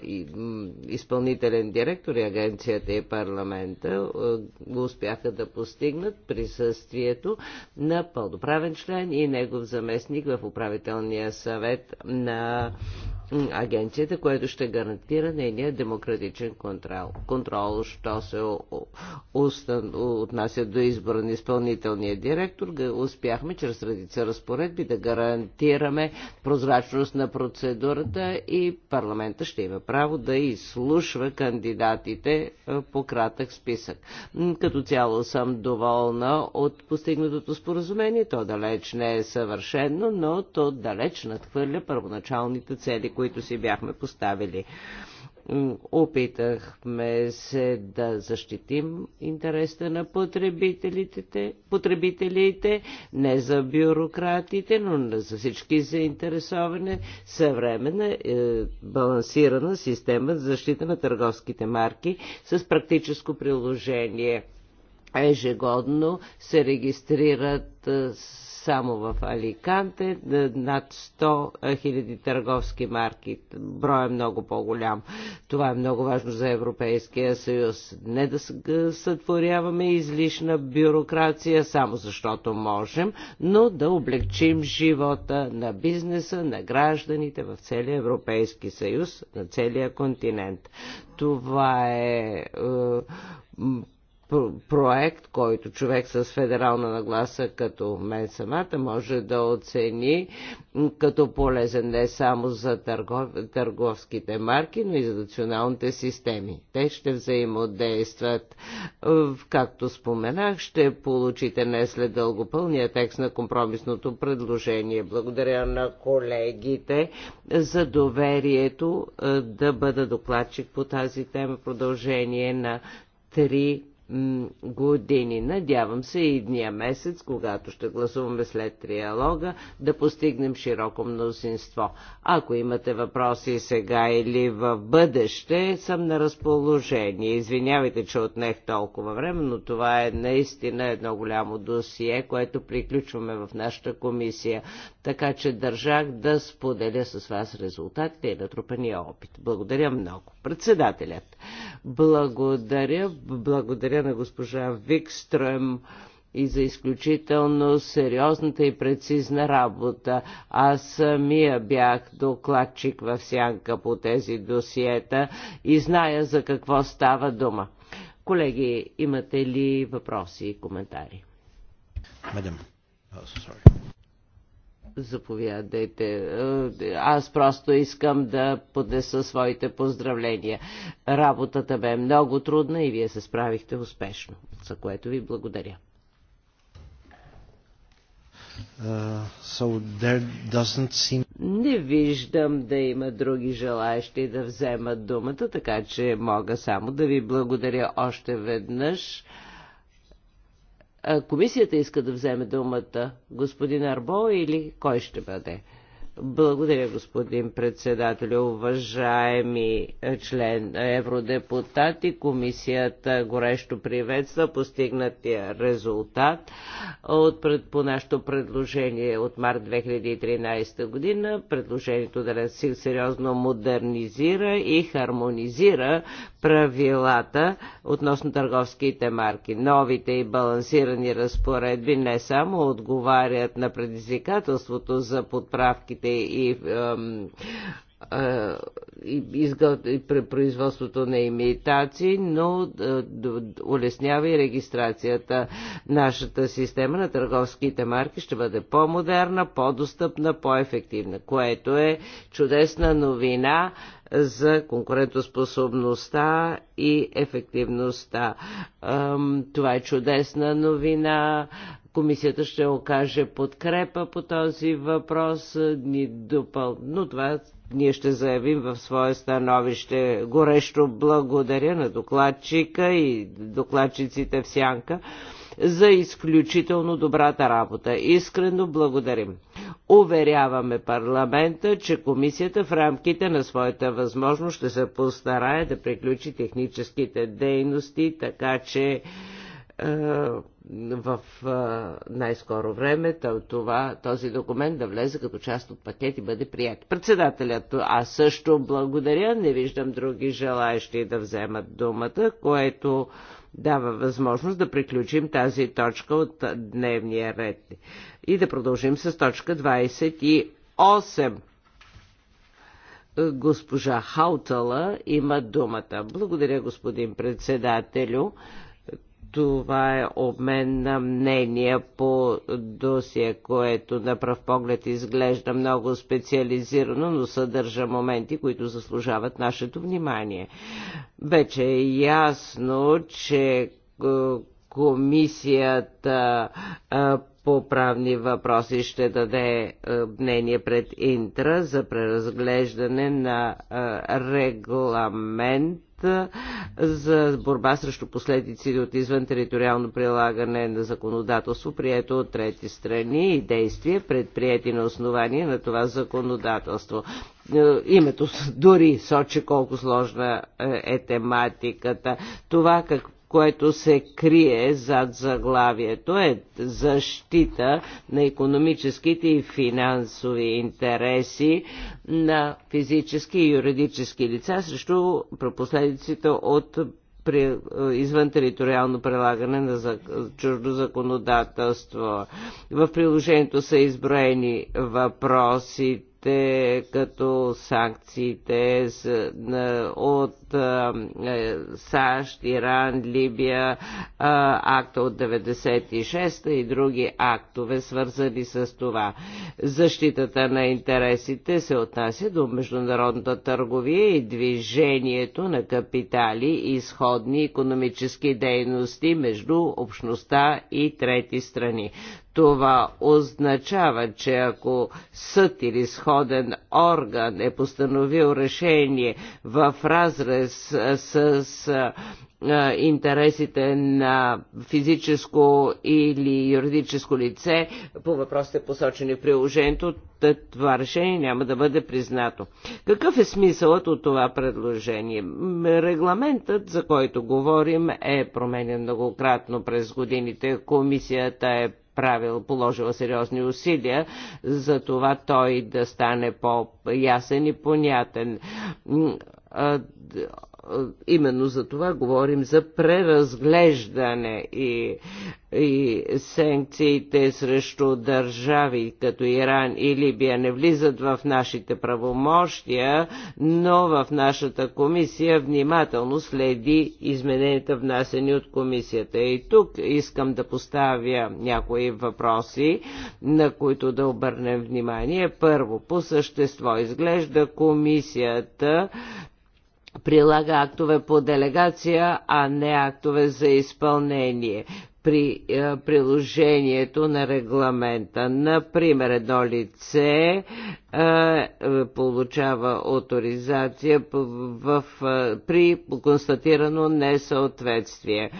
изпълнителен директор и агенцията и парламента го е, успяха да постигнат присъствието на пълноправен член и негов заместник в управителния съвет на агенцията, което ще гарантира нейния демократичен контрол. контрол що се устан, отнася до избора на изпълнителния директор, успяхме чрез редица разпоредби да гарантираме прозрачност на процедурата и парламента ще има право да изслушва кандидатите по кратък списък. Като цяло съм доволна от постигнатото споразумение. То далеч не е съвършено, но то далеч надхвърля първоначалните цели, които които си бяхме поставили. Опитахме се да защитим интереса на потребителите, потребителите, не за бюрократите, но за всички заинтересовани съвременна е, балансирана система за защита на търговските марки с практическо приложение. Ежегодно се регистрират е, само в Аликанте над 100 хиляди търговски марки. Броя е много по-голям. Това е много важно за Европейския съюз. Не да сътворяваме излишна бюрокрация, само защото можем, но да облегчим живота на бизнеса, на гражданите в целия Европейски съюз, на целия континент. Това е, е проект, който човек с федерална нагласа като мен самата може да оцени като полезен не само за търгов, търговските марки, но и за националните системи. Те ще взаимодействат. Е, както споменах, ще получите не след дълго пълния текст на компромисното предложение. Благодаря на колегите за доверието е, да бъда докладчик по тази тема продължение на три години. Надявам се и дния месец, когато ще гласуваме след триалога, да постигнем широко мнозинство. Ако имате въпроси сега или в бъдеще, съм на разположение. Извинявайте, че отнех толкова време, но това е наистина едно голямо досие, което приключваме в нашата комисия. Така че държах да споделя с вас резултатите и натрупания опит. Благодаря много. Председателят. Благодаря. Благодаря на госпожа Викстрем и за изключително сериозната и прецизна работа. Аз самия бях докладчик в сянка по тези досиета и зная за какво става дума. Колеги, имате ли въпроси и коментари? Мадам, oh, sorry. Заповядайте. Е, аз просто искам да поднеса своите поздравления. Работата бе много трудна и вие се справихте успешно, за което ви благодаря. Uh, so seem... Не виждам да има други желаящи да вземат думата, така че мога само да ви благодаря още веднъж. Комисията иска да вземе думата. Господин Арбо или кой ще бъде? Благодаря, господин председател, уважаеми член евродепутати. Комисията горещо приветства постигнатия резултат от пред, по нашето предложение от март 2013 година. Предложението да се сериозно модернизира и хармонизира правилата относно търговските марки. Новите и балансирани разпоредби не само отговарят на предизвикателството за подправките, фабриките и производството на имитации, но улеснява и регистрацията. Нашата система на търговските марки ще бъде по-модерна, по-достъпна, по-ефективна, което е чудесна новина за конкурентоспособността и ефективността. Това е чудесна новина Комисията ще окаже подкрепа по този въпрос, ни допъл... но това ние ще заявим в свое становище. Горещо благодаря на докладчика и докладчиците в Сянка за изключително добрата работа. Искрено благодарим. Уверяваме парламента, че комисията в рамките на своята възможност ще се постарае да приключи техническите дейности, така че е, в е, най-скоро време това, този документ да влезе като част от пакет и бъде прият. Председателят, аз също благодаря, не виждам други желаящи да вземат думата, което дава възможност да приключим тази точка от дневния ред и да продължим с точка 28 госпожа Хаутала има думата. Благодаря, господин председателю. Това е обмен на мнения по досия, което на пръв поглед изглежда много специализирано, но съдържа моменти, които заслужават нашето внимание. Вече е ясно, че е, комисията е, по правни въпроси ще даде е, мнение пред Интра за преразглеждане на регламент за борба срещу последици от извън териториално прилагане на законодателство, прието от трети страни и действия, предприяти на основание на това законодателство. Е, името дори сочи колко сложна е, е тематиката. Това как което се крие зад заглавието е защита на економическите и финансови интереси на физически и юридически лица срещу последиците от при, извън териториално прилагане на за, чуждо законодателство. В приложението са изброени въпросите мерките като санкциите от е, САЩ, Иран, Либия, акта от 96-та и други актове, свързани с това. Защитата на интересите се отнася до международната търговия и движението на капитали и изходни економически дейности между общността и трети страни. Това означава, че ако съд или сходен орган е постановил решение в разрез с, интересите на физическо или юридическо лице по въпросите посочени в приложението, това решение няма да бъде признато. Какъв е смисълът от това предложение? Регламентът, за който говорим, е променен многократно през годините. Комисията е правил, положила сериозни усилия за това той да стане по-ясен и понятен е, именно за това говорим за преразглеждане и, и санкциите срещу държави като Иран и Либия не влизат в нашите правомощия, но в нашата комисия внимателно следи измененията внасени от комисията. И тук искам да поставя някои въпроси, на които да обърнем внимание. Първо, по същество изглежда комисията прилага актове по делегация, а не актове за изпълнение при е, приложението на регламента. Например, едно лице получава авторизация в, при констатирано несъответствие.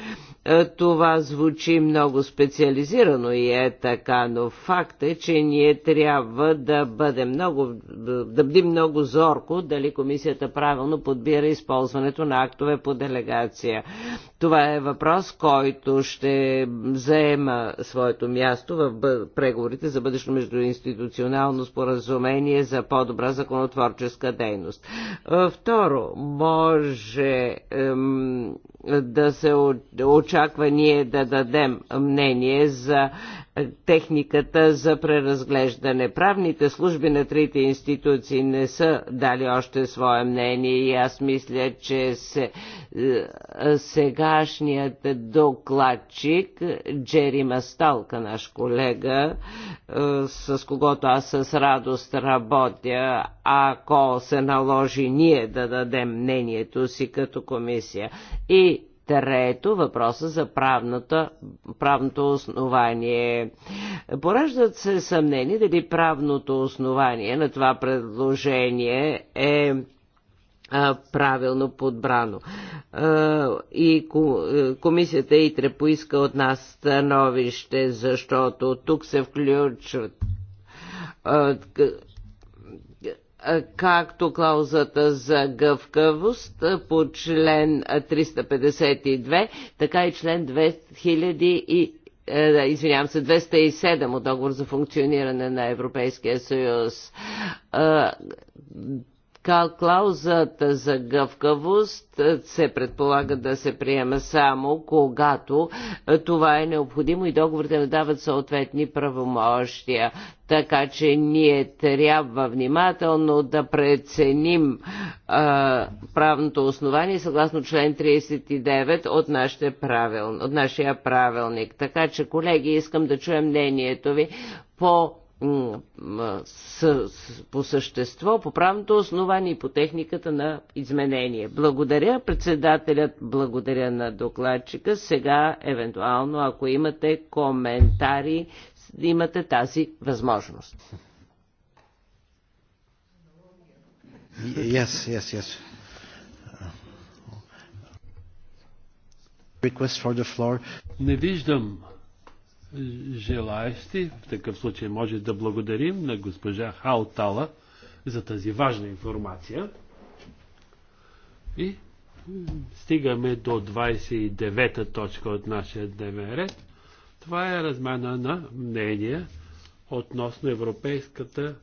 Това звучи много специализирано и е така, но факт е, че ние трябва да бъдем много, да бъдем много зорко дали комисията правилно подбира използването на актове по делегация. Това е въпрос, който ще заема своето място в преговорите за бъдещо междуинституционално споразумение предложение за по-добра законотворческа дейност. Е, второ, може да се очаква ние да дадем мнение за техниката за преразглеждане. Правните служби на трите институции не са дали още свое мнение и аз мисля, че се, е, сегашният докладчик Джери Масталка, наш колега, е, с когото аз с радост работя, ако се наложи ние да дадем мнението си като комисия. И Трето, въпроса за правната, правното основание. Пораждат се съмнени дали правното основание на това предложение е правилно подбрано. И е, комисията ИТРЕ поиска от нас становище, защото тук се включват както клаузата за гъвкавост по член 352, така и член 2000 и е, извинявам се, 207 от договор за функциониране на Европейския съюз. Клаузата за гъвкавост се предполага да се приема само когато е, това е необходимо и договорите не дават съответни правомощия. Така че ние трябва внимателно да преценим а, е, правното основание съгласно член 39 от, нашите правил, от нашия правилник. Така че, колеги, искам да чуем мнението ви по с, с, по същество, по правното основание и по техниката на изменение. Благодаря, председателят, благодаря на докладчика. Сега, евентуално, ако имате коментари, имате тази възможност. Yes, yes, yes. Request for the floor. Не виждам желаящи. В такъв случай може да благодарим на госпожа Хаутала за тази важна информация. И стигаме до 29-та точка от нашия дневен ред. Това е размена на мнения относно Европейската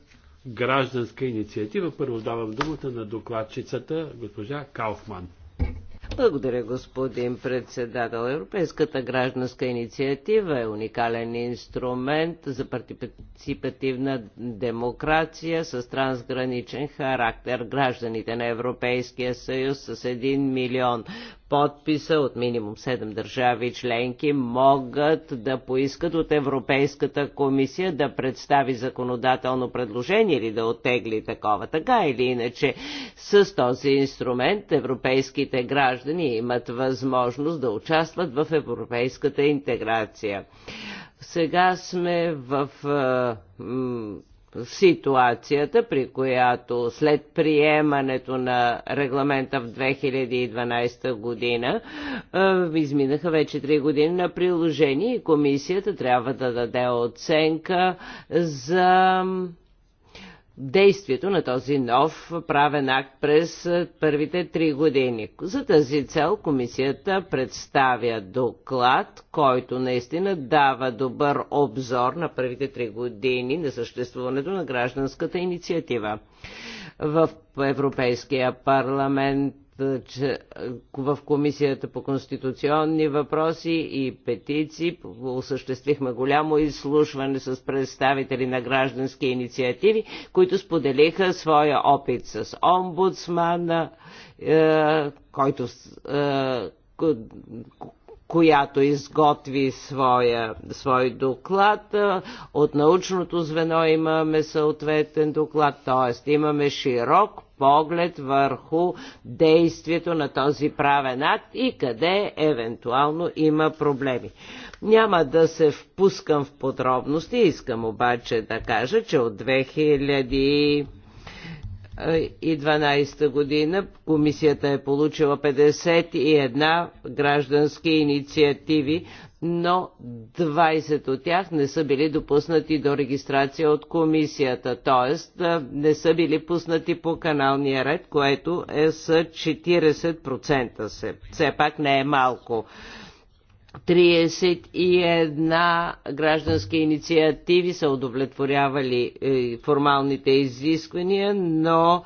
гражданска инициатива. Първо давам думата на докладчицата госпожа Кауфман. Благодаря, господин председател. Европейската гражданска инициатива е уникален инструмент за партиципативна демокрация с трансграничен характер. Гражданите на Европейския съюз с 1 милион подписа от минимум 7 държави членки могат да поискат от Европейската комисия да представи законодателно предложение или да оттегли такова. Така или иначе, с този инструмент европейските граждани граждани имат възможност да участват в европейската интеграция. Сега сме в ситуацията, при която след приемането на регламента в 2012 година изминаха вече 3 години на приложение и комисията трябва да даде оценка за действието на този нов правен акт през първите три години. За тази цел комисията представя доклад, който наистина дава добър обзор на първите три години на съществуването на гражданската инициатива. В Европейския парламент че е, в Комисията по конституционни въпроси и петиции осъществихме голямо изслушване с представители на граждански инициативи, които споделиха своя опит с омбудсмана, е, който е, която изготви своя, свой доклад. От научното звено имаме съответен доклад, т.е. имаме широк поглед върху действието на този правен акт и къде евентуално има проблеми. Няма да се впускам в подробности, искам обаче да кажа, че от 2000 2012 година комисията е получила 51 граждански инициативи, но 20 от тях не са били допуснати до регистрация от комисията, т.е. не са били пуснати по каналния ред, което е с 40% се. Все пак не е малко. 31 граждански инициативи са удовлетворявали е, формалните изисквания, но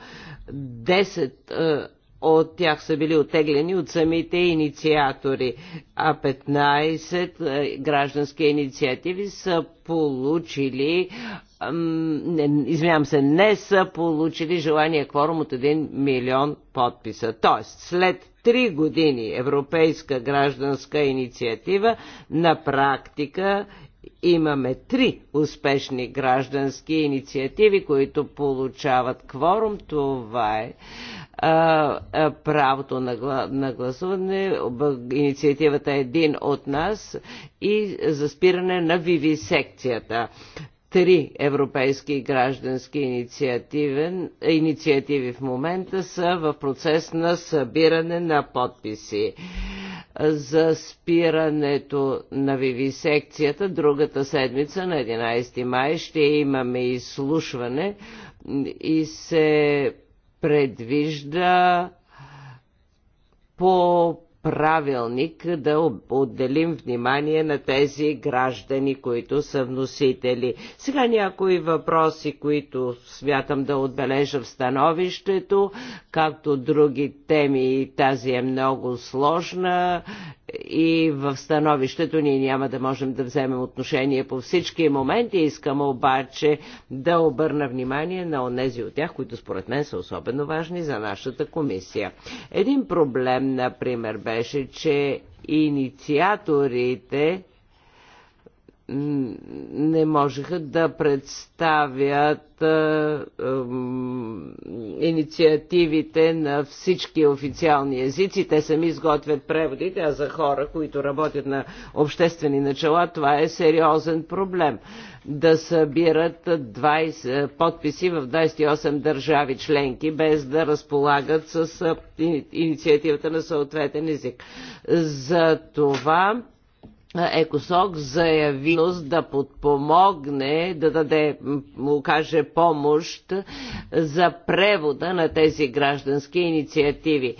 10 е, от тях са били отеглени от самите инициатори, а 15 е, граждански инициативи са получили, извинявам се, не са получили желания кворум от 1 милион подписа. Тоест, след три години Европейска гражданска инициатива, на практика имаме три успешни граждански инициативи, които получават кворум. Това е правото на, на гласуване, инициативата е един от нас и за спиране на виви секцията три европейски граждански инициативи в момента са в процес на събиране на подписи за спирането на вивисекцията. Другата седмица на 11 май ще имаме изслушване и се предвижда по правилник да отделим внимание на тези граждани, които са вносители. Сега някои въпроси, които смятам да отбележа в становището, както други теми, тази е много сложна и в становището ние няма да можем да вземем отношение по всички моменти. Искам обаче да обърна внимание на онези от тях, които според мен са особено важни за нашата комисия. Един проблем, например, беше, че инициаторите не можеха да представят а, а, инициативите на всички официални езици. Те сами изготвят преводите, а за хора, които работят на обществени начала, това е сериозен проблем. Да събират 20, подписи в 28 държави членки, без да разполагат с инициативата на съответен език. За това ЕКОСОК заявил да подпомогне, да даде, му каже помощ за превода на тези граждански инициативи.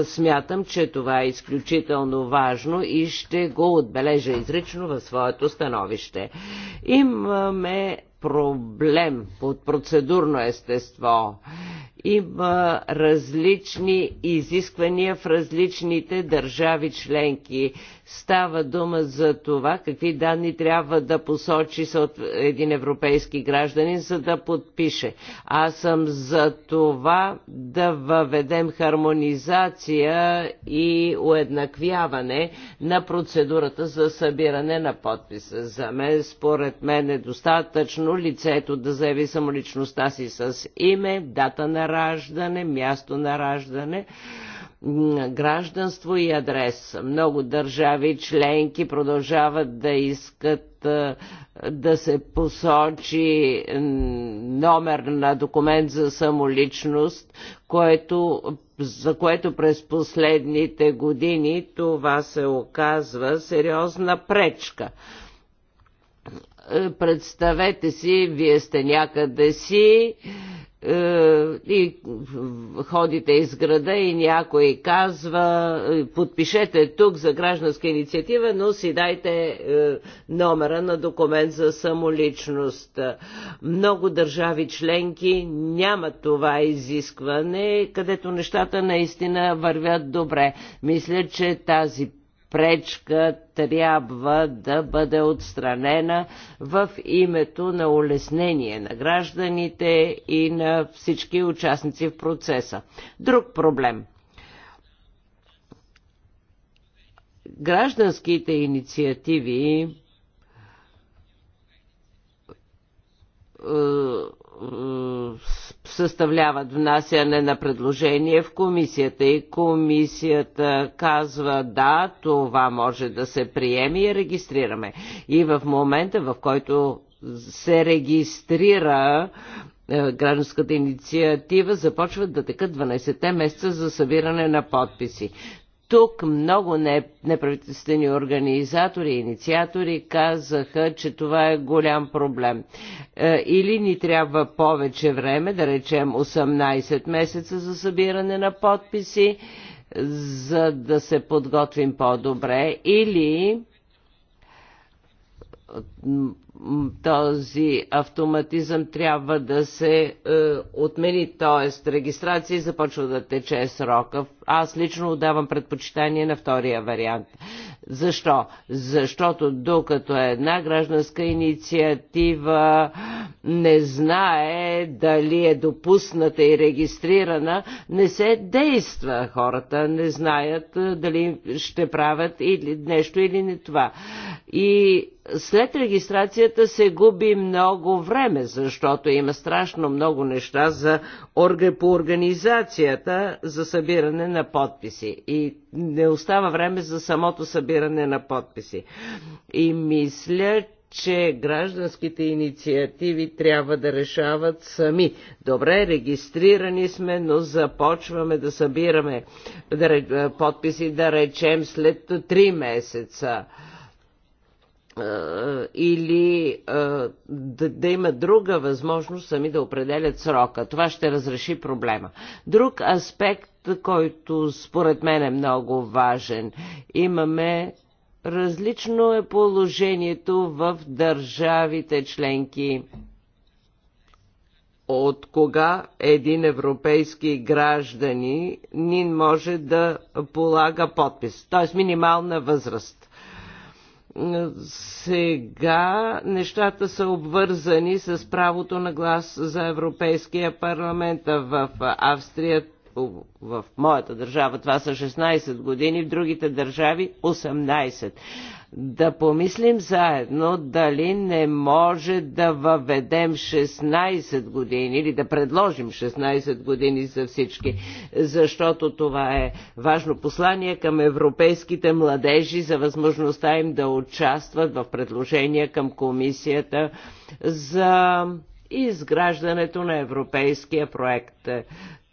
Е, смятам, че това е изключително важно и ще го отбележа изрично в своето становище. Имаме проблем от процедурно естество. Има различни изисквания в различните държави членки. Става дума за това какви данни трябва да посочи един европейски гражданин, за да подпише. Аз съм за това да въведем хармонизация и уеднаквяване на процедурата за събиране на подписа. За мен, според мен е достатъчно лицето да заяви самоличността си с име, дата на раждане, място на раждане, гражданство и адрес. Много държави членки продължават да искат да се посочи номер на документ за самоличност, което, за което през последните години това се оказва сериозна пречка представете си, вие сте някъде си, е, и ходите из града и някой казва е, подпишете тук за гражданска инициатива, но си дайте е, номера на документ за самоличност. Много държави членки нямат това изискване, където нещата наистина вървят добре. Мисля, че тази пречка трябва да бъде отстранена в името на улеснение на гражданите и на всички участници в процеса. Друг проблем. Гражданските инициативи е, е, съставляват внасяне на предложение в комисията и комисията казва да, това може да се приеме и регистрираме. И в момента, в който се регистрира е, гражданската инициатива, започват да текат 12-те месеца за събиране на подписи. Тук много неправителствени организатори и инициатори казаха, че това е голям проблем. Е, или ни трябва повече време, да речем 18 месеца за събиране на подписи, за да се подготвим по-добре, или този автоматизъм трябва да се е, отмени, т.е. регистрация започва да тече срока. Аз лично отдавам предпочитание на втория вариант. Защо? Защото докато една гражданска инициатива не знае дали е допусната и регистрирана, не се действа. Хората не знаят е, дали ще правят или нещо или не това. И след регистрация комисията се губи много време, защото има страшно много неща за орга по организацията за събиране на подписи. И не остава време за самото събиране на подписи. И мисля, че гражданските инициативи трябва да решават сами. Добре, регистрирани сме, но започваме да събираме подписи, да речем, след 3 месеца или да, да има друга възможност сами да определят срока. Това ще разреши проблема. Друг аспект, който според мен е много важен. Имаме различно е положението в държавите членки. От кога един европейски граждани нин може да полага подпис, т.е. минимална възраст сега нещата са обвързани с правото на глас за Европейския парламент в Австрия. В моята държава това са 16 години, в другите държави 18 да помислим заедно дали не може да въведем 16 години или да предложим 16 години за всички, защото това е важно послание към европейските младежи за възможността им да участват в предложения към комисията за изграждането на европейския проект.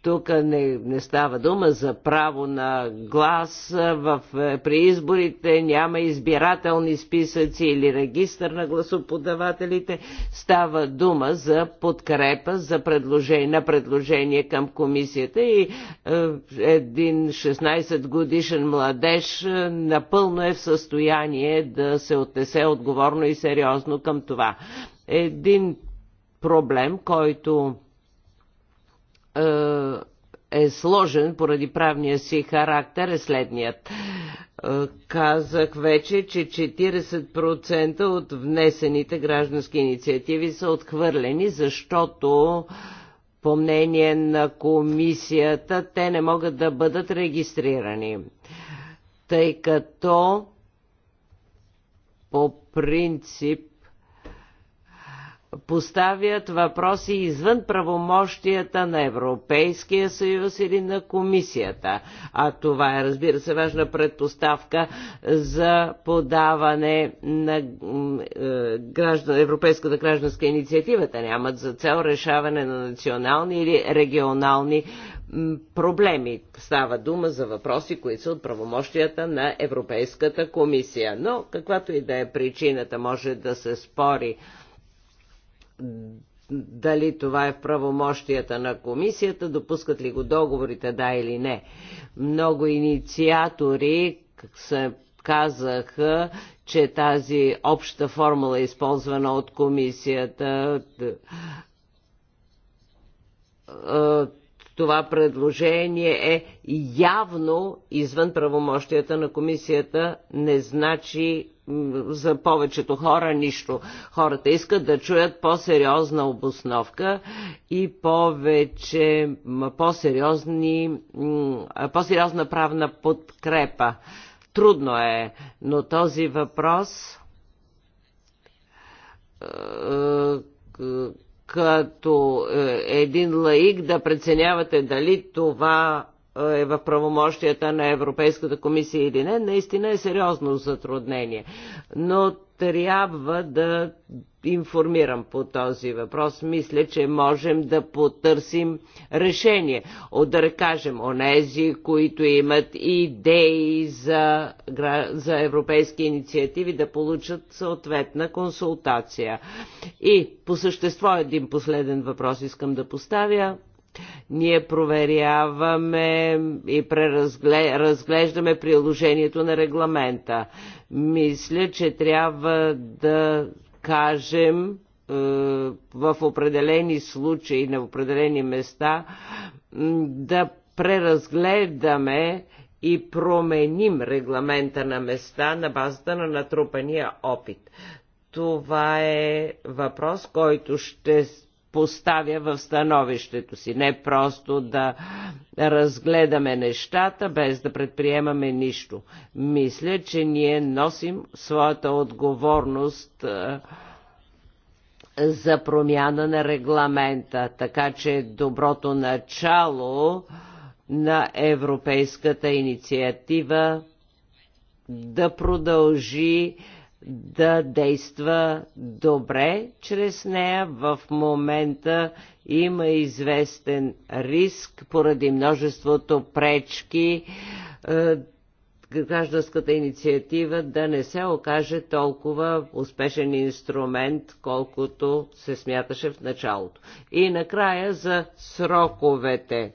Тук не, не става дума за право на глас в, е, при изборите, няма избирателни списъци или регистър на гласоподавателите. Става дума за подкрепа за предложение, на предложение към комисията и е, един 16 годишен младеж е, напълно е в състояние да се отнесе отговорно и сериозно към това. Един проблем, който е, е сложен поради правния си характер е следният. Е, казах вече, че 40% от внесените граждански инициативи са отхвърлени, защото по мнение на комисията те не могат да бъдат регистрирани, тъй като по принцип поставят въпроси извън правомощията на Европейския съюз или на комисията. А това е, разбира се, важна предпоставка за подаване на е, граждан, Европейската гражданска инициатива. Те нямат за цел решаване на национални или регионални проблеми. Става дума за въпроси, които са от правомощията на Европейската комисия. Но каквато и да е причината, може да се спори дали това е в правомощията на комисията, допускат ли го договорите, да или не. Много инициатори се казаха, че тази обща формула, е използвана от комисията, е, това предложение е явно извън правомощията на комисията, не значи за повечето хора нищо. Хората искат да чуят по-сериозна обосновка и повече по-сериозни, по-сериозна правна подкрепа. Трудно е, но този въпрос е, е, като е, един лаик да преценявате дали това е в правомощията на Европейската комисия или не, наистина е сериозно затруднение. Но трябва да информирам по този въпрос. Мисля, че можем да потърсим решение. От да кажем, онези, които имат идеи за, за европейски инициативи, да получат съответна консултация. И по същество един последен въпрос искам да поставя. Ние проверяваме и разглеждаме приложението на регламента. Мисля, че трябва да кажем е, в определени случаи, на определени места, да преразгледаме и променим регламента на места на базата на натрупания опит. Това е въпрос, който ще поставя в становището си. Не просто да разгледаме нещата, без да предприемаме нищо. Мисля, че ние носим своята отговорност е, за промяна на регламента, така че доброто начало на европейската инициатива да продължи да действа добре чрез нея. В момента има известен риск поради множеството пречки е, гражданската инициатива да не се окаже толкова успешен инструмент, колкото се смяташе в началото. И накрая за сроковете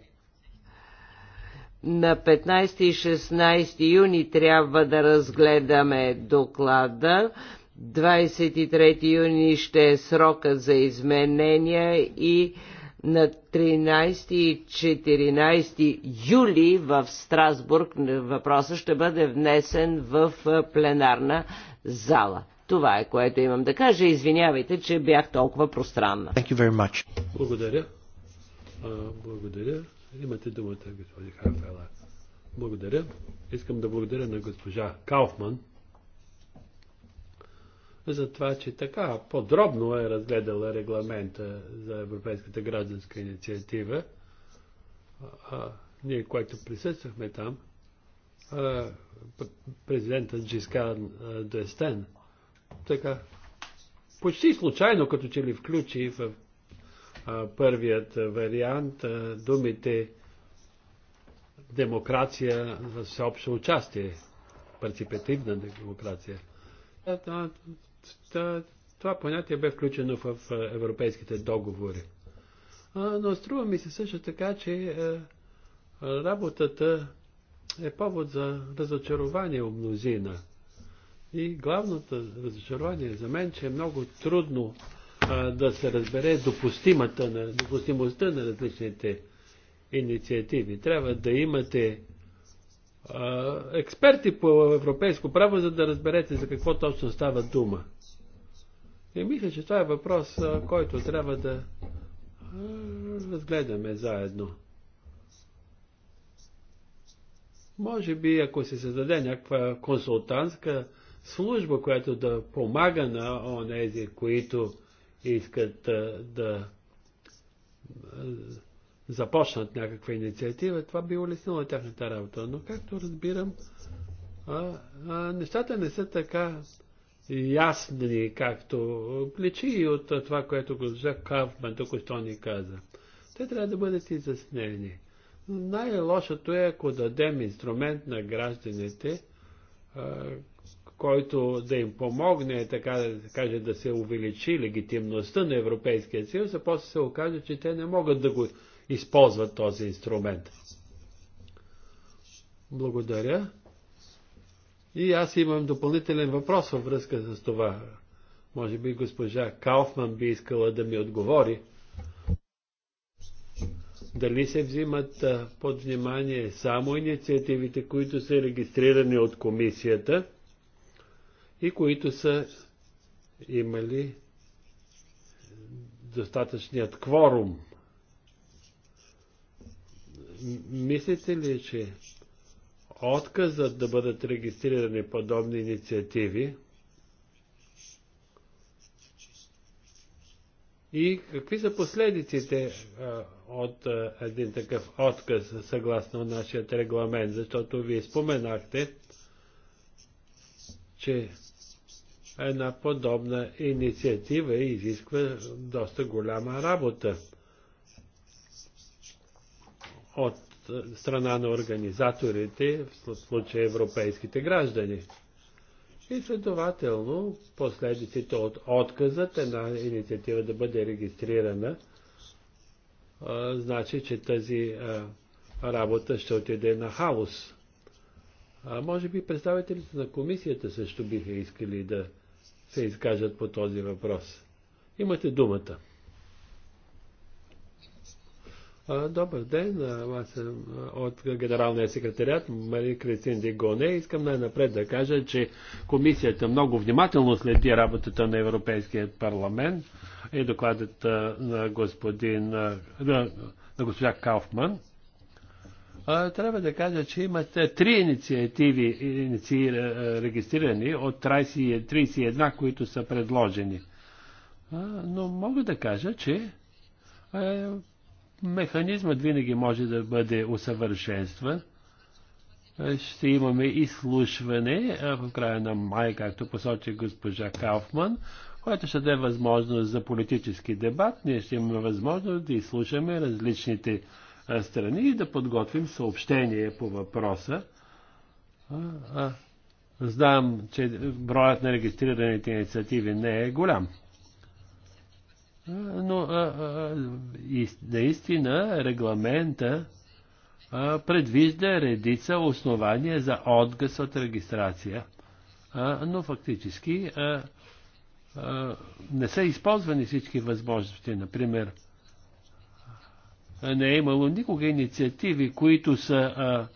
на 15 и 16 юни трябва да разгледаме доклада. 23 юни ще е срока за изменения и на 13 и 14 юли в Страсбург въпросът ще бъде внесен в пленарна зала. Това е което имам да кажа. Извинявайте, че бях толкова пространна. Благодаря. Благодаря. Имате думата, господин Харфела. Благодаря. Искам да благодаря на госпожа Кауфман за това, че така подробно е разгледала регламента за Европейската гражданска инициатива. А, ние, което присъствахме там, а, президента Джискан Дестен, така почти случайно, като че ли включи в първият вариант, думите демокрация за всеобщо участие, парципетивна демокрация. Това понятие бе включено в европейските договори. Но струва ми се също така, че работата е повод за разочарование у мнозина. И главното разочарование за мен, че е много трудно а, да се разбере допустимата на, допустимостта на различните инициативи. Трябва да имате а, експерти по европейско право, за да разберете за какво точно става дума. И мисля, че това е въпрос, а, който трябва да разгледаме заедно. Може би, ако се създаде някаква консултантска служба, която да помага на онези, които искат да започнат някаква инициатива, това би улеснило тяхната работа. Но както разбирам, а, а, нещата не са така ясни, както личи и от това, което госпожа Кавман току-що ни каза. Те трябва да бъдат изяснени. Най-лошото е, ако дадем инструмент на гражданите, а, който да им помогне, така да каже, да се увеличи легитимността на Европейския съюз, а после се окаже, че те не могат да го използват този инструмент. Благодаря. И аз имам допълнителен въпрос във връзка с това. Може би госпожа Кауфман би искала да ми отговори. Дали се взимат под внимание само инициативите, които са регистрирани от комисията? и които са имали достатъчният кворум. Мислите ли, че отказът да бъдат регистрирани подобни инициативи и какви са последиците от един такъв отказ съгласно нашия регламент, защото вие споменахте, че една подобна инициатива изисква доста голяма работа от страна на организаторите, в случая европейските граждани. И следователно, последиците от отказът една инициатива да бъде регистрирана, а, значи, че тази а, работа ще отиде на хаос. А може би представителите на комисията също биха искали да се изкажат по този въпрос. Имате думата. Добър ден, аз съм от Генералния секретарят Мари Кристин Дегоне. Искам най-напред да кажа, че комисията много внимателно следи работата на Европейския парламент и е докладът на господин на, на госпожа Кауфман трябва да кажа, че имате три инициативи е, е, регистрирани от 30, 31, които са предложени. Но мога да кажа, че е, механизмът винаги може да бъде усъвършенстван. Ще имаме изслушване в края на май, както посочи госпожа Кауфман, което ще даде възможност за политически дебат. Ние ще имаме възможност да изслушаме различните страни и да подготвим съобщение по въпроса. Знам, че броят на регистрираните инициативи не е голям. Но а, а, и, наистина регламента а, предвижда редица основания за отгъс от регистрация, а, но фактически а, а, не са използвани всички възможности. Например, не е имало никога инициативи, които са а,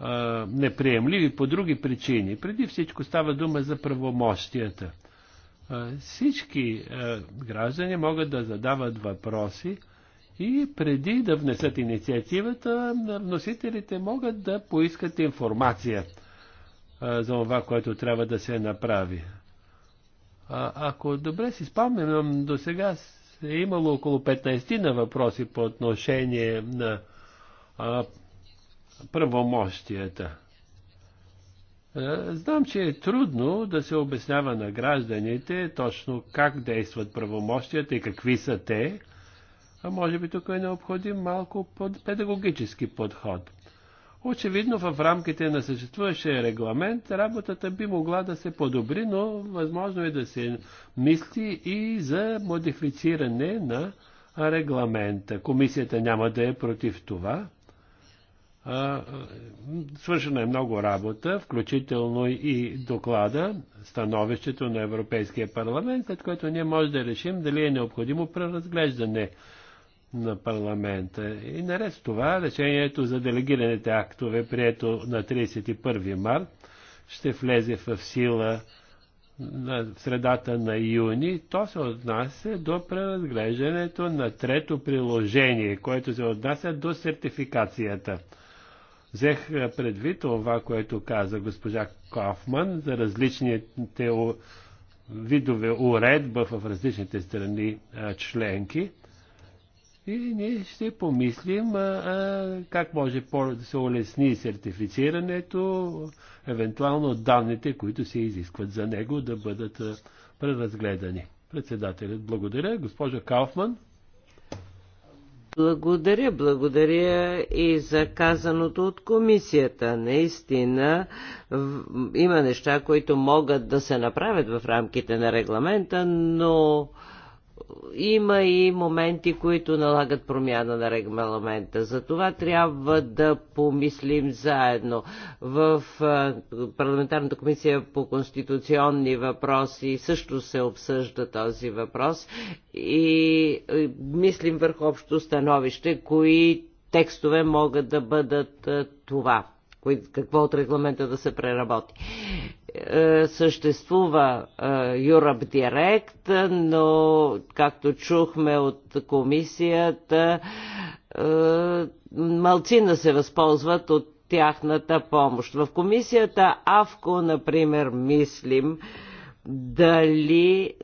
а, неприемливи по други причини. Преди всичко става дума за правомощията. А, всички а, граждани могат да задават въпроси и преди да внесат инициативата, вносителите могат да поискат информация а, за това, което трябва да се направи. А, ако добре си спомням, до сега е имало около 15 на въпроси по отношение на а, правомощията. Знам, че е трудно да се обяснява на гражданите точно как действат правомощията и какви са те, а може би тук е необходим малко под педагогически подход. Очевидно в рамките на съществуващия регламент работата би могла да се подобри, но възможно е да се мисли и за модифициране на регламента. Комисията няма да е против това. Свършена е много работа, включително и доклада, становището на Европейския парламент, след което ние може да решим дали е необходимо преразглеждане на парламента. И наред с това решението за делегираните актове, прието на 31 март, ще влезе в сила на средата на юни. То се отнася до преразглеждането на трето приложение, което се отнася до сертификацията. Взех е, предвид това, което каза госпожа Кофман за различните видове уредба в различните страни е, членки и ние ще помислим а, а, как може по- да се улесни сертифицирането, евентуално данните, които се изискват за него, да бъдат а, преразгледани. Председателят, благодаря. Госпожа Кауфман. Благодаря, благодаря и за казаното от комисията. Наистина има неща, които могат да се направят в рамките на регламента, но има и моменти, които налагат промяна на регламента. За това трябва да помислим заедно. В парламентарната комисия по конституционни въпроси също се обсъжда този въпрос и мислим върху общо становище, кои текстове могат да бъдат това, какво от регламента да се преработи. Е, съществува е, Europe Direct, но както чухме от комисията, е, малцина се възползват от тяхната помощ. В комисията АВКО, например, мислим дали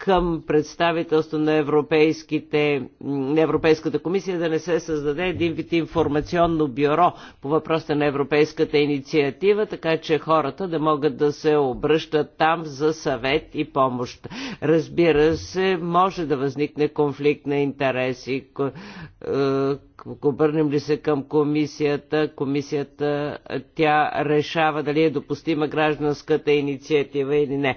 към представителство на, европейските, на Европейската комисия да не се създаде един вид информационно бюро по въпроса на Европейската инициатива, така че хората да могат да се обръщат там за съвет и помощ. Разбира се, може да възникне конфликт на интереси. Е, обърнем ли се към комисията, комисията тя решава дали е допустима гражданската инициатива или не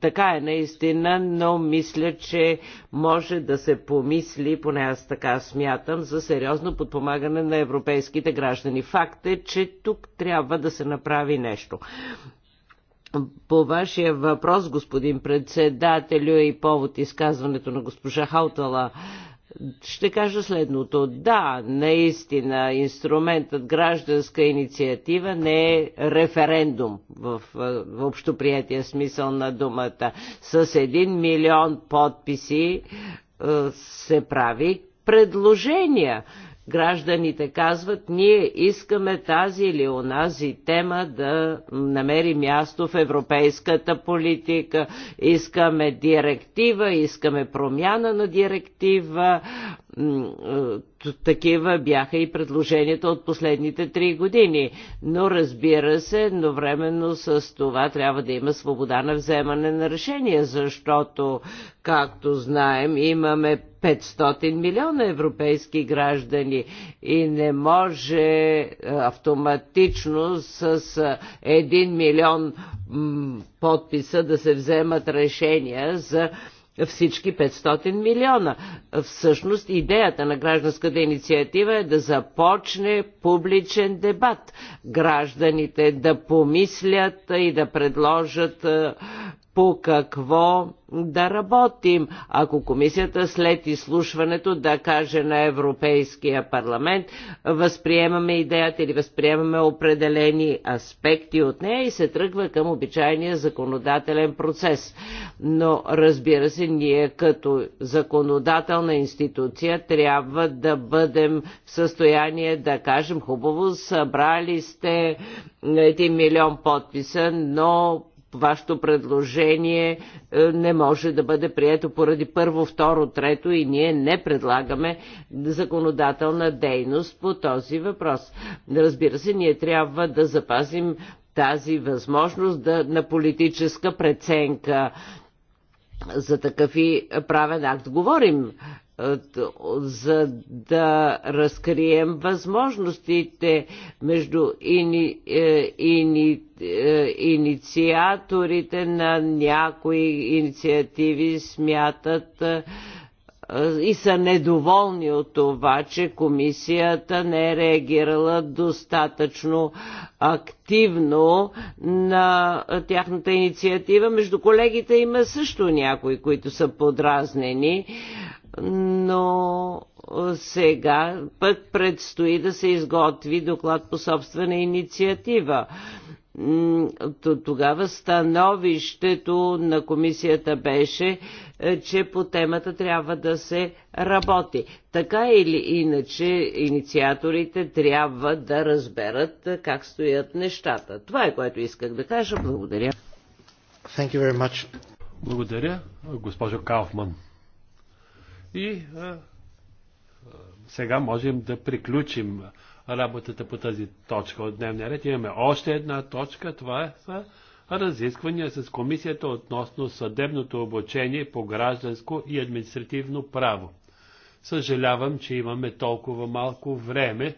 така е наистина, но мисля, че може да се помисли, поне аз така смятам, за сериозно подпомагане на европейските граждани. Факт е, че тук трябва да се направи нещо. По вашия въпрос, господин председателю, и повод изказването на госпожа Хаутала, ще кажа следното. Да, наистина, инструментът гражданска инициатива не е референдум в, в общоприятия смисъл на думата. С един милион подписи е, се прави предложения Гражданите казват, ние искаме тази или онази тема да намери място в европейската политика, искаме директива, искаме промяна на директива, е, такива бяха и предложенията от последните три години. Но разбира се, едновременно с това трябва да има свобода на вземане на решения, защото, както знаем, имаме 500 милиона европейски граждани и не може е, автоматично с 1 е, милион подписа да се вземат решения за всички 500 милиона. Всъщност идеята на гражданската инициатива е да започне публичен дебат. Гражданите да помислят и да предложат е, по какво да работим. Ако комисията след изслушването да каже на Европейския парламент, възприемаме идеята или възприемаме определени аспекти от нея и се тръгва към обичайния законодателен процес. Но разбира се, ние като законодателна институция трябва да бъдем в състояние да кажем хубаво, събрали сте един милион подписа, но вашето предложение е, не може да бъде прието поради първо, второ, трето и ние не предлагаме законодателна дейност по този въпрос. Разбира се, ние трябва да запазим тази възможност да, на политическа преценка за такъв и правен акт говорим за да разкрием възможностите между ини, е, ини, е, инициаторите на някои инициативи смятат е, и са недоволни от това, че комисията не е реагирала достатъчно активно на тяхната инициатива. Между колегите има също някои, които са подразнени но сега пък предстои да се изготви доклад по собствена инициатива. Тогава становището на комисията беше, е, че по темата трябва да се работи. Така или иначе, инициаторите трябва да разберат е, как стоят нещата. Това е което исках да кажа. Благодаря. Thank you very much. Благодаря, госпожо Кауфман. И а, сега можем да приключим работата по тази точка от дневния ред. Имаме още една точка. Това са е, разисквания с комисията относно съдебното обучение по гражданско и административно право. Съжалявам, че имаме толкова малко време.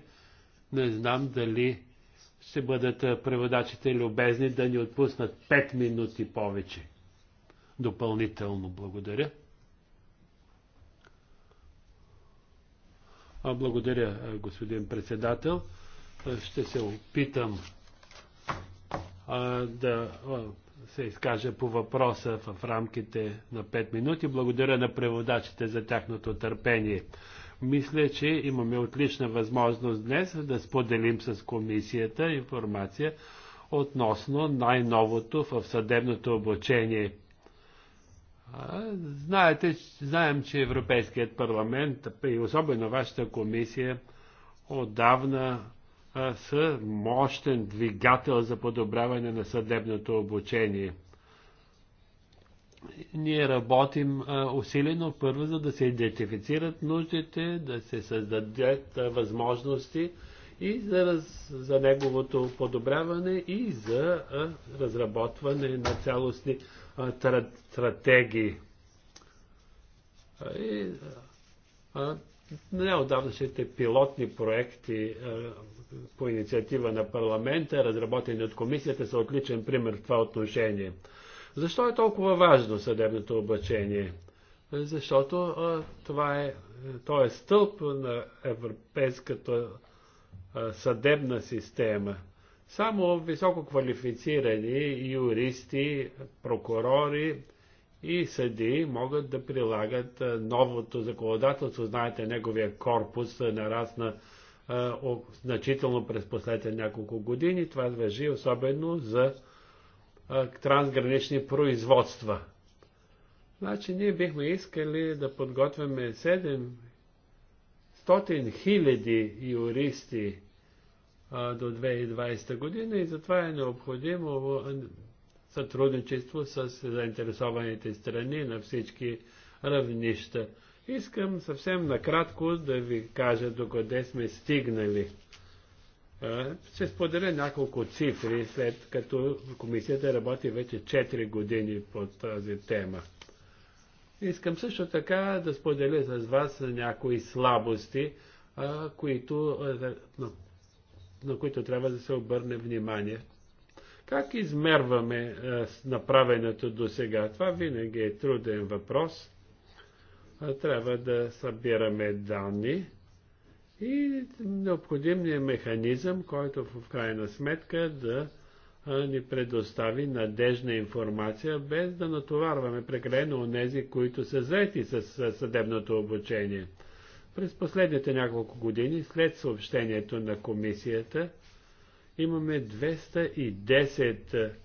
Не знам дали ще бъдат преводачите любезни да ни отпуснат 5 минути повече. Допълнително благодаря. Благодаря, господин председател. Ще се опитам да се изкажа по въпроса в рамките на 5 минути. Благодаря на преводачите за тяхното търпение. Мисля, че имаме отлична възможност днес да споделим с комисията информация относно най-новото в съдебното обучение Знаете, знаем, че Европейският парламент и особено вашата комисия отдавна са мощен двигател за подобряване на съдебното обучение. Ние работим усилено първо, за да се идентифицират нуждите, да се създадат възможности и за, за неговото подобряване и за разработване на цялостни стратегии. И, те пилотни проекти по инициатива на парламента, разработени от комисията, са отличен пример в това отношение. Защо е толкова важно съдебното обучение? Защото а, това е, то е стълб на европейската а, съдебна система. Само високо квалифицирани юристи, прокурори и съди могат да прилагат новото законодателство. Знаете, неговия корпус е нарасна значително през последните няколко години. Това въжи особено за трансгранични производства. Значи ние бихме искали да подготвяме 700 хиляди юристи до 2020 година и затова е необходимо сътрудничество с заинтересованите страни на всички равнища. Искам съвсем накратко да ви кажа докъде сме стигнали. Ще споделя няколко цифри, след като комисията работи вече 4 години по тази тема. Искам също така да споделя с вас някои слабости, които на които трябва да се обърне внимание. Как измерваме е, направеното до сега? Това винаги е труден въпрос. Трябва да събираме данни и необходимният механизъм, който в крайна сметка да ни предостави надежна информация, без да натоварваме прекалено онези, които са заети с съдебното обучение – през последните няколко години, след съобщението на комисията, имаме 210 е,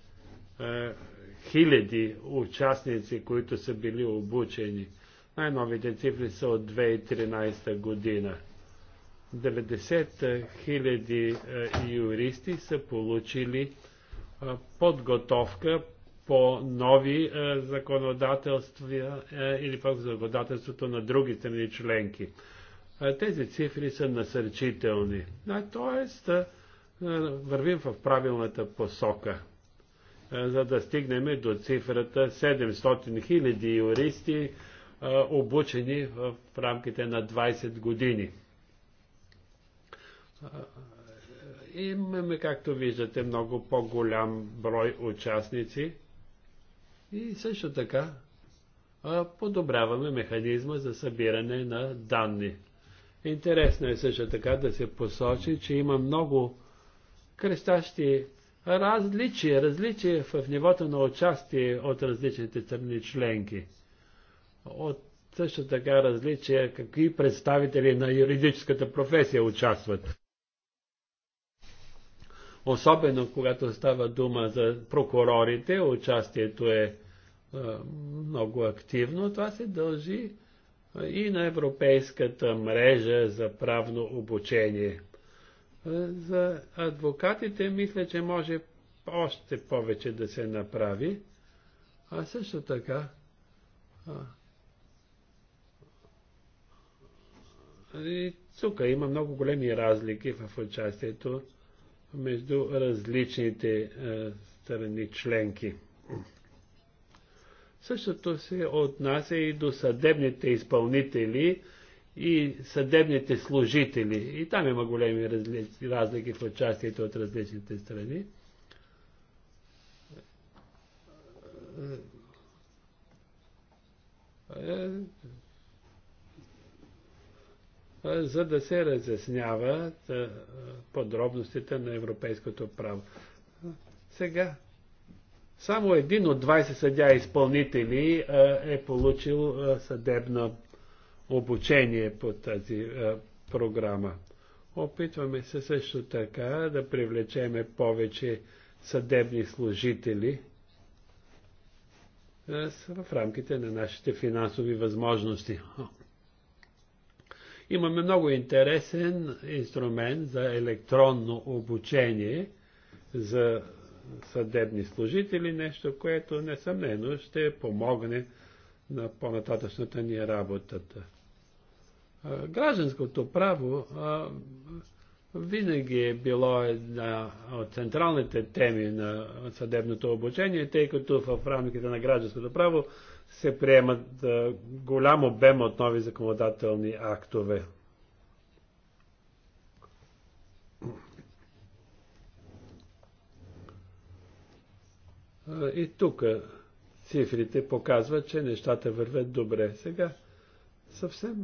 хиляди участници, които са били обучени. Най-новите цифри са от 2013 година. 90 е, хиляди е, юристи са получили подготовка по нови законодателства или пък законодателството на други страни членки. Тези цифри са насърчителни. Тоест, вървим в правилната посока, за да стигнем до цифрата 700 хиляди юристи, обучени в рамките на 20 години. Имаме, както виждате, много по-голям брой участници и също така подобряваме механизма за събиране на данни. Интересно е също така да се посочи, че има много крещащи различия, различия в нивото на участие от различните страни членки. От също така различия какви представители на юридическата професия участват. Особено когато става дума за прокурорите, участието е, е много активно. Това се дължи и на Европейската мрежа за правно обучение. Е, за адвокатите мисля, че може още повече да се направи, а също така и тук има много големи разлики в участието между различните е, страни членки. Същото се отнася и до съдебните изпълнители и съдебните служители. И там има големи разлики в участието от различните страни. За да се разясняват подробностите на европейското право. Сега само един от 20 съдя изпълнители е получил съдебно обучение по тази програма. Опитваме се също така да привлечеме повече съдебни служители в рамките на нашите финансови възможности. Имаме много интересен инструмент за електронно обучение за съдебни служители, нещо, което несъмнено ще помогне на по-нататъчната ни работата. Гражданското право а, винаги е било една от централните теми на съдебното обучение, тъй като в рамките на гражданското право се приемат а, голям обем от нови законодателни актове. И тук цифрите показват, че нещата вървят добре. Сега съвсем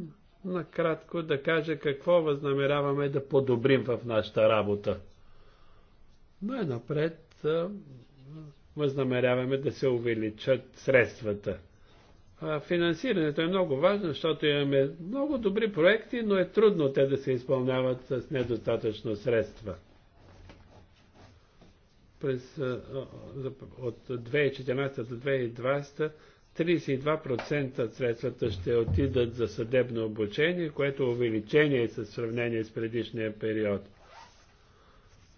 накратко да кажа какво възнамеряваме да подобрим в нашата работа. Най-напред възнамеряваме да се увеличат средствата. Финансирането е много важно, защото имаме много добри проекти, но е трудно те да се изпълняват с недостатъчно средства през, от 2014 до 2020 32% средствата ще отидат за съдебно обучение, което е увеличение е с сравнение с предишния период.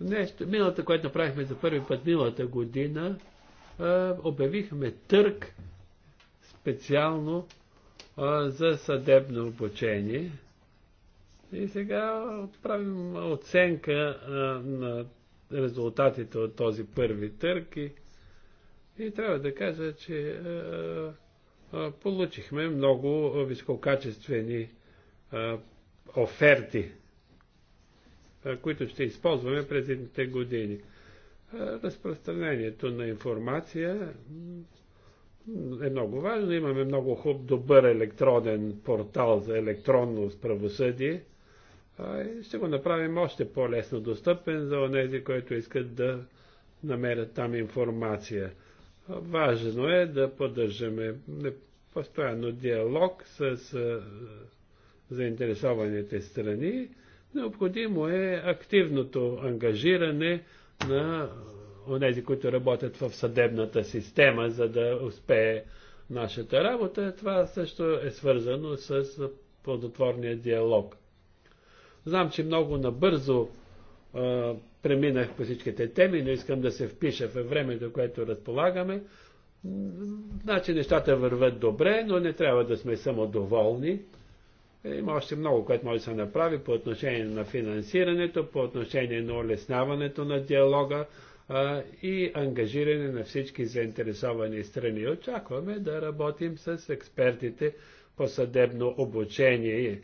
Нещо, миналата, което направихме за първи път миналата година, обявихме търг специално за съдебно обучение. И сега правим оценка на резултатите от този първи търг и, и трябва да кажа, че а, е, а, е, получихме много висококачествени а, е, оферти, а, които ще използваме през едните години. А, разпространението на информация е много важно. Имаме много хуб, добър електронен портал за електронно правосъдие ще го направим още по-лесно достъпен за онези, които искат да намерят там информация. Важно е да поддържаме постоянно диалог с заинтересованите страни. Необходимо е активното ангажиране на онези, които работят в съдебната система, за да успее нашата работа. Това също е свързано с плодотворния диалог. Знам, че много набързо а, преминах по всичките теми, но искам да се впиша във времето, което разполагаме. Значи нещата върват добре, но не трябва да сме самодоволни. Е, има още много, което може да се направи по отношение на финансирането, по отношение на улесняването на диалога а, и ангажиране на всички заинтересовани страни. Очакваме да работим с експертите по съдебно обучение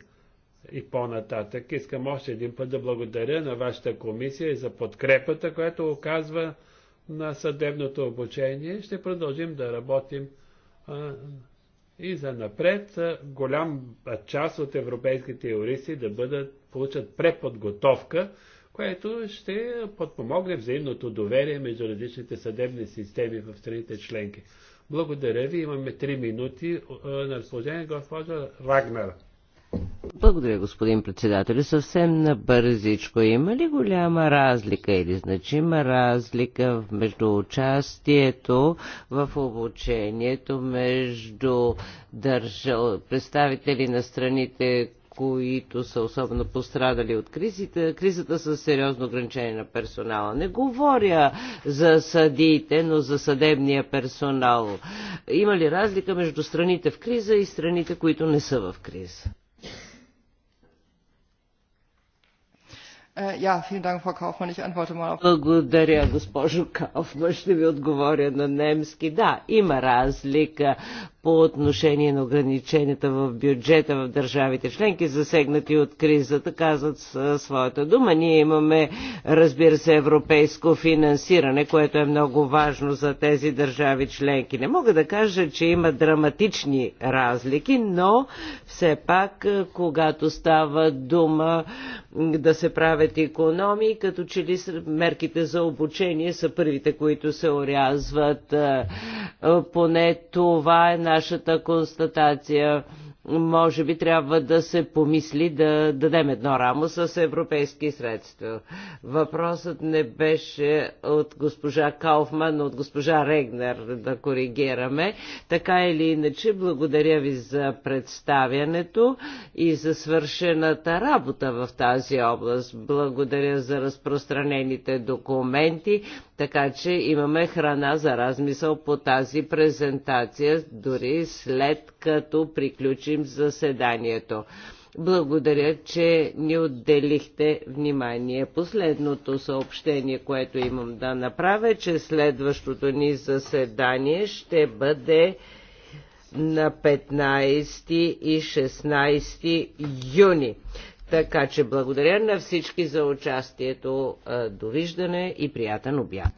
и по-нататък. Искам още един път да благодаря на вашата комисия и за подкрепата, която оказва на съдебното обучение. Ще продължим да работим а, и за напред. А, голям част от европейските юристи да бъдат, получат преподготовка, което ще подпомогне взаимното доверие между различните съдебни системи в страните членки. Благодаря ви. Имаме 3 минути на разположение госпожа Рагнар. Благодаря, господин председател. Съвсем набързичко. Има ли голяма разлика или значима разлика между участието в обучението между държав... представители на страните, които са особено пострадали от кризите, кризата с сериозно ограничение на персонала. Не говоря за съдиите, но за съдебния персонал. Има ли разлика между страните в криза и страните, които не са в криза? Е, Благодаря, госпожо Кауфман. Ще ви отговоря на немски. Да, има разлика по отношение на ограниченията в бюджета в държавите членки, засегнати от кризата, казват своята дума. Ние имаме, разбира се, европейско финансиране, което е много важно за тези държави членки. Не мога да кажа, че има драматични разлики, но все пак, когато става дума да се правят търпят економии, като че ли мерките за обучение са първите, които се орязват. Е, е, поне това е нашата констатация може би трябва да се помисли да дадем едно рамо с европейски средства. Въпросът не беше от госпожа Кауфман, но от госпожа Регнер да коригираме. Така или иначе, благодаря ви за представянето и за свършената работа в тази област. Благодаря за разпространените документи. Така че имаме храна за размисъл по тази презентация, дори след като приключим заседанието. Благодаря, че ни отделихте внимание. Последното съобщение, което имам да направя, е, че следващото ни заседание ще бъде на 15 и 16 юни. Така че благодаря на всички за участието. Довиждане и приятен обяд!